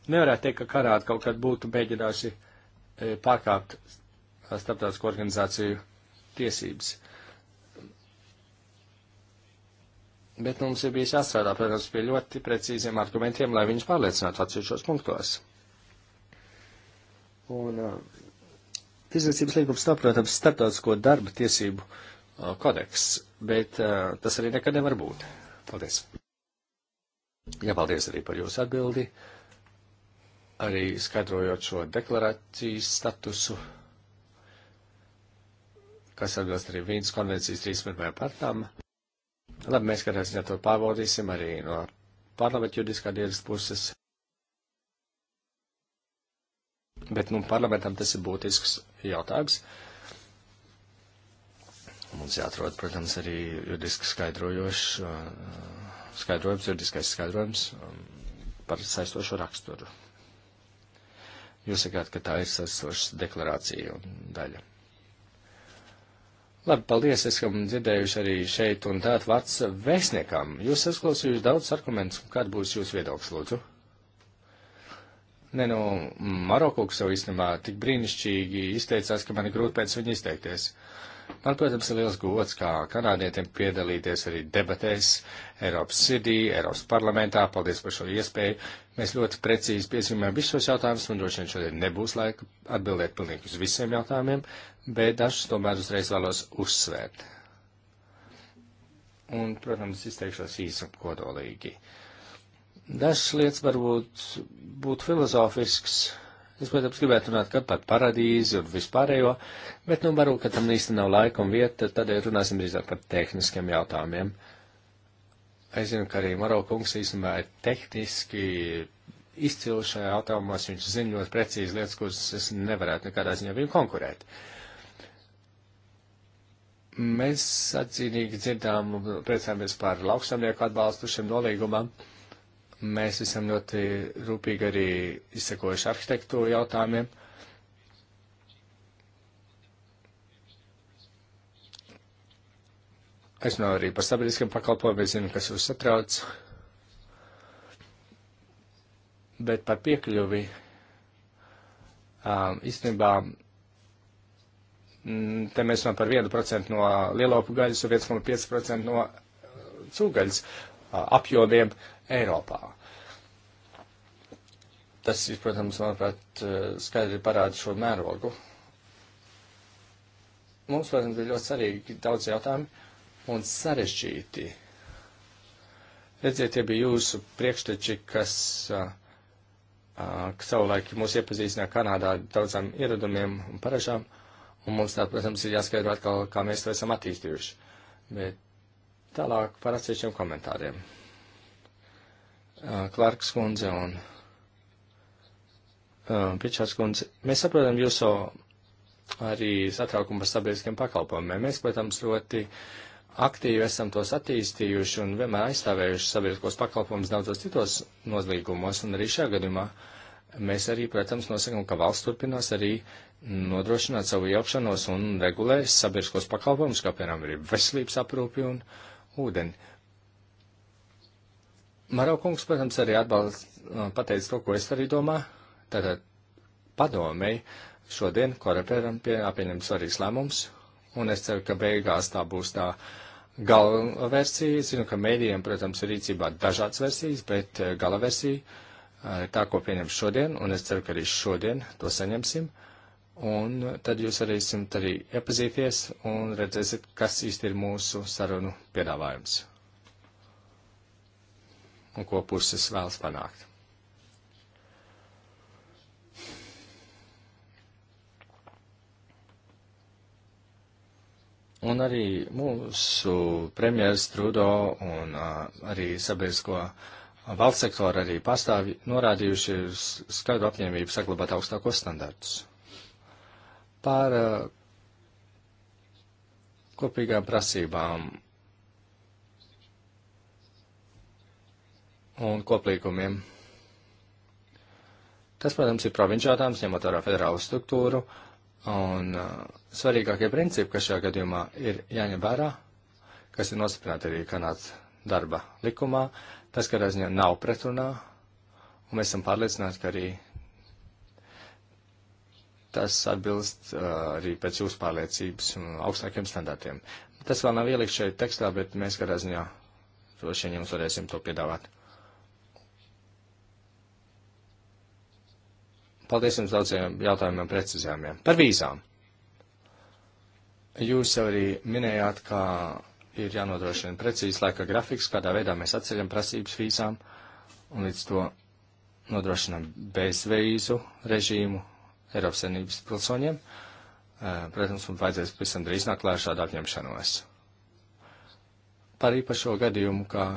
Nevarētu teikt, ka karāta kaut kad būtu mēģinājusi e, pārkāpt e, starptautisko organizāciju tiesības. Bet nu, mums ir bijis jāstrādā, protams, pie ļoti precīziem argumentiem, lai viņus pārliecinātu atsevišķos punktos. Un uh, e, tiesniecības līgums nav, protams, starptautisko darba tiesību uh, kodeks, bet uh, tas arī nekad nevar būt. Paldies! Jā, paldies arī par jūsu atbildi. Uh, arī skatrojot šo deklarācijas statusu, kas atbilst arī Vīnas konvencijas 31. partām. Labi, mēs katrā ziņā to pārbaudīsim arī no parlamenta juridiskā dienas puses. Bet, nu, parlamentam tas ir būtisks jautājums. Mums jāatrod, protams, arī juridiski skaidrojošs, uh, skaidrojums, juridiskais skaidrojums um, par saistošo raksturu. Jūs sakāt, ka tā ir saistošas deklarācija daļa. Labi, paldies, esam dzirdējuši arī šeit un tāt vārds vēstniekam. Jūs esklausījuši daudz argumentus, kāda būs jūsu viedoklis, lūdzu? Nē, nu, Marokoks jau īstenībā tik brīnišķīgi izteicās, ka man ir grūti pēc viņa izteikties. Uh, Man, protams, ir liels gods kā kanādietiem piedalīties arī debatēs Eiropas sirdī, Eiropas parlamentā. Paldies par šo iespēju. Mēs ļoti precīzi piezīmējam visos jautājumus, un droši vien šodien nebūs laika atbildēt pilnīgi uz visiem jautājumiem, bet dažus tomēr uzreiz vēlos uzsvērt. Un, protams, izteikšos īsi un kodolīgi. Dažas lietas varbūt būtu filozofisks Es, protams, gribētu runāt par paradīzi un vispārējo, bet, nu, varbūt, ka tam īsti nav laika un vieta, tad eh, runāsim drīzāk par tehniskiem jautājumiem. Es zinu, ka arī Maro kungs īstenībā ir tehniski izcils šajā jautājumā, viņš zina ļoti precīzi lietas, kuras es nevarētu nekādā ziņā viņam konkurēt. Mēs atzīmīgi dzirdām un priecājamies par lauksamnieku atbalstu šim nolīgumam. Uh, Mēs esam ļoti rūpīgi arī izsekojuši arhitektu jautājumiem. Es runāju arī par sabiedriskiem pakalpojumiem, es zinu, kas jūs satrauc. Bet par piekļuvi um, īstenībā m, mm, te mēs runājam par 1% no lielopu gaļas un 1,5% no cūgaļas apjomiem. Eiropā. Tas, ir, protams, manuprāt, eh, skaidri parāda šo mērogu. Mums, protams, ir ļoti svarīgi daudz jautājumu un sarežģīti. Redziet, tie bija jūsu priekšteči, kas uh, savulaik mūs iepazīstināja Kanādā daudzām ieradumiem un paražām, un mums tā, protams, ir jāskaidro atkal, kā mēs to esam attīstījuši. Bet tālāk par atsevišķiem komentāriem. Klārks kundze un um, Pričārs kundze, mēs saprotam jūsu arī satraukumu par sabiedriskiem pakalpojumiem. Mēs, protams, ļoti aktīvi esam tos attīstījuši un vienmēr aizstāvējuši sabiedriskos pakalpojumus daudzos citos nozlīgumos, un arī šajā gadījumā mēs arī, protams, nosakām, ka valsts turpinās arī nodrošināt savu iejaukšanos un regulēs sabiedriskos pakalpojumus, kā piemēram ir veselības aprūpi un ūdeni. Maraukungs, protams, arī atbalst, uh, pateica to, ko es arī domāju. Tātad padomēji šodien koreperam pie apieņem svarīgs lēmums, un es ceru, ka beigās tā būs tā gala versija. Zinu, ka mēdījiem, protams, ir rīcībā dažādas versijas, bet uh, gala versija uh, tā, ko pieņem šodien, un es ceru, ka arī šodien to saņemsim. Un tad jūs arī simt arī iepazīties un redzēsiet, kas īsti ir mūsu sarunu piedāvājums un ko puses vēlas panākt. Un arī mūsu premjeras Trudo un uh, arī sabiedrisko valsts sektoru arī pastāvi norādījuši skaidru apņēmību saglabāt augstākos standartus. Par uh, kopīgām prasībām un koplīgumiem. Tas, protams, ir provinču jautājums, ņemot vērā federālu struktūru, un uh, svarīgākie principi, kas šajā gadījumā ir jāņem vērā, kas ir nostiprināti arī Kanādas darba likumā, tas, ka aizņē nav pretrunā, un mēs esam pārliecināti, ka arī tas atbilst uh, arī pēc jūsu pārliecības un augstākiem standartiem. Tas vēl nav ielikt šeit tekstā, bet mēs, kādā ziņā, droši vien jums varēsim to piedāvāt. Paldies jums daudziem jautājumiem precizējumiem. Par vīzām. Jūs jau arī minējāt, ka ir jānodrošina precīzi laika grafiks, kādā veidā mēs atceļam prasības vīzām un līdz to nodrošinam bezvīzu režīmu Eiropas Savienības pilsoņiem. Eh, protams, mums vajadzēs pavisam drīz nākt klāt šādu apņemšanos. Par īpašo gadījumu, ka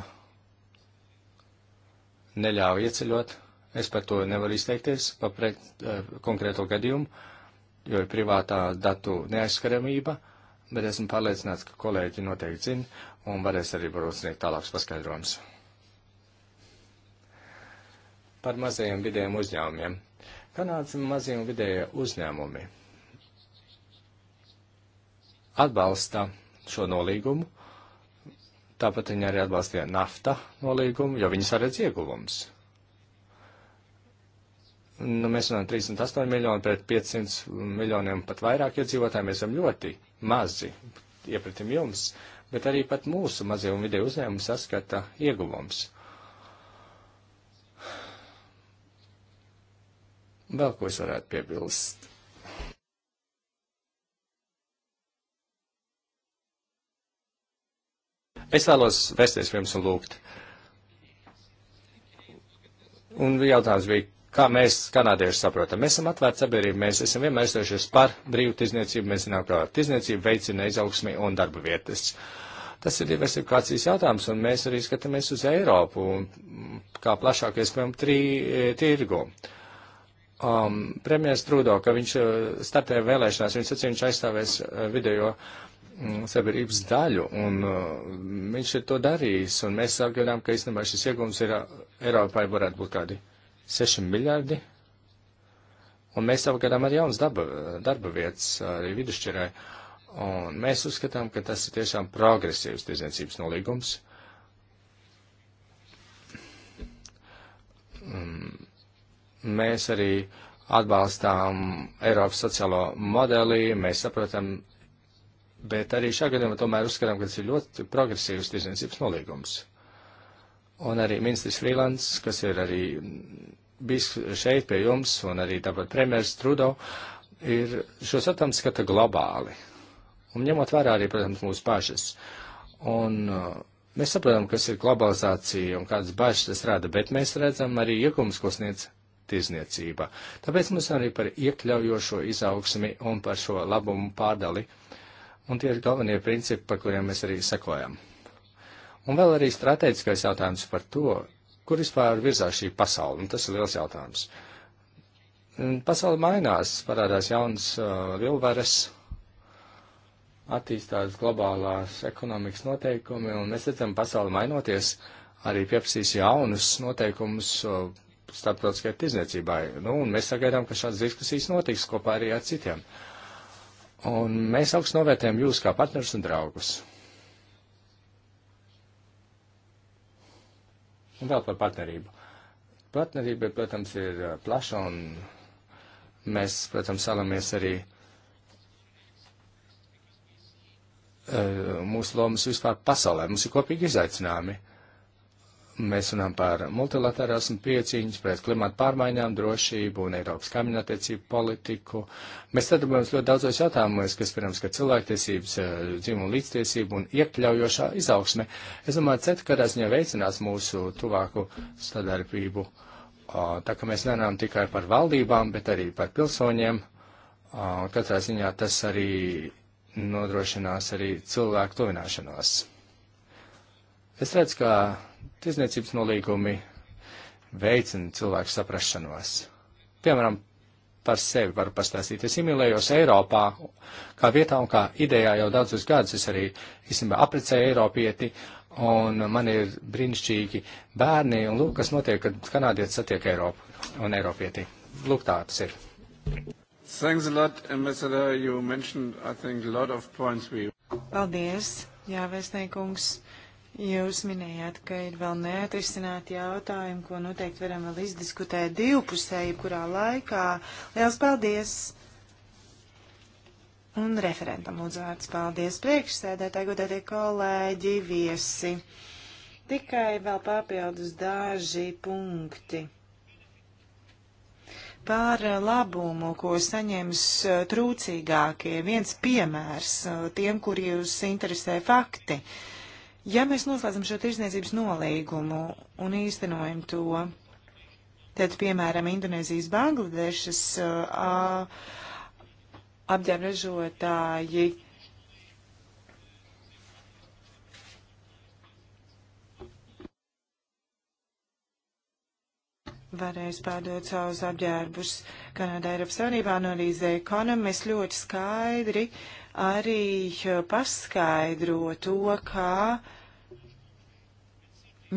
neļauj ieceļot Es par to nevaru izteikties, par pret, eh, konkrēto gadījumu, jo ir privātā datu neaizskaramība, bet esmu pārliecināts, ka kolēģi noteikti zina un varēs arī varbūt sniegt tālākus paskaidrojumus. Par mazajiem vidējiem uzņēmumiem. Kanādas mazie un vidējie uzņēmumi atbalsta šo nolīgumu, tāpat viņi arī atbalstīja nafta nolīgumu, jo viņi saredz ieguvums nu, mēs runājam 38 miljoni pret 500 miljoniem pat vairāk iedzīvotāji, mēs esam ļoti mazi iepratim jums, bet arī pat mūsu mazie un vidēji uzņēmumi saskata ieguvums. Vēl ko es varētu piebilst? Es vēlos vēsties pie jums un lūgt. Un jautājums bija, kā mēs, kanādieši, saprotam. Mēs esam atvērta sabiedrība, mēs esam vienmēr iestājušies par brīvu tirzniecību, mēs zinām, ka tirzniecība veicina izaugsmi un darba vietas. Tas ir diversifikācijas jautājums, un mēs arī skatāmies uz Eiropu kā plašāk iespējam eh, tirgu. Um, Premjers Trūdo, ka viņš eh, startē vēlēšanās, viņš sacīja, viņš aizstāvēs eh, video mm, sabiedrības daļu, un uh, viņš ir to darījis, un mēs sagaidām, ka īstenībā šis iegums ir Eiropai varētu būt kādi 6 miljardi. Un mēs apgadām arī jaunas darba, darba vietas arī vidusšķirē. Un mēs uzskatām, ka tas ir tiešām progresīvs tirdzniecības nolīgums. Mēs arī atbalstām Eiropas sociālo modeli, mēs saprotam, bet arī šā gadījumā tomēr uzskatām, ka tas ir ļoti progresīvs tirdzniecības nolīgums un arī ministrs Frīlands, kas ir arī bijis šeit pie jums, un arī tāpat premjeras Trudo, ir šo satams skata globāli. Un ņemot vērā arī, protams, mūsu pašas. Un uh, mēs saprotam, kas ir globalizācija un kādas bažas tas rada, bet mēs redzam arī iegums, ko sniedz tirzniecība. Tāpēc mums arī par iekļaujošo izaugsmi un par šo labumu pārdali. Un tie ir galvenie principi, par kuriem mēs arī sekojam. Un vēl arī strateģiskais jautājums par to, kur vispār virzās šī pasaule, un tas ir liels jautājums. Pasaule mainās, parādās jaunas uh, lielvaras, attīstās globālās ekonomikas noteikumi, un mēs redzam, pasauli mainoties arī pieprasīs jaunus noteikumus uh, starptautiskajai tirzniecībai. Nu, un mēs sagaidām, ka šādas diskusijas notiks kopā arī ar citiem. Un mēs augstu novērtējam jūs kā partners un draugus. Un vēl par partnerību. Partnerība, protams, ir uh, plaša un mēs, protams, salamies arī uh, mūsu lomas vispār pasaulē. Mums ir kopīgi izaicinājumi. Uh, Mēs runājam par multilaterālismu, pieciņas pret klimatu pārmaiņām, drošību un Eiropas kaimiņattiecību politiku. Mēs sadarbojamies ļoti daudzos jautājumos, kas, pirms, ka cilvēktiesības, eh, dzimumu līdztiesība un iekļaujošā izaugsme. Es domāju, CETA kādā ziņā veicinās mūsu tuvāku sadarbību. Tā ka mēs nerunājam tikai par valdībām, bet arī par pilsoņiem. Katrā ziņā tas arī nodrošinās arī cilvēku tuvināšanos. Es redzu, ka tirzniecības nolīgumi veicina cilvēku saprašanos. Piemēram, par sevi varu pastāstīt. Es iemīlējos Eiropā, kā vietā un kā idejā jau daudzus gadus. Es arī, īstenībā, aprecēju Eiropieti, un man ir brīnišķīgi bērni, un lūk, kas notiek, kad kanādietis satiek Eiropu un Eiropieti. Lūk, tā tas ir.
Thanks a lot, Ambassador. You mentioned, I think, a lot of points we...
Paldies, jā, vēstniekums. Jūs minējāt, ka ir vēl neatrisināti jautājumi, ko noteikti varam vēl izdiskutēt divpusēji, kurā laikā. Liels paldies! Un referentam lūdzu vārds paldies priekšsēdētāji, godētie kolēģi, viesi. Tikai vēl papildus daži punkti. Par labumu, ko saņems eh, trūcīgākie, viens piemērs eh, tiem, kuri jūs interesē fakti. Uh, Ja mēs noslēdzam šo tirsniecības nolīgumu un īstenojam to, tad, piemēram, Indonēzijas Bangladešas apģērbražotāji varēs pārdot savus apģērbus Kanādā, Eiropas Savienībā, un arī The Economist ļoti skaidri uh, arī eh, paskaidro to, kā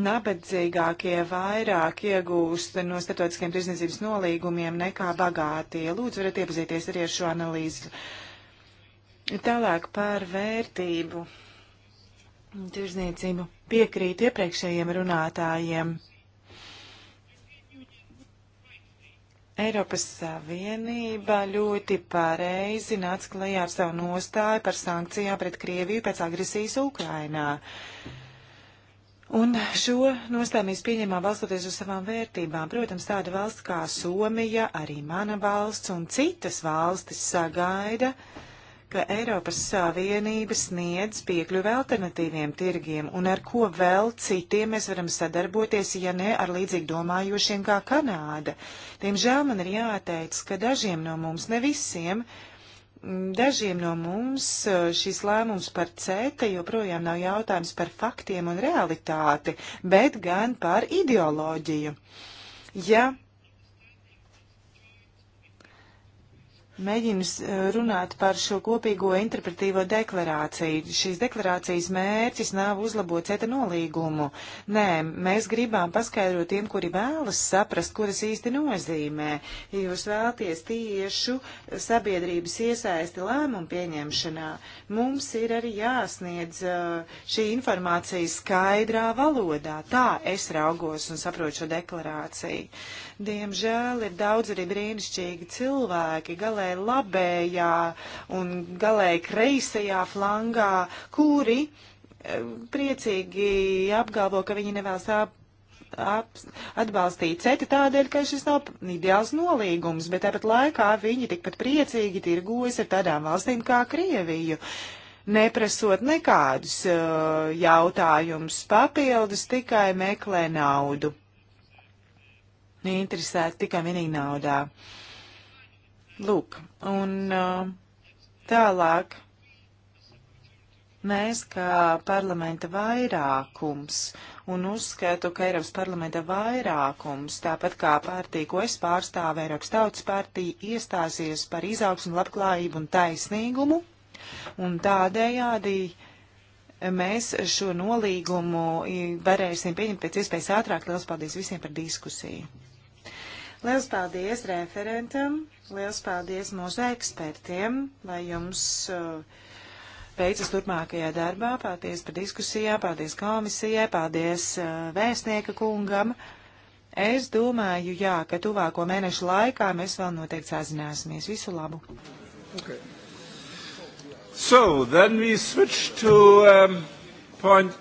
nabadzīgākie vairāk iegūst no starptautiskiem tirdzniecības nolīgumiem nekā bagātie. Lūdzu, varat iepazīties arī ar šo analīzi. Tālāk par vērtību. Tirzniecību piekrīt iepriekšējiem runātājiem. Eiropas Savienība ļoti pareizi nāca klajā ar savu nostāju par sankcijām pret Krieviju pēc agresijas Ukrainā. Un šo nostāju mēs pieņemām balstoties uz savām vērtībām. Protams, tāda valsts kā Somija, arī mana valsts un citas valstis sagaida, uh, ka Eiropas Savienība sniedz piekļuvi alternatīviem tirgiem un ar ko vēl citiem mēs varam sadarboties, ja ne ar līdzīgi domājošiem kā Kanāda. Diemžēl man ir jāteic, ka dažiem no mums, ne visiem, Dažiem no mums šis lēmums par CETA joprojām nav jautājums par faktiem un realitāti, bet gan par ideoloģiju. Ja mēģinus eh, runāt par šo kopīgo interpretīvo deklarāciju. Šīs deklarācijas mērķis nav uzlabot CETA nolīgumu. Nē, mēs gribām paskaidrot tiem, kuri vēlas saprast, ko tas īsti nozīmē. Ja jūs vēlties tiešu sabiedrības iesaisti lēmumu pieņemšanā, mums ir arī jāsniedz eh, šī informācija skaidrā valodā. Tā es raugos un saprotu šo deklarāciju. Diemžēl ir daudz arī brīnišķīgi cilvēki galē galēji labējā un galēji kreisajā flangā, kuri eh, priecīgi apgalvo, ka viņi nevēlas ap, ap, atbalstīt CETA tādēļ, ka šis nav ideāls nolīgums, bet tāpat laikā viņi tikpat priecīgi tirgojas ar tādām valstīm kā Krieviju. Neprasot nekādus uh, jautājumus papildus, tikai meklē naudu. Interesēti tikai vienīgi naudā. Uh, Lūk, un uh, tālāk mēs kā parlamenta vairākums un uzskatu, ka Eiropas parlamenta vairākums, tāpat kā partija, ko es pārstāvu, Eiropas tautas partija, iestāsies par izaugsmu, labklājību un taisnīgumu, un tādējādi mēs šo nolīgumu varēsim pieņemt pēc iespējas ātrāk. Lielas paldies visiem par diskusiju! Liels paldies referentam, liels paldies mūsu ekspertiem, lai jums uh, veicas turpmākajā darbā. Paldies par diskusijā, paldies komisijai, paldies uh, vēstnieka kungam. Es domāju, jā, ka tuvāko mēnešu laikā mēs vēl noteikti sazināsimies. Visu labu! Okay. So, then we switch to um, point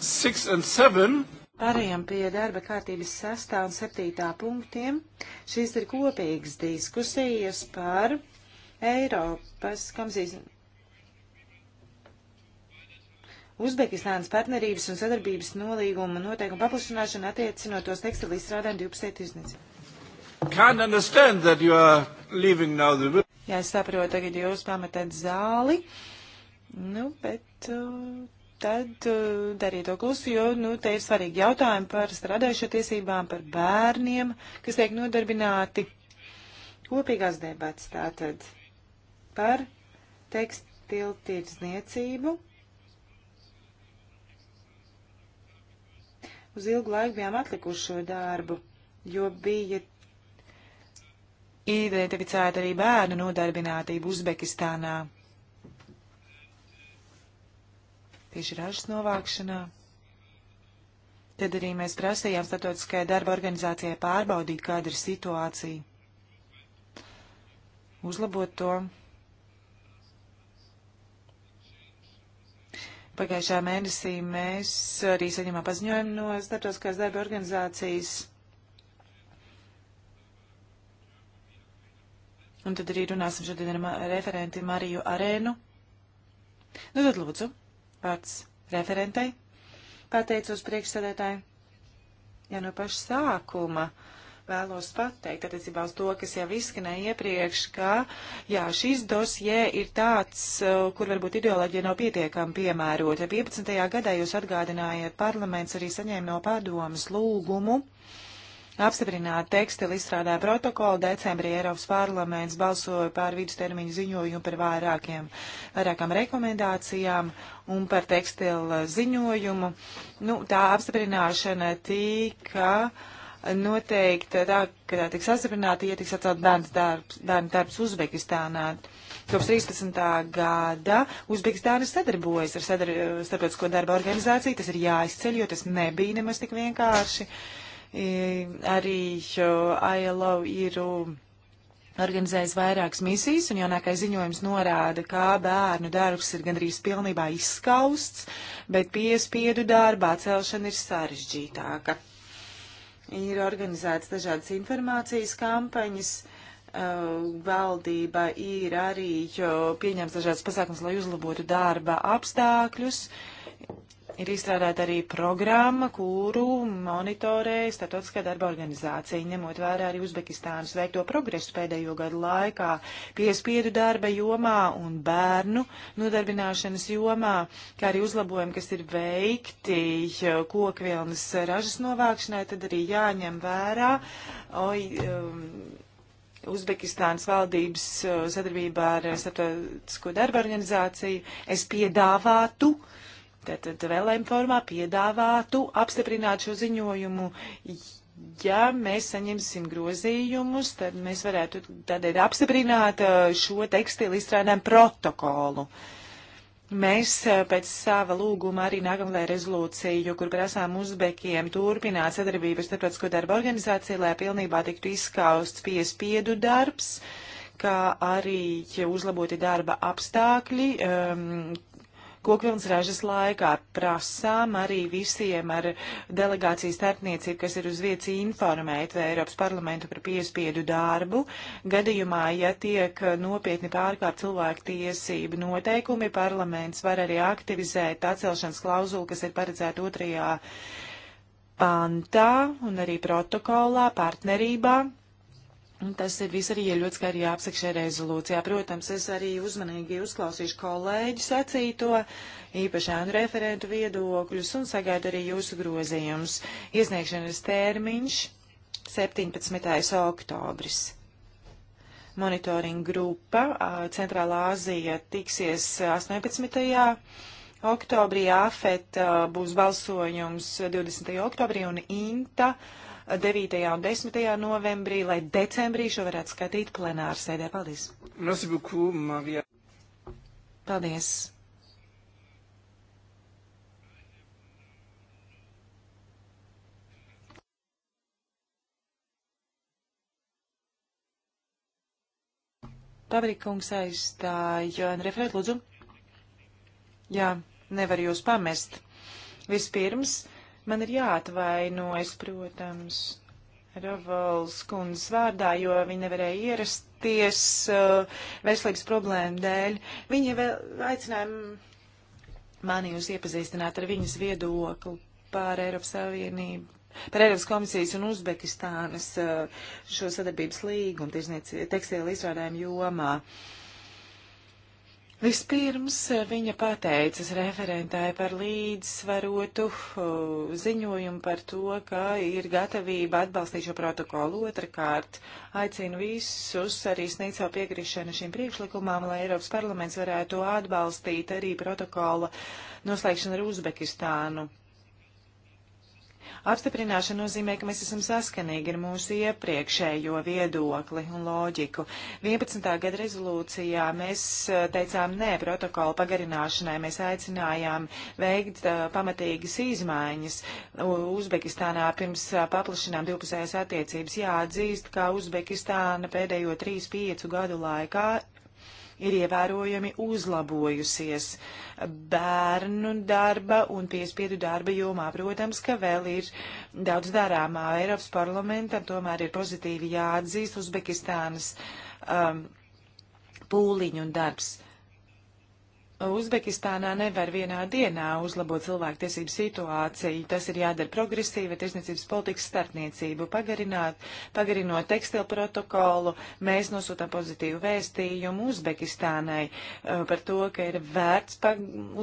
six and seven. Pārējām pie darba kārtības sastā un septītā punktiem. Šīs ir kopīgas diskusijas par Eiropas kamzīs Uzbekistānas partnerības un sadarbības nolīguma noteikumu paplašināšanu attiecinot tos tekstilu izstrādājumu 12. tirzniecību. Jā, es saprotu, tagad jūs pametat zāli, nu, bet uh, tad uh, darīt to klusu, jo, nu, te ir svarīgi jautājumi par strādājušo tiesībām, par bērniem, kas tiek nodarbināti. Kopīgās debats tātad par tekstilu tirdzniecību. Uz ilgu laiku bijām atlikuši šo darbu, jo bija identificēta arī bērnu nodarbinātība Uzbekistānā. tieši ražas novākšanā. Tad arī mēs prasījām statotiskajai darba organizācijai pārbaudīt, kāda ir situācija, uzlabot to. Pagājušā mēnesī mēs arī saņemām paziņojumu no starptautiskās darba organizācijas. Un tad arī runāsim šodien ar referenti Mariju Arēnu. Nu, tad lūdzu. Pats referentei pateicos priekšsēdētāji. Ja no paša sākuma vēlos pateikt attiecībā uz to, kas jau izskanēja iepriekš, ka jā, šis dosjē ir tāds, uh, kur varbūt ideoloģija nav pietiekami piemērota. 15. gadā jūs atgādinājāt, parlaments arī saņēma no padomas lūgumu uh, apstiprināt tekstilu izstrādāja protokolu. Decembrī Eiropas parlaments balsoja par vidustermiņu ziņojumu par vairākiem, vairākām rekomendācijām un par tekstilu ziņojumu. Nu, tā apstiprināšana tika noteikti tā, ka tā tiks apstiprināta, ja tiks atcelt bērnu darbs, bērnu darbs Uzbekistānā. Kopš 13. gada Uzbekistāna sadarbojas ar sadar, starptautisko darba organizāciju. Tas ir jāizceļ, jo tas nebija nemaz tik vienkārši. Uh, Arī ILO ir organizējis vairākas misijas, un jaunākais ziņojums norāda, kā bērnu darbs ir gandrīz pilnībā izskausts, bet piespiedu darba atcelšana ir sarežģītāka. Ir organizētas dažādas informācijas kampaņas, uh, valdība ir arī pieņēmis dažādas pasākums, lai uzlabotu darba apstākļus, Ir izstrādāta arī programma, kuru monitorē Statotiskā darba organizācija, ņemot vērā arī Uzbekistānas veikto progresu pēdējo gadu laikā piespiedu darba jomā un bērnu nodarbināšanas jomā, kā arī uzlabojumi, kas ir veikti kokvilnas ražas novākšanai, tad arī jāņem vērā. Oi, um, Uzbekistānas valdības uh, sadarbībā ar Starptautisko darba organizāciju, es piedāvātu uh, Tātad vēlējumu formā piedāvātu apstiprināt šo ziņojumu. Ja mēs saņemsim grozījumus, tad mēs varētu tādēļ apstiprināt uh, šo tekstilu izstrādājumu protokolu. Mēs uh, pēc sava lūguma arī nākamajā rezolūciju, kur prasām uzbekiem turpināt sadarbību ar starptautisko darba organizāciju, lai pilnībā tiktu izskausts piespiedu darbs kā arī uzlaboti darba apstākļi, um, kokvilnas ražas laikā. Prasām arī visiem ar delegācijas starpniecību, kas ir uz vietas, informēt Eiropas parlamentu par piespiedu darbu. Gadījumā, ja tiek nopietni pārkāpt cilvēku tiesību noteikumi, parlaments var arī aktivizēt atcelšanas klauzulu, kas ir paredzēta otrajā pantā un arī protokolā partnerībā Un tas ir viss arī ieļots, kā arī jāapsaka šajā rezolūcijā. Protams, es arī uzmanīgi uzklausīšu kolēģu sacīto, īpaši ānu referentu viedokļus un sagaidu arī jūsu grozījumus. Iesniegšanas termiņš 17. oktobris. Monitoringa grupa Centrālā Āzija tiksies 18. oktobrī, AFET būs balsojums 20. oktobrī un INTA 9. un 10. novembrī, lai decembrī šo varētu skatīt plenāru sēdē. Paldies!
Merci beaucoup, Maria.
Paldies! Pabrikungs aizstāja referēt, lūdzu. Jā, nevar jūs pamest. Vispirms Man ir jāatvainojas, protams, Ravals kundzes vārdā, jo viņa nevarēja ierasties uh, veselības problēmu dēļ. Viņa vēl aicināja mani jūs iepazīstināt ar viņas viedokli par Eiropas Savienību par Eiropas komisijas un Uzbekistānas uh, šo sadarbības līgumu tekstīlu izrādājumu jomā. Uh, Vispirms eh, viņa pateicas referentāji par līdzsvarotu eh, ziņojumu par to, ka ir gatavība atbalstīt šo protokolu. Otrakārt, aicinu visus arī sniegt savu piekrišanu šim priekšlikumam, lai Eiropas parlaments varētu atbalstīt arī protokola noslēgšanu ar Uzbekistānu. Apstiprināšana nozīmē, ka mēs esam saskanīgi ar mūsu iepriekšējo viedokli un loģiku. 11. gada rezolūcijā mēs eh, teicām nē protokolu pagarināšanai, mēs aicinājām veikt uh, pamatīgas izmaiņas. Uzbekistānā pirms uh, paplašinām divpusējās attiecības jāatzīst, ka Uzbekistāna pēdējo 3-5 gadu laikā ir ievērojami uzlabojusies bērnu darba un piespiedu darba jomā. Protams, ka vēl ir daudz darāmā. Eiropas parlamentam tomēr ir pozitīvi jāatzīst Uzbekistānas um, pūliņu un darbs. Uh, Uzbekistānā nevar vienā dienā uzlabot cilvēktiesību situāciju. Tas ir jādara progresīva tirsniecības politikas starpniecību. Pagarināt, pagarinot tekstilu protokolu, mēs nosūtām pozitīvu vēstījumu Uzbekistānai uh, par to, ka ir vērts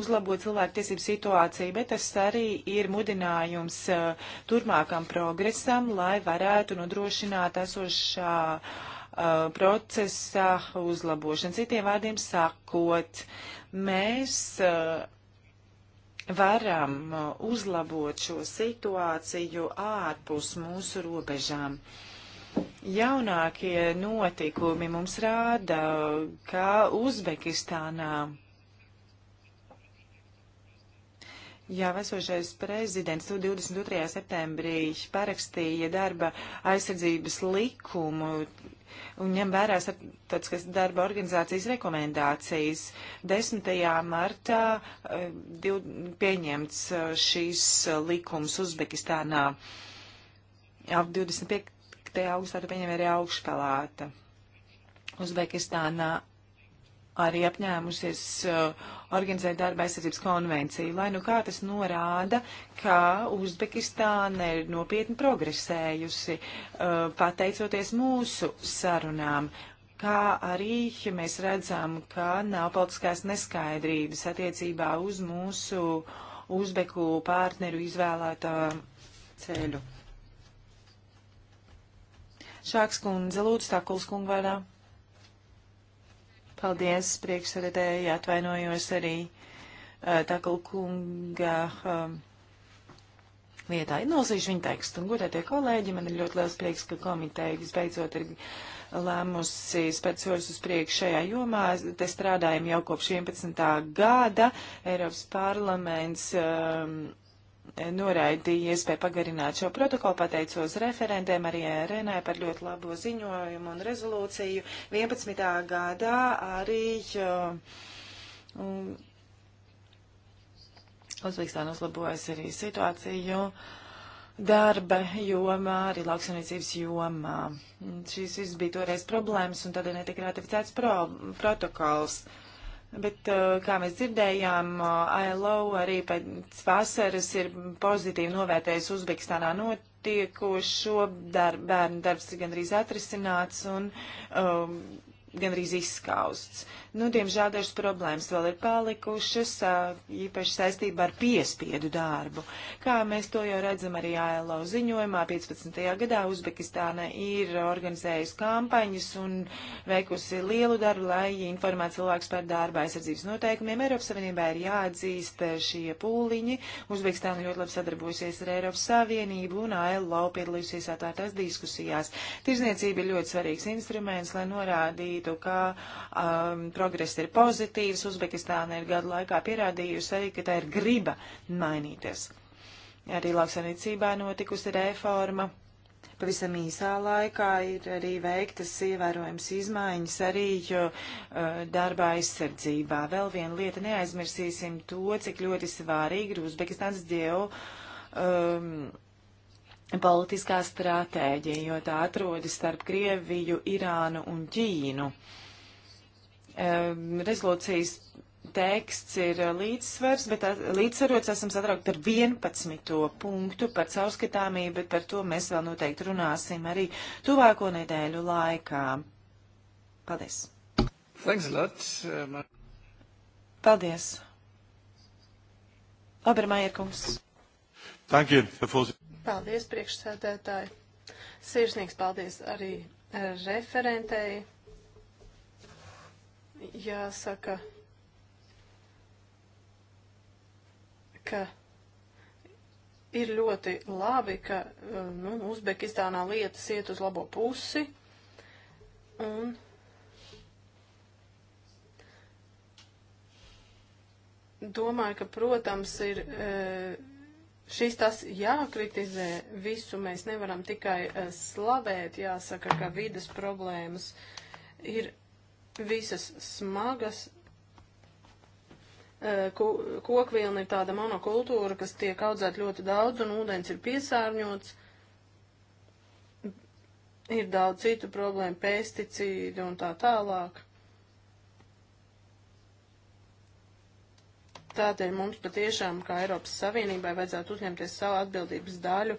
uzlabot cilvēktiesību situāciju, bet tas arī ir mudinājums uh, turmākam progresam, lai varētu nodrošināt esošā uh, procesa uzlabošanu. Citiem vārdiem sakot, uh, mēs eh, varam eh, uzlabot šo situāciju ārpus mūsu robežām. Jaunākie notikumi mums rāda, ka Uzbekistānā Jā, vesošais prezidents 22. septembrī parakstīja darba aizsardzības likumu un ņem vērā starptautiskās darba organizācijas rekomendācijas. 10. martā eh, div, pieņemts eh, šīs likums Uzbekistānā. Ap 25. augustā to pieņem arī augšpelāta. Uzbekistānā arī apņēmusies uh, organizēt darba aizsardzības konvenciju, lai nu kā tas norāda, ka Uzbekistāna ir nopietni progresējusi, uh, pateicoties mūsu sarunām. Kā arī mēs redzam, ka nav politiskās neskaidrības attiecībā uz mūsu uzbeku partneru izvēlētā ceļu. Šāks kundze, lūdzu, tā kulskunga vārdā. Paldies, priekšsēdētāji, atvainojos arī uh, Takla kunga um, vietā. Nolasīšu viņa tekstu. Un, godētie kolēģi, man ir ļoti liels prieks, ka komiteja visbeidzot ir lēmusi spēc soļus uz priekšu šajā jomā. Te strādājam jau kopš 11. gada. Eiropas parlaments. Um, noraidīja iespēju pagarināt šo protokolu, pateicos referentiem arī Renē par ļoti labo ziņojumu un rezolūciju. 11. gadā arī um, Uzbekistāna uzlabojas arī situāciju darba jomā, arī lauksaimniecības jomā. Šīs viss bija toreiz problēmas, un tad netika ratificēts pro, protokols. Uh, Bet, uh, kā mēs dzirdējām, uh, ILO arī pēc vasaras ir pozitīvi novērtējis Uzbekistānā notiekošo darb, bērnu darbs ir gandrīz atrisināts un um, gandrīz izskausts. Nu, diemžēl dažas problēmas vēl ir palikušas, īpaši saistībā ar piespiedu darbu. Kā mēs to jau redzam arī ALO ziņojumā, 15. gadā Uzbekistāna ir organizējusi kampaņas un veikusi lielu darbu, lai informētu cilvēks par darba aizsardzības noteikumiem. Eiropas Savienībā ir jāatzīst šie pūliņi. Uzbekistāna ļoti labi sadarbojusies ar Eiropas Savienību un ALO piedalījusies atvērtās diskusijās. Tirzniecība ir ļoti svarīgs instruments, lai norādītu, ka um, progress ir pozitīvs. Uzbekistāna ir gadu laikā pierādījusi arī, ka tā ir griba mainīties. Arī lauksaimniecībā notikusi reforma. Pavisam īsā laikā ir arī veiktas ievērojams izmaiņas arī jo, uh, darba aizsardzībā. Vēl viena lieta neaizmirsīsim to, cik ļoti svārīgi ir Uzbekistāns ģeo. Um, politiskā stratēģija, jo tā atrodas starp Krieviju, Irānu un Ķīnu. Uh, rezolūcijas teksts ir līdzsvars, bet līdzsvarots esam satraukti par 11. punktu par caurskatāmību, bet par to mēs vēl noteikti runāsim arī tuvāko nedēļu laikā. Paldies! Thanks a lot. Uh, paldies! Obermaierkungs! Thank you, Paldies, priekšsēdētāji!
Sirsnīgs paldies arī referentēji jāsaka, ka ir ļoti labi, ka uh, nu, Uzbekistānā lietas iet uz labo pusi. Un domāju, ka, protams, ir uh, šis tas jākritizē. Visu mēs nevaram tikai uh, slavēt. Jāsaka, ka vidas problēmas ir visas smagas eh, kokvilna ir tāda monokultūra, kas tiek audzēta ļoti daudz, un ūdens ir piesārņots. Ir daudz citu problēmu, pesticīdu un tā tālāk. Tādēļ mums patiešām, kā Eiropas Savienībai, vajadzētu uzņemties savu atbildības daļu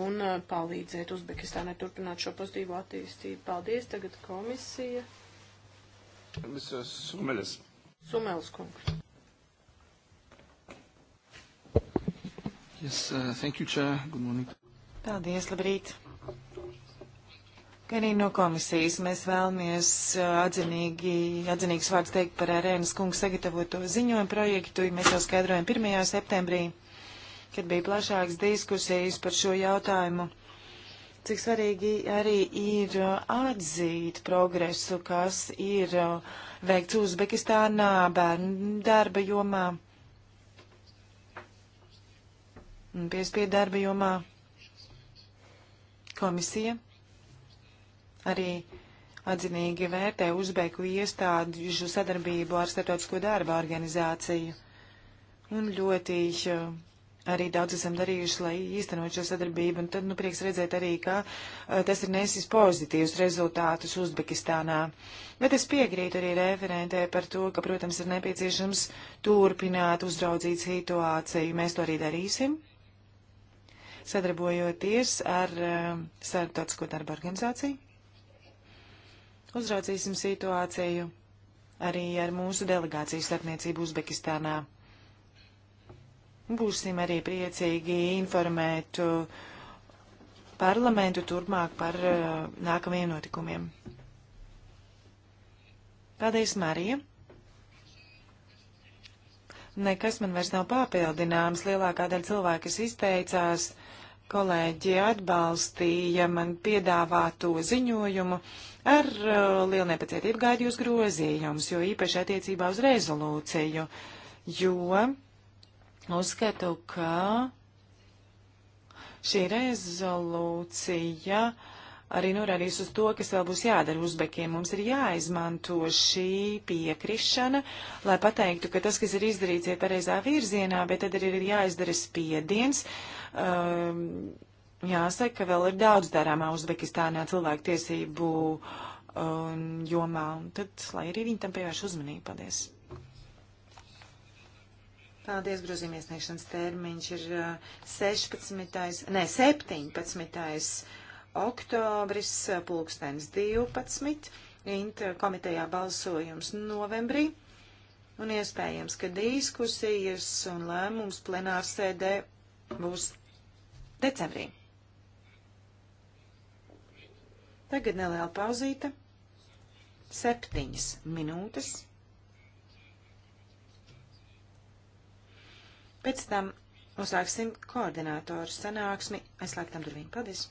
un eh, palīdzēt Uzbekistānai turpināt šo pozitīvo attīstību. Paldies, tagad komisija.
Mr. Sumelis. Sumelis kungs.
Yes, uh, thank you, Chair. Good morning.
Paldies, labrīt. Arī no komisijas mēs vēlamies uh, atzinīgi, atzinīgs vārds teikt par Arēnas kungu sagatavoto ziņojumu projektu. Mēs jau skaidrojam 1. septembrī, kad bija plašākas diskusijas par šo jautājumu cik svarīgi arī ir uh, atzīt progresu, kas ir uh, veikts Uzbekistānā bērnu darba jomā, piespiedu darba jomā. Komisija arī atzinīgi vērtē Uzbeku iestādžu sadarbību ar Startautisko darba organizāciju un ļoti uh, arī daudz esam darījuši, lai īstenot šo sadarbību, un tad, nu, prieks redzēt arī, ka uh, tas ir nesis pozitīvus rezultātus Uzbekistānā. Bet es piekrītu arī referentē par to, ka, protams, ir nepieciešams turpināt uzraudzīt situāciju. Mēs to arī darīsim, sadarbojoties ar uh, starptautisko darba organizāciju. Uzraudzīsim situāciju arī ar mūsu delegāciju starpniecību Uzbekistānā. Būsim arī priecīgi informēt uh, parlamentu turpmāk par uh, nākamajiem notikumiem. Paldies, Marija! Nekas man vairs nav papildināms. Lielākā daļa cilvēku, kas izteicās, kolēģi atbalstīja man piedāvāto ziņojumu ar uh, lielu nepacietību gaidu jūs grozījumus, jo īpaši attiecībā uz rezolūciju, jo Uzskatu, ka šī rezolūcija arī norādījis uz to, kas vēl būs jādara uzbekiem. Mums ir jāizmanto šī piekrišana, lai pateiktu, ka tas, kas ir izdarīts, ir pareizā virzienā, bet tad arī ir jāizdara spiediens. Um, jāsaka, ka vēl ir daudz darāmā Uzbekistānā cilvēku tiesību um, jomā, un tad, lai arī viņi tam pievērš uzmanību. Paldies! Paldies, grozījuma iesniegšanas termiņš ir 16. Uh, ne, 17. oktobris, uh, pulkstens 12. Inta komitejā balsojums novembrī. Un iespējams, ka diskusijas un lēmums plenārsēdē būs decembrī. Tagad neliela pauzīte. Septiņas minūtes. Pēc tam uzsāksim koordinātoru sanāksmi aizslēgtām durvīm. Paldies!